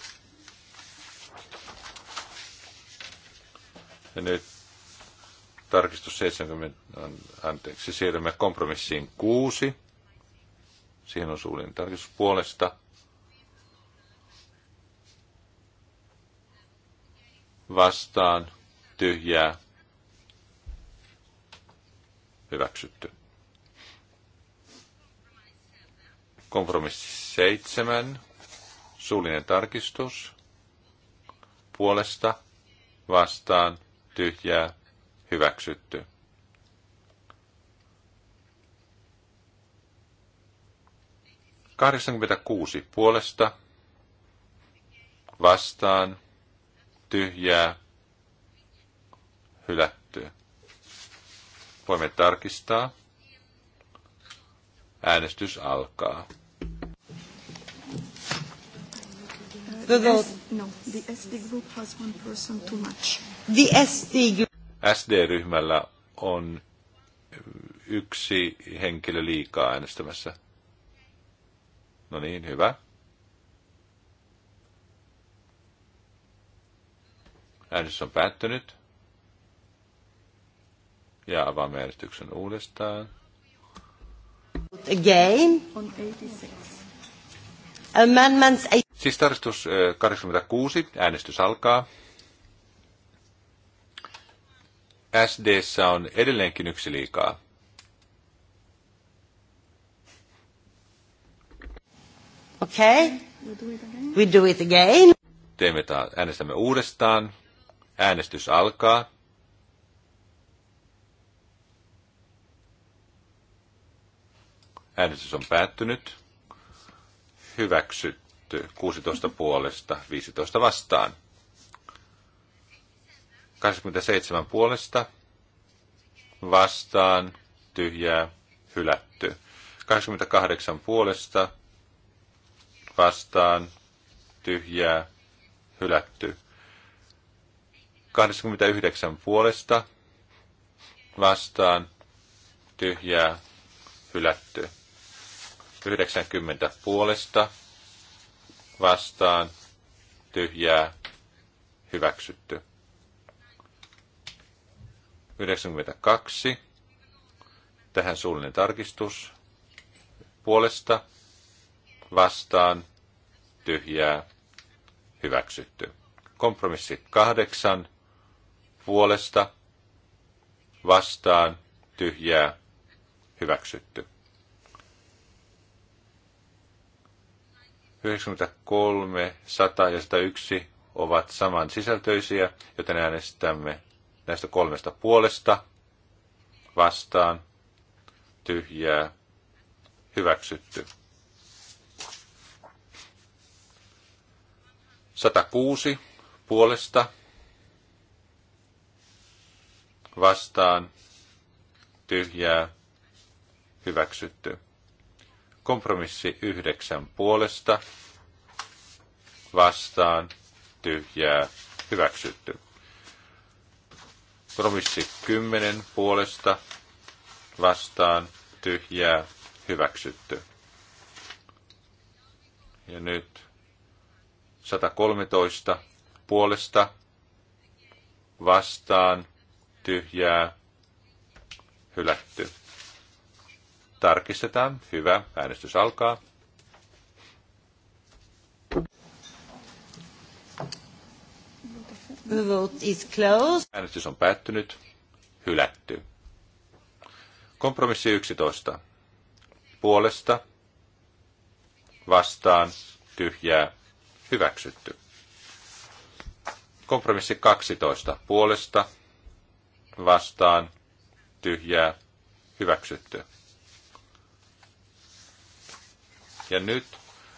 Ja nyt tarkistus 70, anteeksi, siirrymme kompromissiin 6. Siihen on suullinen tarkistus puolesta. Vastaan, tyhjää, hyväksytty. Kompromissi 7, suullinen tarkistus, puolesta, vastaan, tyhjää, hyväksytty. kuusi puolesta, vastaan, tyhjää, hylätty. Voimme tarkistaa. Äänestys alkaa. The the, No, the SD group has one person too much. SD... SD-ryhmällä on yksi henkilö liikaa äänestämässä. No niin, hyvä. Äänestys on päättynyt. Ja avaamme äänestyksen uudestaan. Again. On 86. Amendments... Siis tarkistus 86. Eh, Äänestys alkaa. sd on edelleenkin yksi liikaa. Okay. We do it again. Teemme ta- äänestämme uudestaan. Äänestys alkaa. Äänestys on päättynyt. Hyväksytty 16 puolesta, 15 vastaan. 87 puolesta vastaan tyhjää hylätty. 28 puolesta vastaan tyhjää hylätty. 89 puolesta vastaan tyhjää hylätty. 90 puolesta vastaan tyhjää hyväksytty. 92. Tähän suullinen tarkistus. Puolesta vastaan tyhjää hyväksytty. Kompromissi 8. Puolesta vastaan tyhjää hyväksytty. 93, 100 ja 101 ovat saman sisältöisiä, joten äänestämme näistä kolmesta puolesta vastaan tyhjää hyväksytty. 106 puolesta vastaan tyhjää hyväksytty. Kompromissi yhdeksän puolesta vastaan tyhjää hyväksytty. Kompromissi 10 puolesta vastaan tyhjää hyväksytty. Ja nyt 113 puolesta vastaan tyhjää hylätty. Tarkistetaan. Hyvä. Äänestys alkaa. The vote is closed. Äänestys on päättynyt. Hylätty. Kompromissi 11. Puolesta. Vastaan. Tyhjää. Hyväksytty. Kompromissi 12. Puolesta. Vastaan. Tyhjää. Hyväksytty. Ja nyt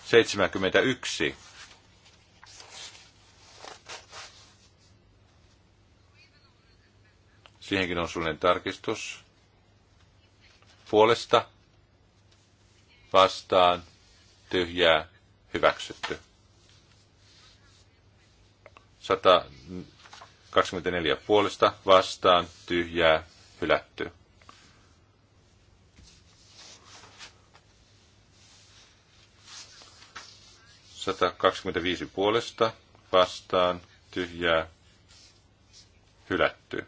71 Siihenkin on sulle tarkistus. Puolesta vastaan tyhjää hyväksytty. 124 puolesta vastaan tyhjää hylätty. Sata kaksikymmentäviisi puolesta vastaan tyhjää hylätty.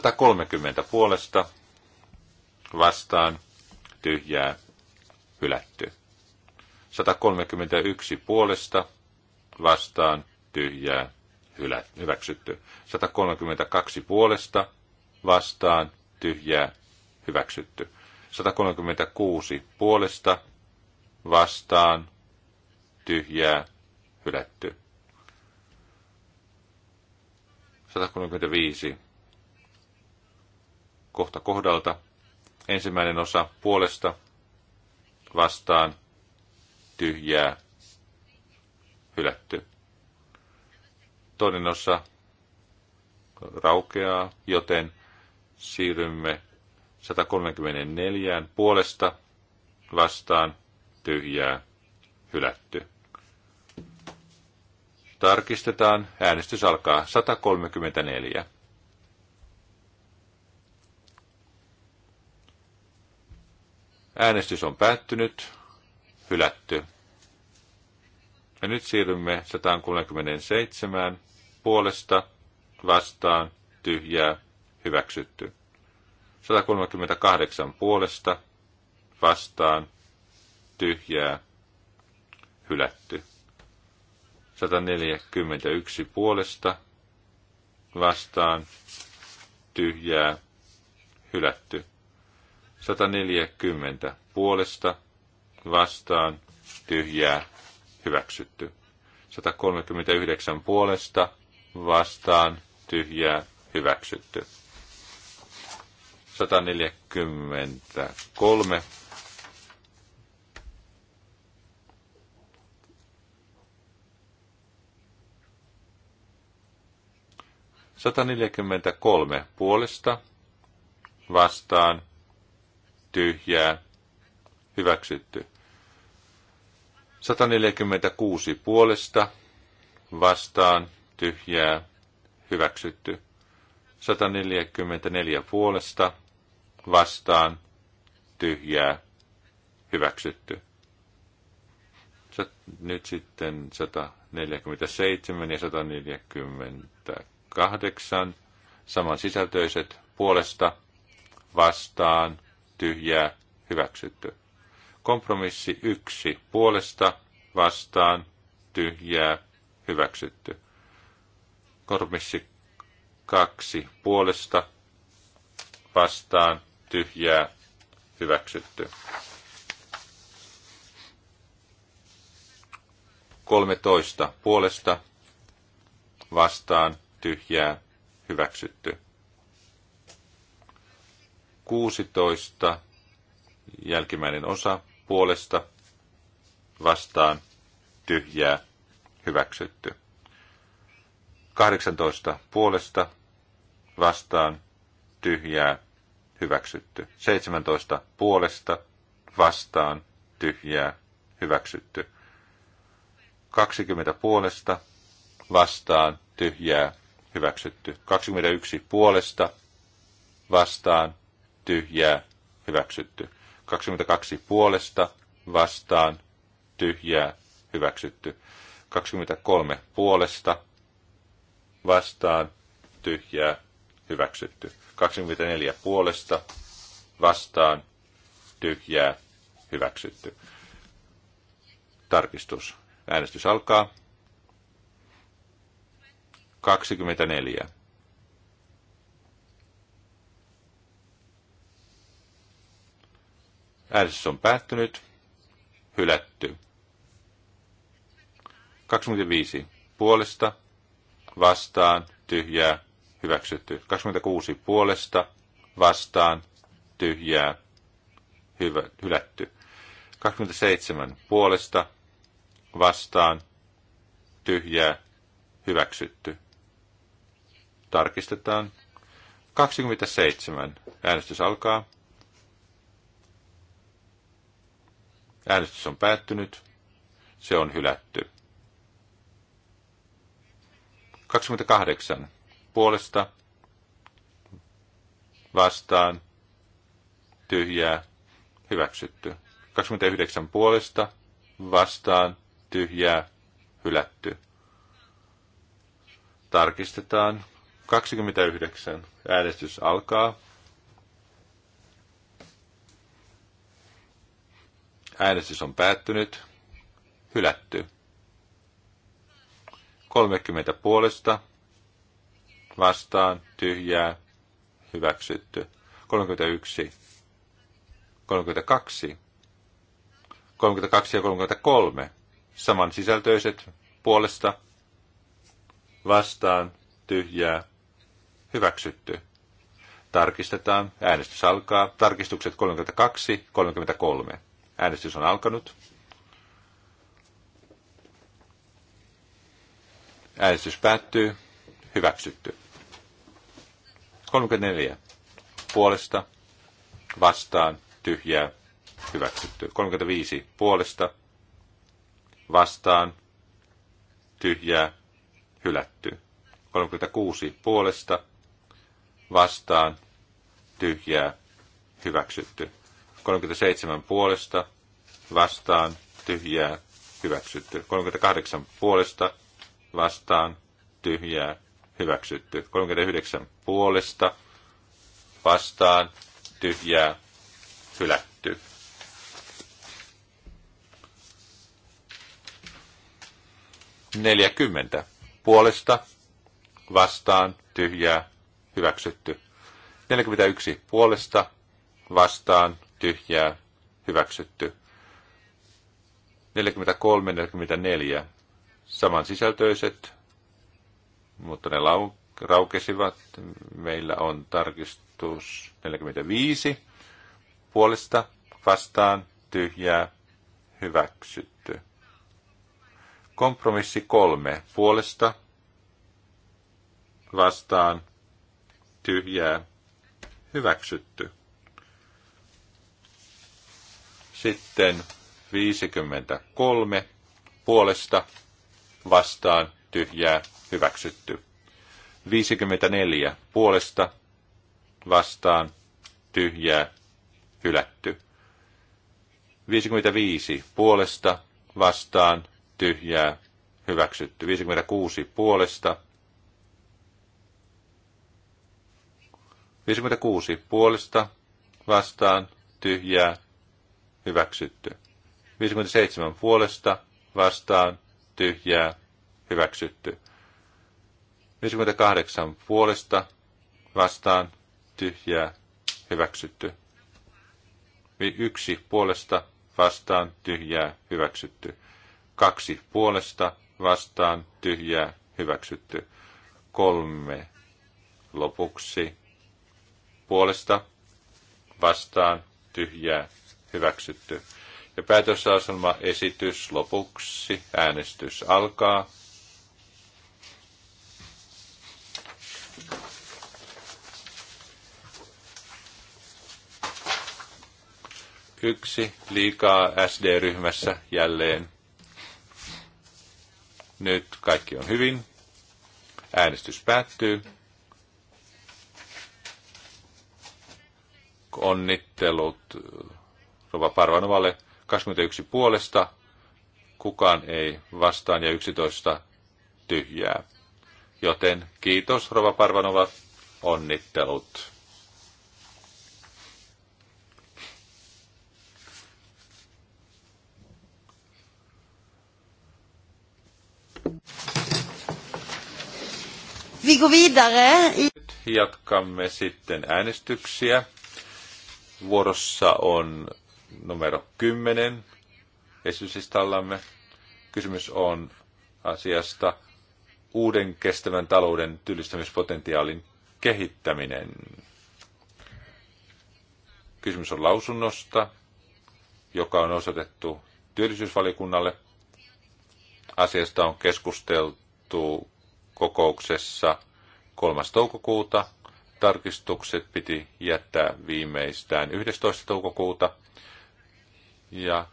130 puolesta vastaan tyhjää hylätty. 131 puolesta vastaan tyhjää hyväksytty. 132 puolesta vastaan tyhjää hyväksytty. 136 puolesta vastaan tyhjää hylätty. 135 kohta kohdalta. Ensimmäinen osa puolesta vastaan tyhjää hylätty. Toinen osa raukeaa, joten siirrymme 134 puolesta vastaan tyhjää hylätty. Tarkistetaan. Äänestys alkaa 134. Äänestys on päättynyt, hylätty. Ja nyt siirrymme 167 puolesta vastaan tyhjää hyväksytty. 138 puolesta vastaan tyhjää hylätty. 141 puolesta vastaan tyhjää hylätty. 140 puolesta vastaan tyhjää hyväksytty. 139 puolesta vastaan tyhjää hyväksytty. 143 143 puolesta vastaan tyhjää, hyväksytty. 146 puolesta, vastaan, tyhjää, hyväksytty. 144 puolesta, vastaan, tyhjää, hyväksytty. Nyt sitten 147 ja 148 samansisältöiset puolesta, vastaan, tyhjää, hyväksytty. Kompromissi yksi puolesta, vastaan, tyhjää, hyväksytty. Kompromissi kaksi puolesta, vastaan, tyhjää, hyväksytty. 13 puolesta, vastaan, tyhjää, hyväksytty. 16, jälkimmäinen osa puolesta vastaan tyhjää hyväksytty. 18 puolesta vastaan tyhjää hyväksytty. 17 puolesta vastaan tyhjää hyväksytty. 20 puolesta vastaan tyhjää hyväksytty. 21 puolesta vastaan tyhjää, hyväksytty. 22 puolesta, vastaan, tyhjää, hyväksytty. 23 puolesta, vastaan, tyhjää, hyväksytty. 24 puolesta, vastaan, tyhjää, hyväksytty. Tarkistus. Äänestys alkaa. 24. Äänestys on päättynyt. Hylätty. 25. Puolesta. Vastaan. Tyhjää. Hyväksytty. 26. Puolesta. Vastaan. Tyhjää. Hyvä, hylätty. 27. Puolesta. Vastaan. Tyhjää. Hyväksytty. Tarkistetaan. 27. Äänestys alkaa. Äänestys on päättynyt. Se on hylätty. 28. Puolesta. Vastaan. Tyhjää. Hyväksytty. 29. Puolesta. Vastaan. Tyhjää. Hylätty. Tarkistetaan. 29. Äänestys alkaa. Äänestys on päättynyt. Hylätty. 30 puolesta. Vastaan. Tyhjää. Hyväksytty. 31. 32. 32 ja 33. Saman sisältöiset puolesta. Vastaan. Tyhjää. Hyväksytty. Tarkistetaan. Äänestys alkaa. Tarkistukset 32, 33. Äänestys on alkanut. Äänestys päättyy. Hyväksytty. 34. Puolesta. Vastaan. Tyhjää. Hyväksytty. 35. Puolesta. Vastaan. Tyhjää. Hylätty. 36. Puolesta. Vastaan. Tyhjää. Hyväksytty. 37 puolesta vastaan tyhjää hyväksytty. 38 puolesta vastaan tyhjää hyväksytty. 39 puolesta vastaan tyhjää hylätty. Neljäkymmentä. Puolesta, vastaan, tyhjää, hyväksytty. yksi Puolesta, vastaan, tyhjää, hyväksytty. 43-44, samansisältöiset, mutta ne lau- raukesivat. Meillä on tarkistus 45, puolesta, vastaan, tyhjää, hyväksytty. Kompromissi kolme, puolesta, vastaan, tyhjää, hyväksytty. Sitten 53 puolesta vastaan tyhjää hyväksytty. 54 puolesta vastaan tyhjää hylätty. 55 puolesta vastaan tyhjää hyväksytty. 56 puolesta 56 puolesta vastaan tyhjää hyväksytty. 57 puolesta vastaan tyhjää hyväksytty. 58 puolesta vastaan tyhjää hyväksytty. Yksi puolesta vastaan tyhjää hyväksytty. Kaksi puolesta vastaan tyhjää hyväksytty. Kolme lopuksi puolesta vastaan tyhjää hyväksytty. Ja esitys lopuksi. Äänestys alkaa. Yksi liikaa SD-ryhmässä jälleen. Nyt kaikki on hyvin. Äänestys päättyy. Onnittelut Rova Parvanovalle 21 puolesta, kukaan ei vastaan ja 11 tyhjää. Joten kiitos Rova Parvanova, onnittelut. Vi Jatkamme sitten äänestyksiä. Vuorossa on numero 10 esityslistallamme. Kysymys on asiasta uuden kestävän talouden työllistämispotentiaalin kehittäminen. Kysymys on lausunnosta, joka on osoitettu työllisyysvalikunnalle. Asiasta on keskusteltu kokouksessa 3. toukokuuta. Tarkistukset piti jättää viimeistään 11. toukokuuta ja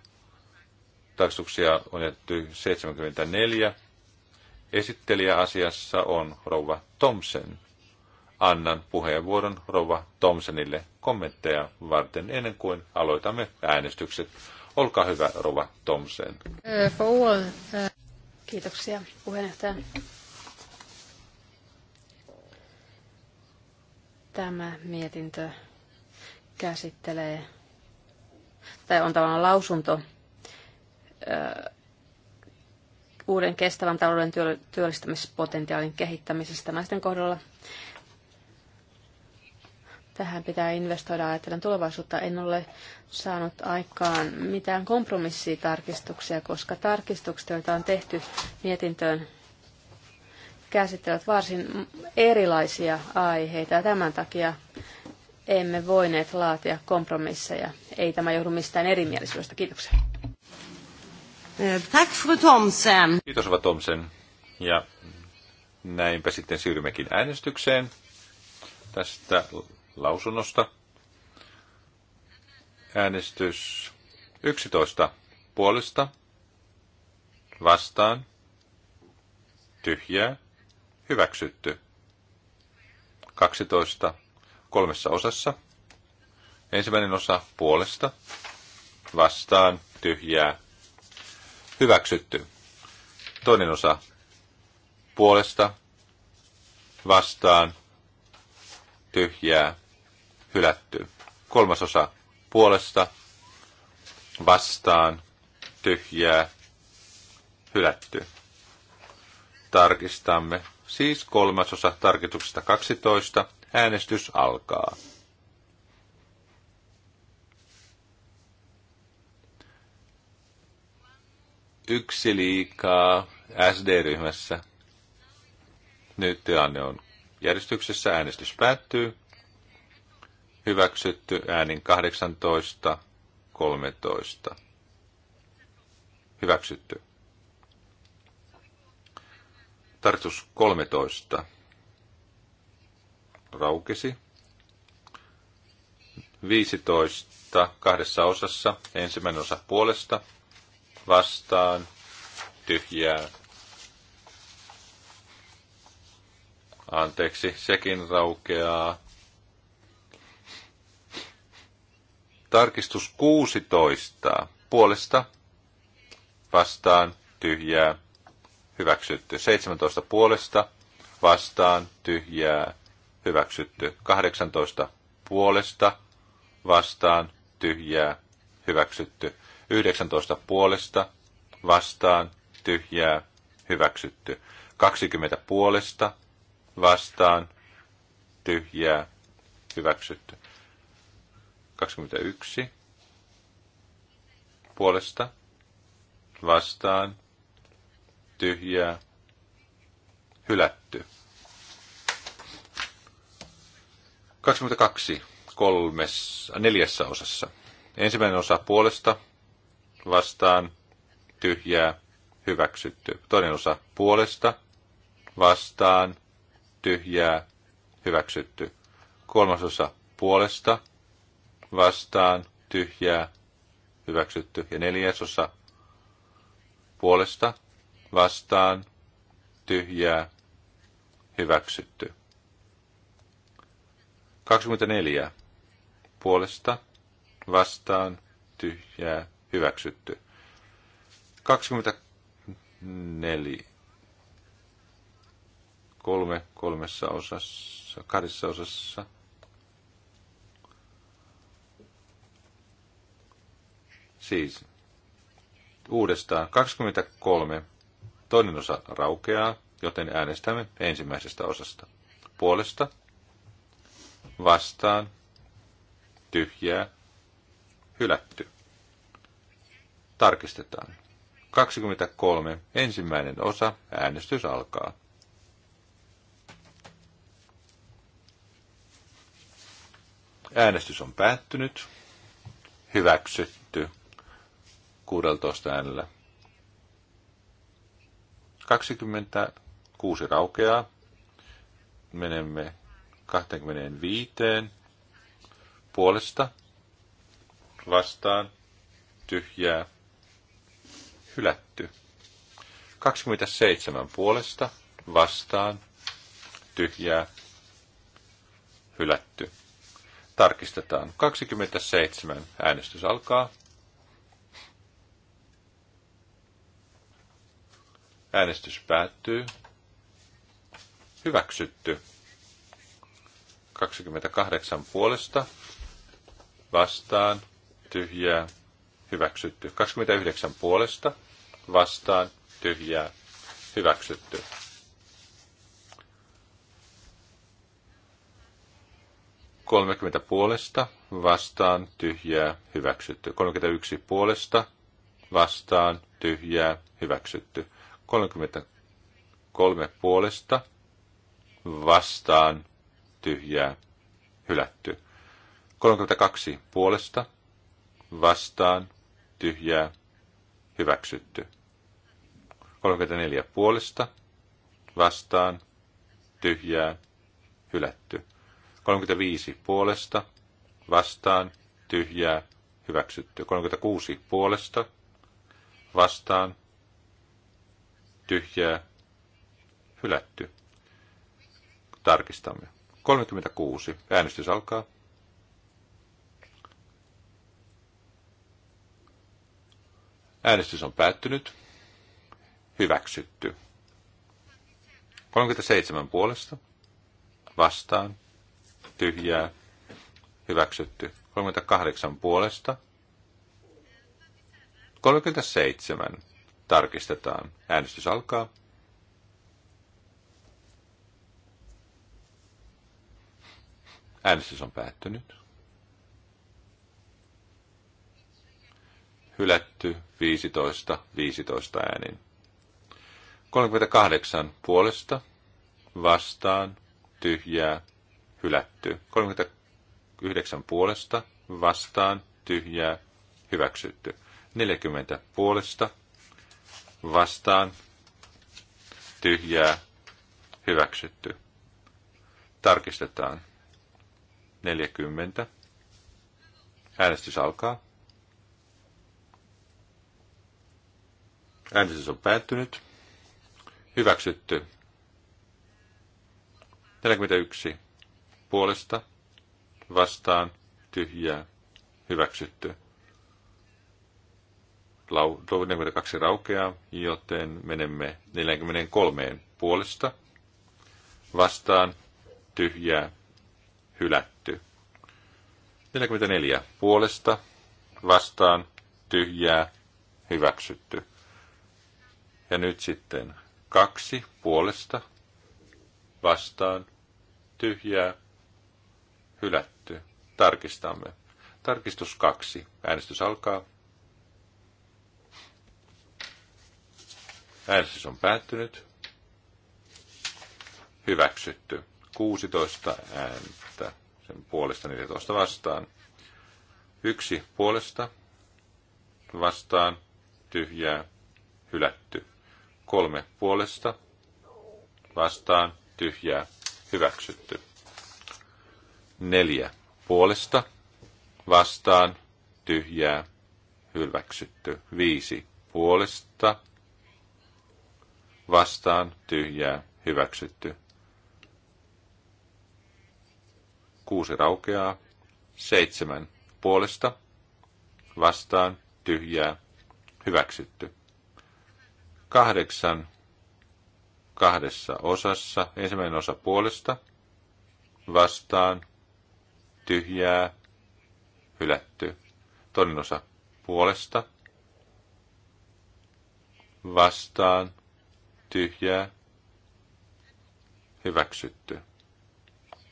tarkistuksia on jätetty 74. Esittelijä asiassa on rouva Thompson. Annan puheenvuoron rouva Thompsonille kommentteja varten ennen kuin aloitamme äänestykset. Olkaa hyvä, rouva Thompson. Kiitoksia puheenjohtaja. Tämä mietintö käsittelee tai on tavallaan lausunto uuden kestävän talouden työllistämispotentiaalin kehittämisestä naisten kohdalla. Tähän pitää investoida ajatellen tulevaisuutta. En ole saanut aikaan mitään kompromissitarkistuksia, koska tarkistukset, joita on tehty mietintöön, käsittelevät varsin erilaisia aiheita. tämän takia emme voineet laatia kompromisseja. Ei tämä johdu mistään erimielisyydestä. Kiitoksia. Eh, tack fru Thomsen. Kiitos Ova Thomsen. Ja näinpä sitten siirrymmekin äänestykseen tästä lausunnosta. Äänestys 11 puolesta vastaan tyhjää hyväksytty. 12 kolmessa osassa. Ensimmäinen osa puolesta, vastaan, tyhjää, hyväksytty. Toinen osa puolesta, vastaan, tyhjää, hylätty. Kolmas osa puolesta, vastaan, tyhjää, hylätty. Tarkistamme. Siis kolmasosa tarkistuksesta 12. Äänestys alkaa. Yksi liikaa SD-ryhmässä. Nyt tilanne on järjestyksessä. Äänestys päättyy. Hyväksytty äänin 18, 13. Hyväksytty. Tartus 13 raukesi. 15 kahdessa osassa. Ensimmäinen osa puolesta vastaan tyhjää. Anteeksi, sekin raukeaa. Tarkistus 16 puolesta vastaan tyhjää hyväksytty. 17 puolesta vastaan tyhjää hyväksytty. 18 puolesta vastaan tyhjää hyväksytty. 19 puolesta vastaan tyhjää hyväksytty. 20 puolesta vastaan tyhjää hyväksytty. 21 puolesta vastaan tyhjää hylätty. 22 kolmessa, neljässä osassa. Ensimmäinen osa puolesta, vastaan, tyhjää, hyväksytty. Toinen osa puolesta, vastaan, tyhjää, hyväksytty. Kolmas osa puolesta, vastaan, tyhjää, hyväksytty. Ja neljäs osa puolesta, vastaan, tyhjää, hyväksytty. 24 puolesta vastaan tyhjää hyväksytty. 24 kolme kolmessa osassa, kahdessa osassa. Siis uudestaan 23 toinen osa raukeaa, joten äänestämme ensimmäisestä osasta. Puolesta vastaan, tyhjää, hylätty. Tarkistetaan. 23. Ensimmäinen osa. Äänestys alkaa. Äänestys on päättynyt. Hyväksytty. 16 äänellä. 26 raukeaa. Menemme 25 puolesta vastaan tyhjää hylätty. 27 puolesta vastaan tyhjää hylätty. Tarkistetaan. 27. Äänestys alkaa. Äänestys päättyy. Hyväksytty. 28 puolesta vastaan tyhjää hyväksytty. 29 puolesta vastaan tyhjää hyväksytty. Kolmekymmentä puolesta vastaan tyhjää hyväksytty. 31 puolesta vastaan tyhjää hyväksytty. 33 puolesta vastaan tyhjää, hylätty. 32 puolesta, vastaan, tyhjää, hyväksytty. 34 puolesta, vastaan, tyhjää, hylätty. 35 puolesta, vastaan, tyhjää, hyväksytty. 36 puolesta, vastaan, tyhjää, hylätty. Tarkistamme. 36. Äänestys alkaa. Äänestys on päättynyt. Hyväksytty. 37 puolesta. Vastaan. Tyhjää. Hyväksytty. 38 puolesta. 37. Tarkistetaan. Äänestys alkaa. Äänestys on päättynyt. Hylätty 15, 15 äänin. 38 puolesta, vastaan, tyhjää, hylätty. 39 puolesta, vastaan, tyhjää, hyväksytty. 40 puolesta, vastaan, tyhjää, hyväksytty. Tarkistetaan. 40. Äänestys alkaa. Äänestys on päättynyt. Hyväksytty. 41. Puolesta. Vastaan. Tyhjää. Hyväksytty. Lau 42 raukeaa, joten menemme 43 puolesta. Vastaan. Tyhjää hylätty. 44 puolesta vastaan tyhjää hyväksytty. Ja nyt sitten kaksi puolesta vastaan tyhjää hylätty. Tarkistamme. Tarkistus kaksi. Äänestys alkaa. Äänestys on päättynyt. Hyväksytty. 16 ääntä sen puolesta 14 vastaan. Yksi puolesta vastaan tyhjää hylätty. Kolme puolesta vastaan tyhjää hyväksytty. Neljä puolesta vastaan tyhjää hyväksytty. Viisi puolesta vastaan tyhjää hyväksytty. kuusi raukeaa, seitsemän puolesta, vastaan, tyhjää, hyväksytty. Kahdeksan kahdessa osassa, ensimmäinen osa puolesta, vastaan, tyhjää, hylätty. Toinen osa puolesta, vastaan, tyhjää, hyväksytty.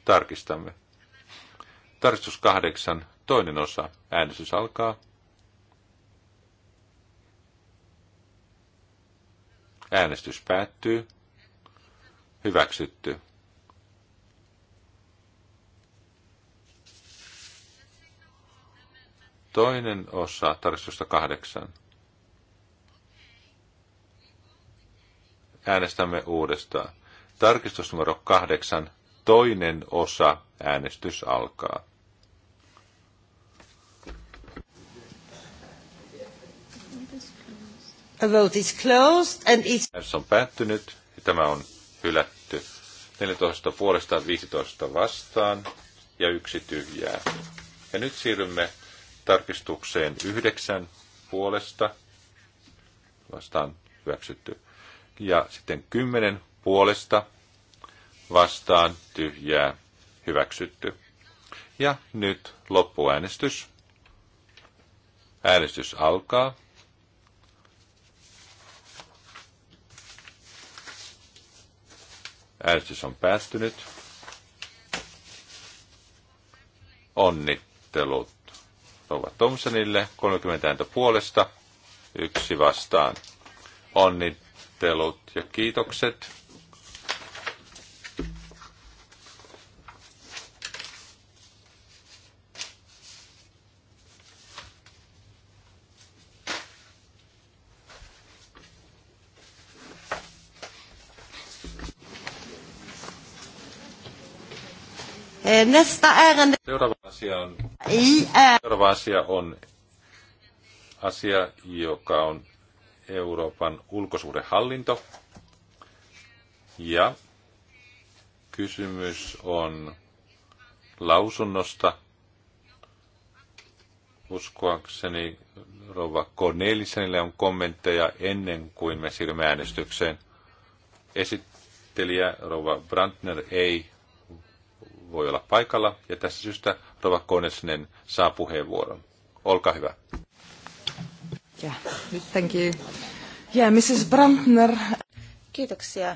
Tarkistamme. Tarkistus kahdeksan, toinen osa. Äänestys alkaa. Äänestys päättyy. Hyväksytty. Toinen osa tarkistusta kahdeksan. Äänestämme uudestaan. Tarkistus numero kahdeksan. Toinen osa. Äänestys alkaa. A vote is closed and it's... Se on päättynyt ja tämä on hylätty. 14 puolesta 15 vastaan ja yksi tyhjää. Ja nyt siirrymme tarkistukseen 9 puolesta vastaan hyväksytty. Ja sitten 10 puolesta vastaan tyhjää hyväksytty. Ja nyt loppuäänestys. Äänestys alkaa. Äänestys on päättynyt. Onnittelut Rova Thompsonille 30 ääntä puolesta, yksi vastaan. Onnittelut ja kiitokset. Eh, nästa ärende. Seuraava asia on, seuraava asia on asia, joka on Euroopan ulkosuhdehallinto. Ja kysymys on lausunnosta. Uskoakseni Rova Cornelisenille on kommentteja ennen kuin me siirrymme äänestykseen. Esittelijä Rova Brandner ei voi olla paikalla ja tässä syystä Rova Konesnen saa puheenvuoron. Olkaa hyvä. Yeah, thank you. Yeah, Mrs. Brandner. Kiitoksia.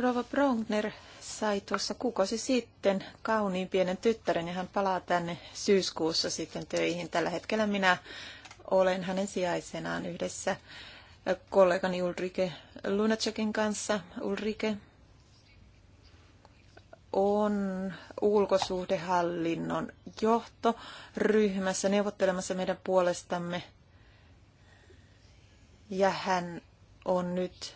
Rova Brandner sai tuossa kuukausi sitten kauniin pienen tyttären ja hän palaa tänne syyskuussa sitten töihin. Tällä hetkellä minä olen hänen sijaisenaan yhdessä kollegani Ulrike Lunacekin kanssa. Ulrike on ulkosuhdehallinnon johtoryhmässä neuvottelemassa meidän puolestamme. Ja hän on nyt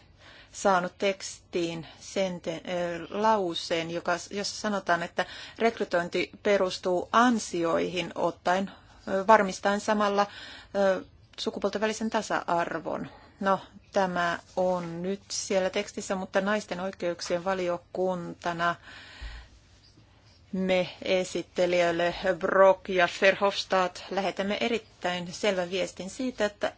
saanut tekstiin sen te- lauseen, joka, jossa sanotaan, että rekrytointi perustuu ansioihin ottaen varmistaen samalla sukupuolten välisen tasa-arvon. No, tämä on nyt siellä tekstissä, mutta naisten oikeuksien valiokuntana me esittelijöille Brock ja Verhofstadt lähetämme erittäin selvän viestin siitä, että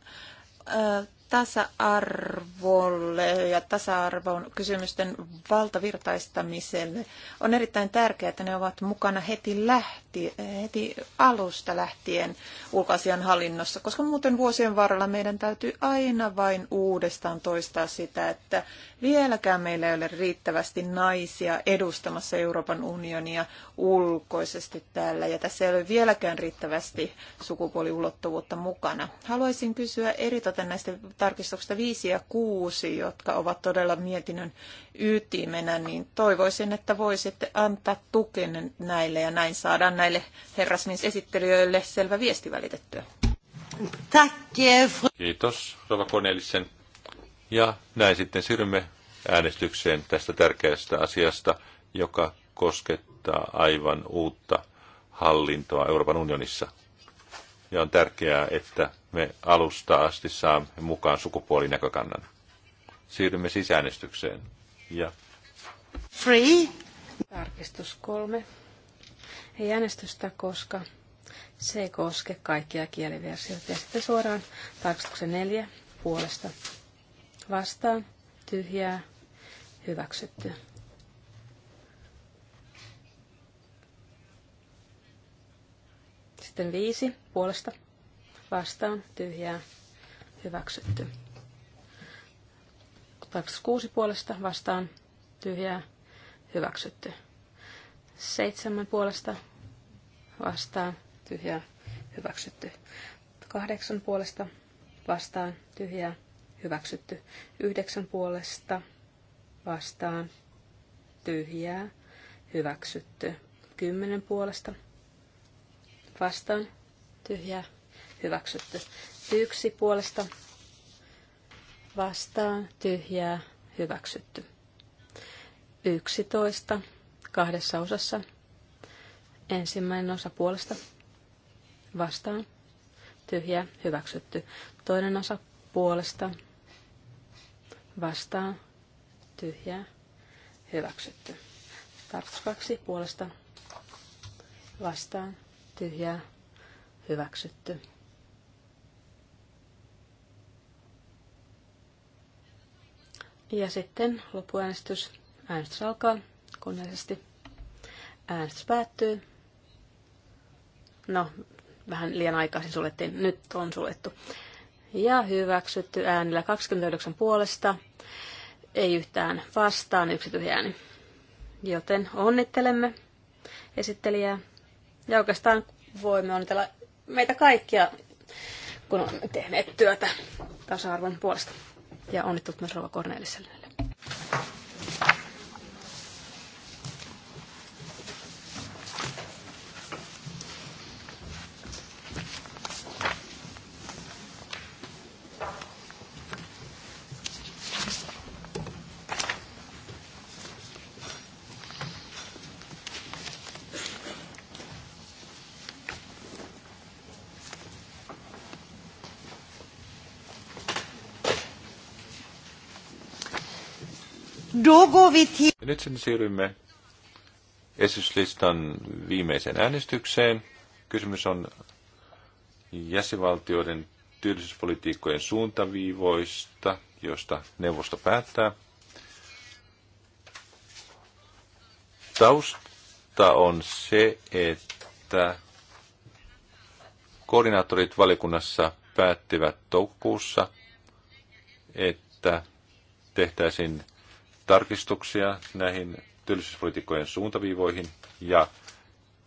tasa-arvolle ja tasa-arvon kysymysten valtavirtaistamiselle on erittäin tärkeää, että ne ovat mukana heti, lähti, heti alusta lähtien ulkoasian hallinnossa, koska muuten vuosien varrella meidän täytyy aina vain uudestaan toistaa sitä, että Vieläkään meillä ei ole riittävästi naisia edustamassa Euroopan unionia ulkoisesti täällä, ja tässä ei ole vieläkään riittävästi sukupuoliulottuvuutta mukana. Haluaisin kysyä eritoten näistä tarkistuksista 5 ja 6, jotka ovat todella mietinnön ytimenä, niin toivoisin, että voisitte antaa tukenne näille, ja näin saadaan näille esittelijöille selvä viesti välitettyä. Eh, Kiitos, Rova Cornelissen. Ja näin sitten siirrymme äänestykseen tästä tärkeästä asiasta, joka koskettaa aivan uutta hallintoa Euroopan unionissa. Ja on tärkeää, että me alusta asti saamme mukaan sukupuolinäkökannan. Siirrymme sisäänestykseen. Ja. Free. Tarkistus kolme. Ei äänestystä, koska se ei koske kaikkia kieliversioita. Ja sitten suoraan tarkistuksen neljä puolesta vastaan tyhjää hyväksytty. Sitten viisi puolesta vastaan tyhjää hyväksytty. taks kuusi puolesta vastaan tyhjää hyväksytty. Seitsemän puolesta vastaan tyhjää hyväksytty. Kahdeksan puolesta vastaan tyhjää hyväksytty. Yhdeksän puolesta vastaan tyhjää hyväksytty. Kymmenen puolesta vastaan tyhjää hyväksytty. Yksi puolesta vastaan tyhjää hyväksytty. Yksitoista kahdessa osassa. Ensimmäinen osa puolesta vastaan tyhjää hyväksytty. Toinen osa puolesta vastaan, tyhjää, hyväksytty. Tartus kaksi puolesta vastaan, tyhjää, hyväksytty. Ja sitten loppuäänestys. Äänestys alkaa kunnallisesti. Äänestys päättyy. No, vähän liian aikaisin siis suljettiin. Nyt on suljettu ja hyväksytty äänillä 29 puolesta, ei yhtään vastaan, yksi tyhjä ääni. Joten onnittelemme esittelijää ja oikeastaan voimme onnitella meitä kaikkia, kun olemme tehneet työtä tasa-arvon puolesta. Ja onnittelut myös Rova Korneliselle. Ja nyt sen siirrymme esityslistan viimeiseen äänestykseen. Kysymys on jäsenvaltioiden työllisyyspolitiikkojen suuntaviivoista, joista neuvosto päättää. Tausta on se, että koordinaattorit valikunnassa päättivät toukokuussa, että tehtäisiin tarkistuksia näihin työllisyyspolitiikkojen suuntaviivoihin ja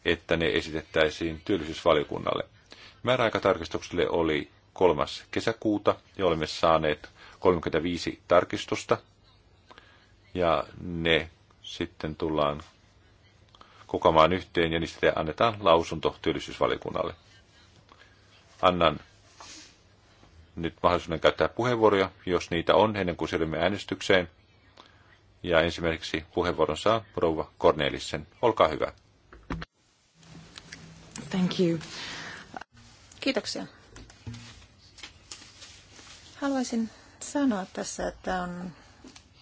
että ne esitettäisiin työllisyysvaliokunnalle. Määräaikatarkistukselle oli 3. kesäkuuta ja olemme saaneet 35 tarkistusta ja ne sitten tullaan kokoamaan yhteen ja niistä annetaan lausunto työllisyysvaliokunnalle. Annan nyt mahdollisuuden käyttää puheenvuoroja, jos niitä on, ennen kuin siirrymme äänestykseen. Ja ensimmäiseksi puheenvuoron saa rouva Cornelissen. Olkaa hyvä. Thank you. Kiitoksia. Haluaisin sanoa tässä, että on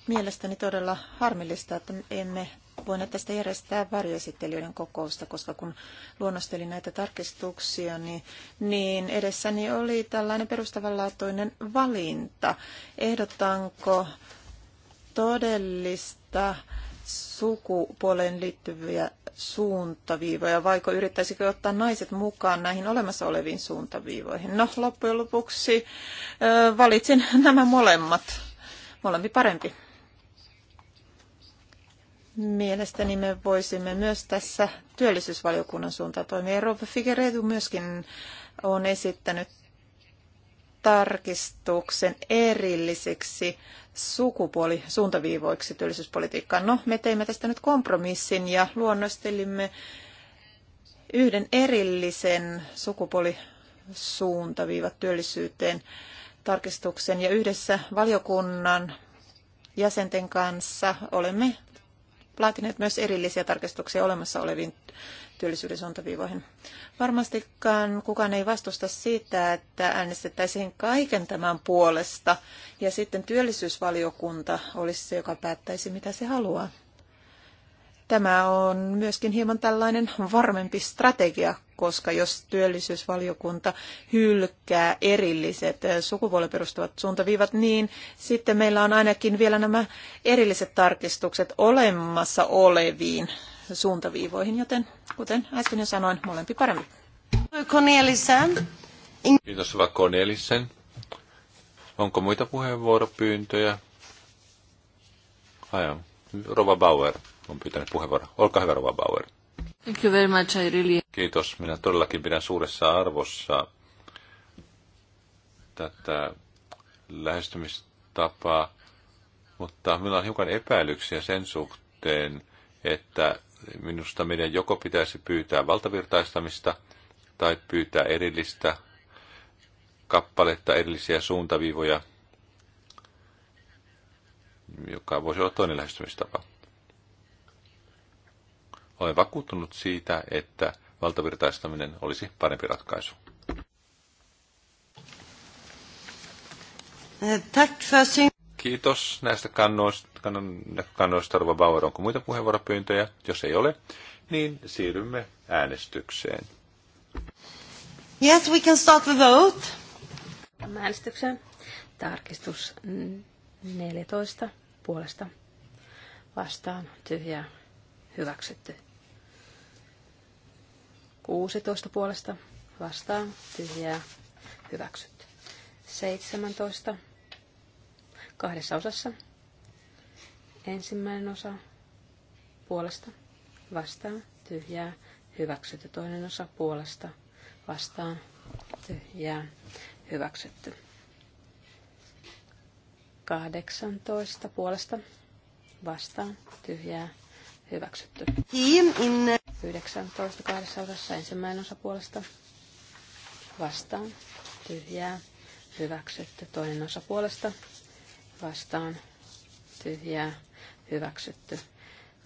mielestäni todella harmillista, että emme voineet tästä järjestää varjoesittelijöiden kokousta, koska kun luonnostelin näitä tarkistuksia, niin, niin edessäni oli tällainen perustavanlaatuinen valinta. Ehdotanko todellista sukupuoleen liittyviä suuntaviivoja, vaiko yrittäisikö ottaa naiset mukaan näihin olemassa oleviin suuntaviivoihin? No, loppujen lopuksi valitsin nämä molemmat. Molempi parempi. Mielestäni me voisimme myös tässä työllisyysvaliokunnan suuntaan toimia. Rova Figueredo myöskin on esittänyt tarkistuksen erilliseksi sukupuoli suuntaviivoiksi työllisyyspolitiikkaan. No, me teimme tästä nyt kompromissin ja luonnostelimme yhden erillisen sukupuolisuuntaviivat työllisyyteen tarkistuksen ja yhdessä valiokunnan jäsenten kanssa olemme laatineet myös erillisiä tarkistuksia olemassa oleviin työllisyyden suuntaviivoihin. Varmastikaan kukaan ei vastusta sitä, että äänestettäisiin kaiken tämän puolesta ja sitten työllisyysvaliokunta olisi se, joka päättäisi mitä se haluaa. Tämä on myöskin hieman tällainen varmempi strategia, koska jos työllisyysvaliokunta hylkää erilliset sukupuoliperustuvat suuntaviivat, niin sitten meillä on ainakin vielä nämä erilliset tarkistukset olemassa oleviin suuntaviivoihin, joten kuten äsken jo sanoin, molempi parempi. Kiitos hyvä Onko muita puheenvuoropyyntöjä? Rova Bauer on pyytänyt puheenvuoron. Olkaa hyvä, Rova Bauer. Thank you very much, I really... Kiitos. Minä todellakin pidän suuressa arvossa tätä lähestymistapaa, mutta minulla on hiukan epäilyksiä sen suhteen, että Minusta meidän joko pitäisi pyytää valtavirtaistamista tai pyytää erillistä kappaletta, erillisiä suuntaviivoja, joka voisi olla toinen lähestymistapa. Olen vakuuttunut siitä, että valtavirtaistaminen olisi parempi ratkaisu. Kiitos näistä kannoista näkökannoista Arva Bauer. Onko muita puheenvuoropyyntöjä? Jos ei ole, niin siirrymme äänestykseen. Yes, we can start the vote. Äänestykseen. Tarkistus 14 puolesta vastaan tyhjää hyväksytty. 16 puolesta vastaan tyhjää hyväksytty. 17 kahdessa osassa Ensimmäinen osa puolesta vastaan tyhjää hyväksytty. Toinen osa puolesta vastaan tyhjää hyväksytty. 18 puolesta vastaan tyhjää hyväksytty. 19 kahdessa osassa ensimmäinen osa puolesta vastaan tyhjää hyväksytty. Toinen osa puolesta vastaan tyhjää hyväksytty.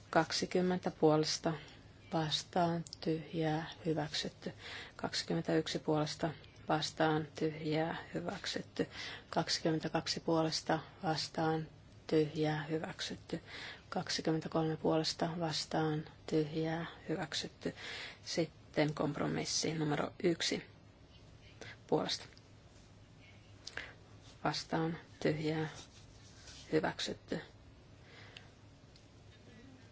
20 puolesta vastaan tyhjää hyväksytty. 21 puolesta vastaan tyhjää hyväksytty. 22 puolesta vastaan tyhjää hyväksytty. 23 puolesta vastaan tyhjää hyväksytty. Sitten kompromissi numero 1 puolesta vastaan tyhjää hyväksytty.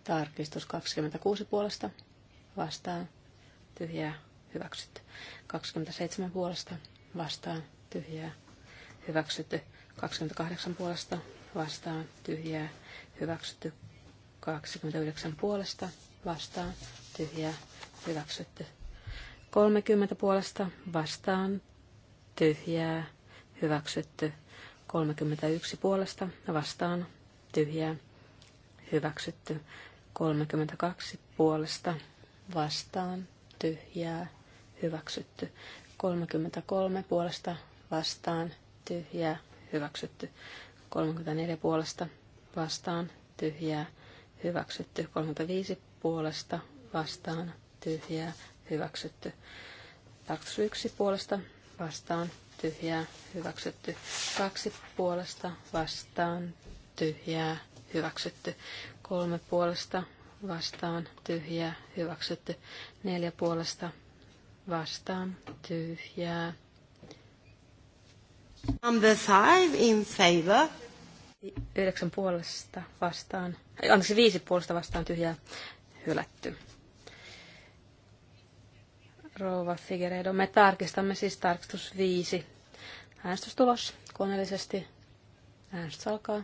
Tarkistus 26 puolesta vastaan tyhjää hyväksytty. 27 puolesta vastaan tyhjää hyväksytty. 28 puolesta vastaan tyhjää hyväksytty. 29 puolesta vastaan tyhjää hyväksytty. 30 puolesta vastaan tyhjää hyväksytty. 31 puolesta vastaan tyhjää hyväksytty. 32 puolesta vastaan tyhjää hyväksytty. 33 puolesta vastaan tyhjää hyväksytty. 34 puolesta vastaan tyhjää hyväksytty. 35 puolesta vastaan tyhjää hyväksytty. 21 puolesta vastaan tyhjää hyväksytty. 2 puolesta vastaan tyhjää hyväksytty. Kolme puolesta vastaan tyhjää hyväksytty. Neljä puolesta vastaan tyhjää. Number five in favor. Yhdeksän puolesta vastaan, anteeksi viisi puolesta vastaan tyhjää hylätty. Rouva Figueredo, me tarkistamme siis tarkistus viisi. Äänestystulos koneellisesti. Äänestys alkaa.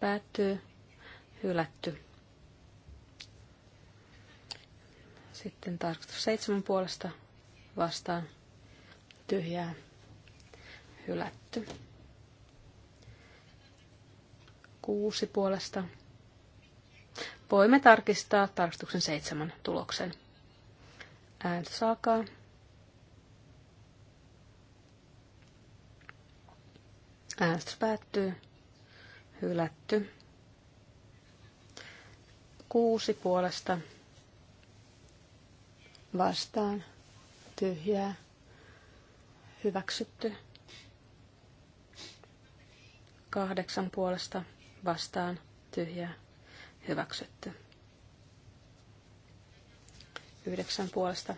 Päättyy. Hylätty. Sitten tarkastus seitsemän puolesta vastaan. Tyhjää. Hylätty. Kuusi puolesta. Voimme tarkistaa tarkastuksen seitsemän tuloksen. ääntä saakaa. Äänestys päättyy hylätty. Kuusi puolesta vastaan tyhjää hyväksytty. Kahdeksan puolesta vastaan tyhjää hyväksytty. Yhdeksän puolesta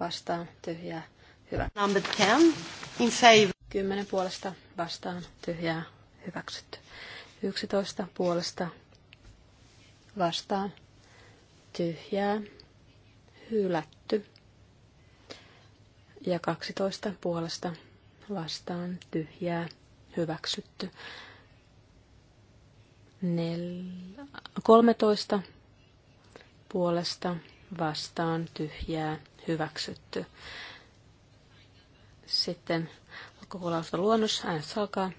vastaan tyhjää hyväksytty. Number 10 in favor. Kymmenen puolesta vastaan tyhjää hyväksytty. 11 puolesta vastaan tyhjää hylätty. Ja 12 puolesta vastaan tyhjää hyväksytty. nel 13 puolesta vastaan tyhjää hyväksytty. Sitten koko luonnos, äänestys alkaa.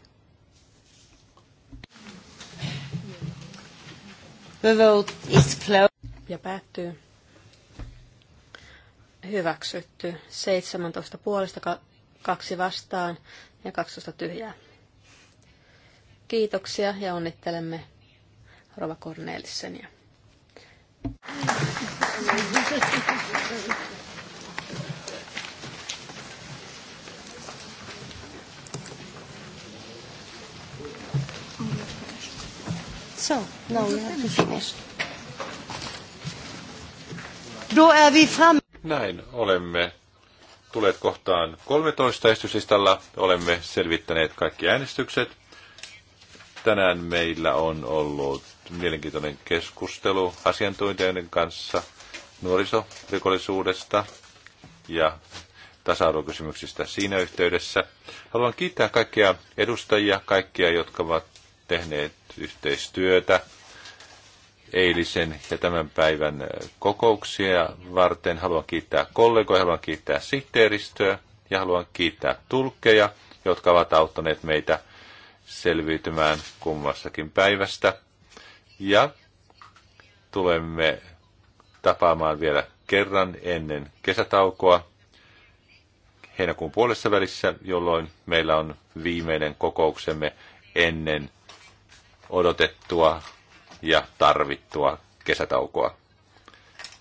The vote is closed. Ja päättyy. Hyväksytty. 17 puolesta, kaksi vastaan ja 12 tyhjää. Kiitoksia ja onnittelemme Rova Cornelissenia. Så, no, we have to finish. Då är vi fram. Näin olemme tulleet kohtaan 13 esityslistalla. Olemme selvittäneet kaikki äänestykset. Tänään meillä on ollut mielenkiintoinen keskustelu asiantuntijoiden kanssa nuorisorikollisuudesta ja tasa-arvokysymyksistä siinä yhteydessä. Haluan kiittää kaikkia edustajia, kaikkia, jotka ovat tehneet yhteistyötä eilisen ja tämän päivän kokouksia varten. Haluan kiittää kollegoja, haluan kiittää sihteeristöä ja haluan kiittää tulkkeja, jotka ovat auttaneet meitä selviytymään kummassakin päivästä. Ja tulemme tapaamaan vielä kerran ennen kesätaukoa heinäkuun puolessa välissä, jolloin meillä on viimeinen kokouksemme ennen odotettua ja tarvittua kesätaukoa.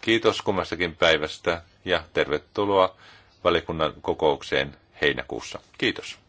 Kiitos kummastakin päivästä ja tervetuloa valikunnan kokoukseen heinäkuussa. Kiitos.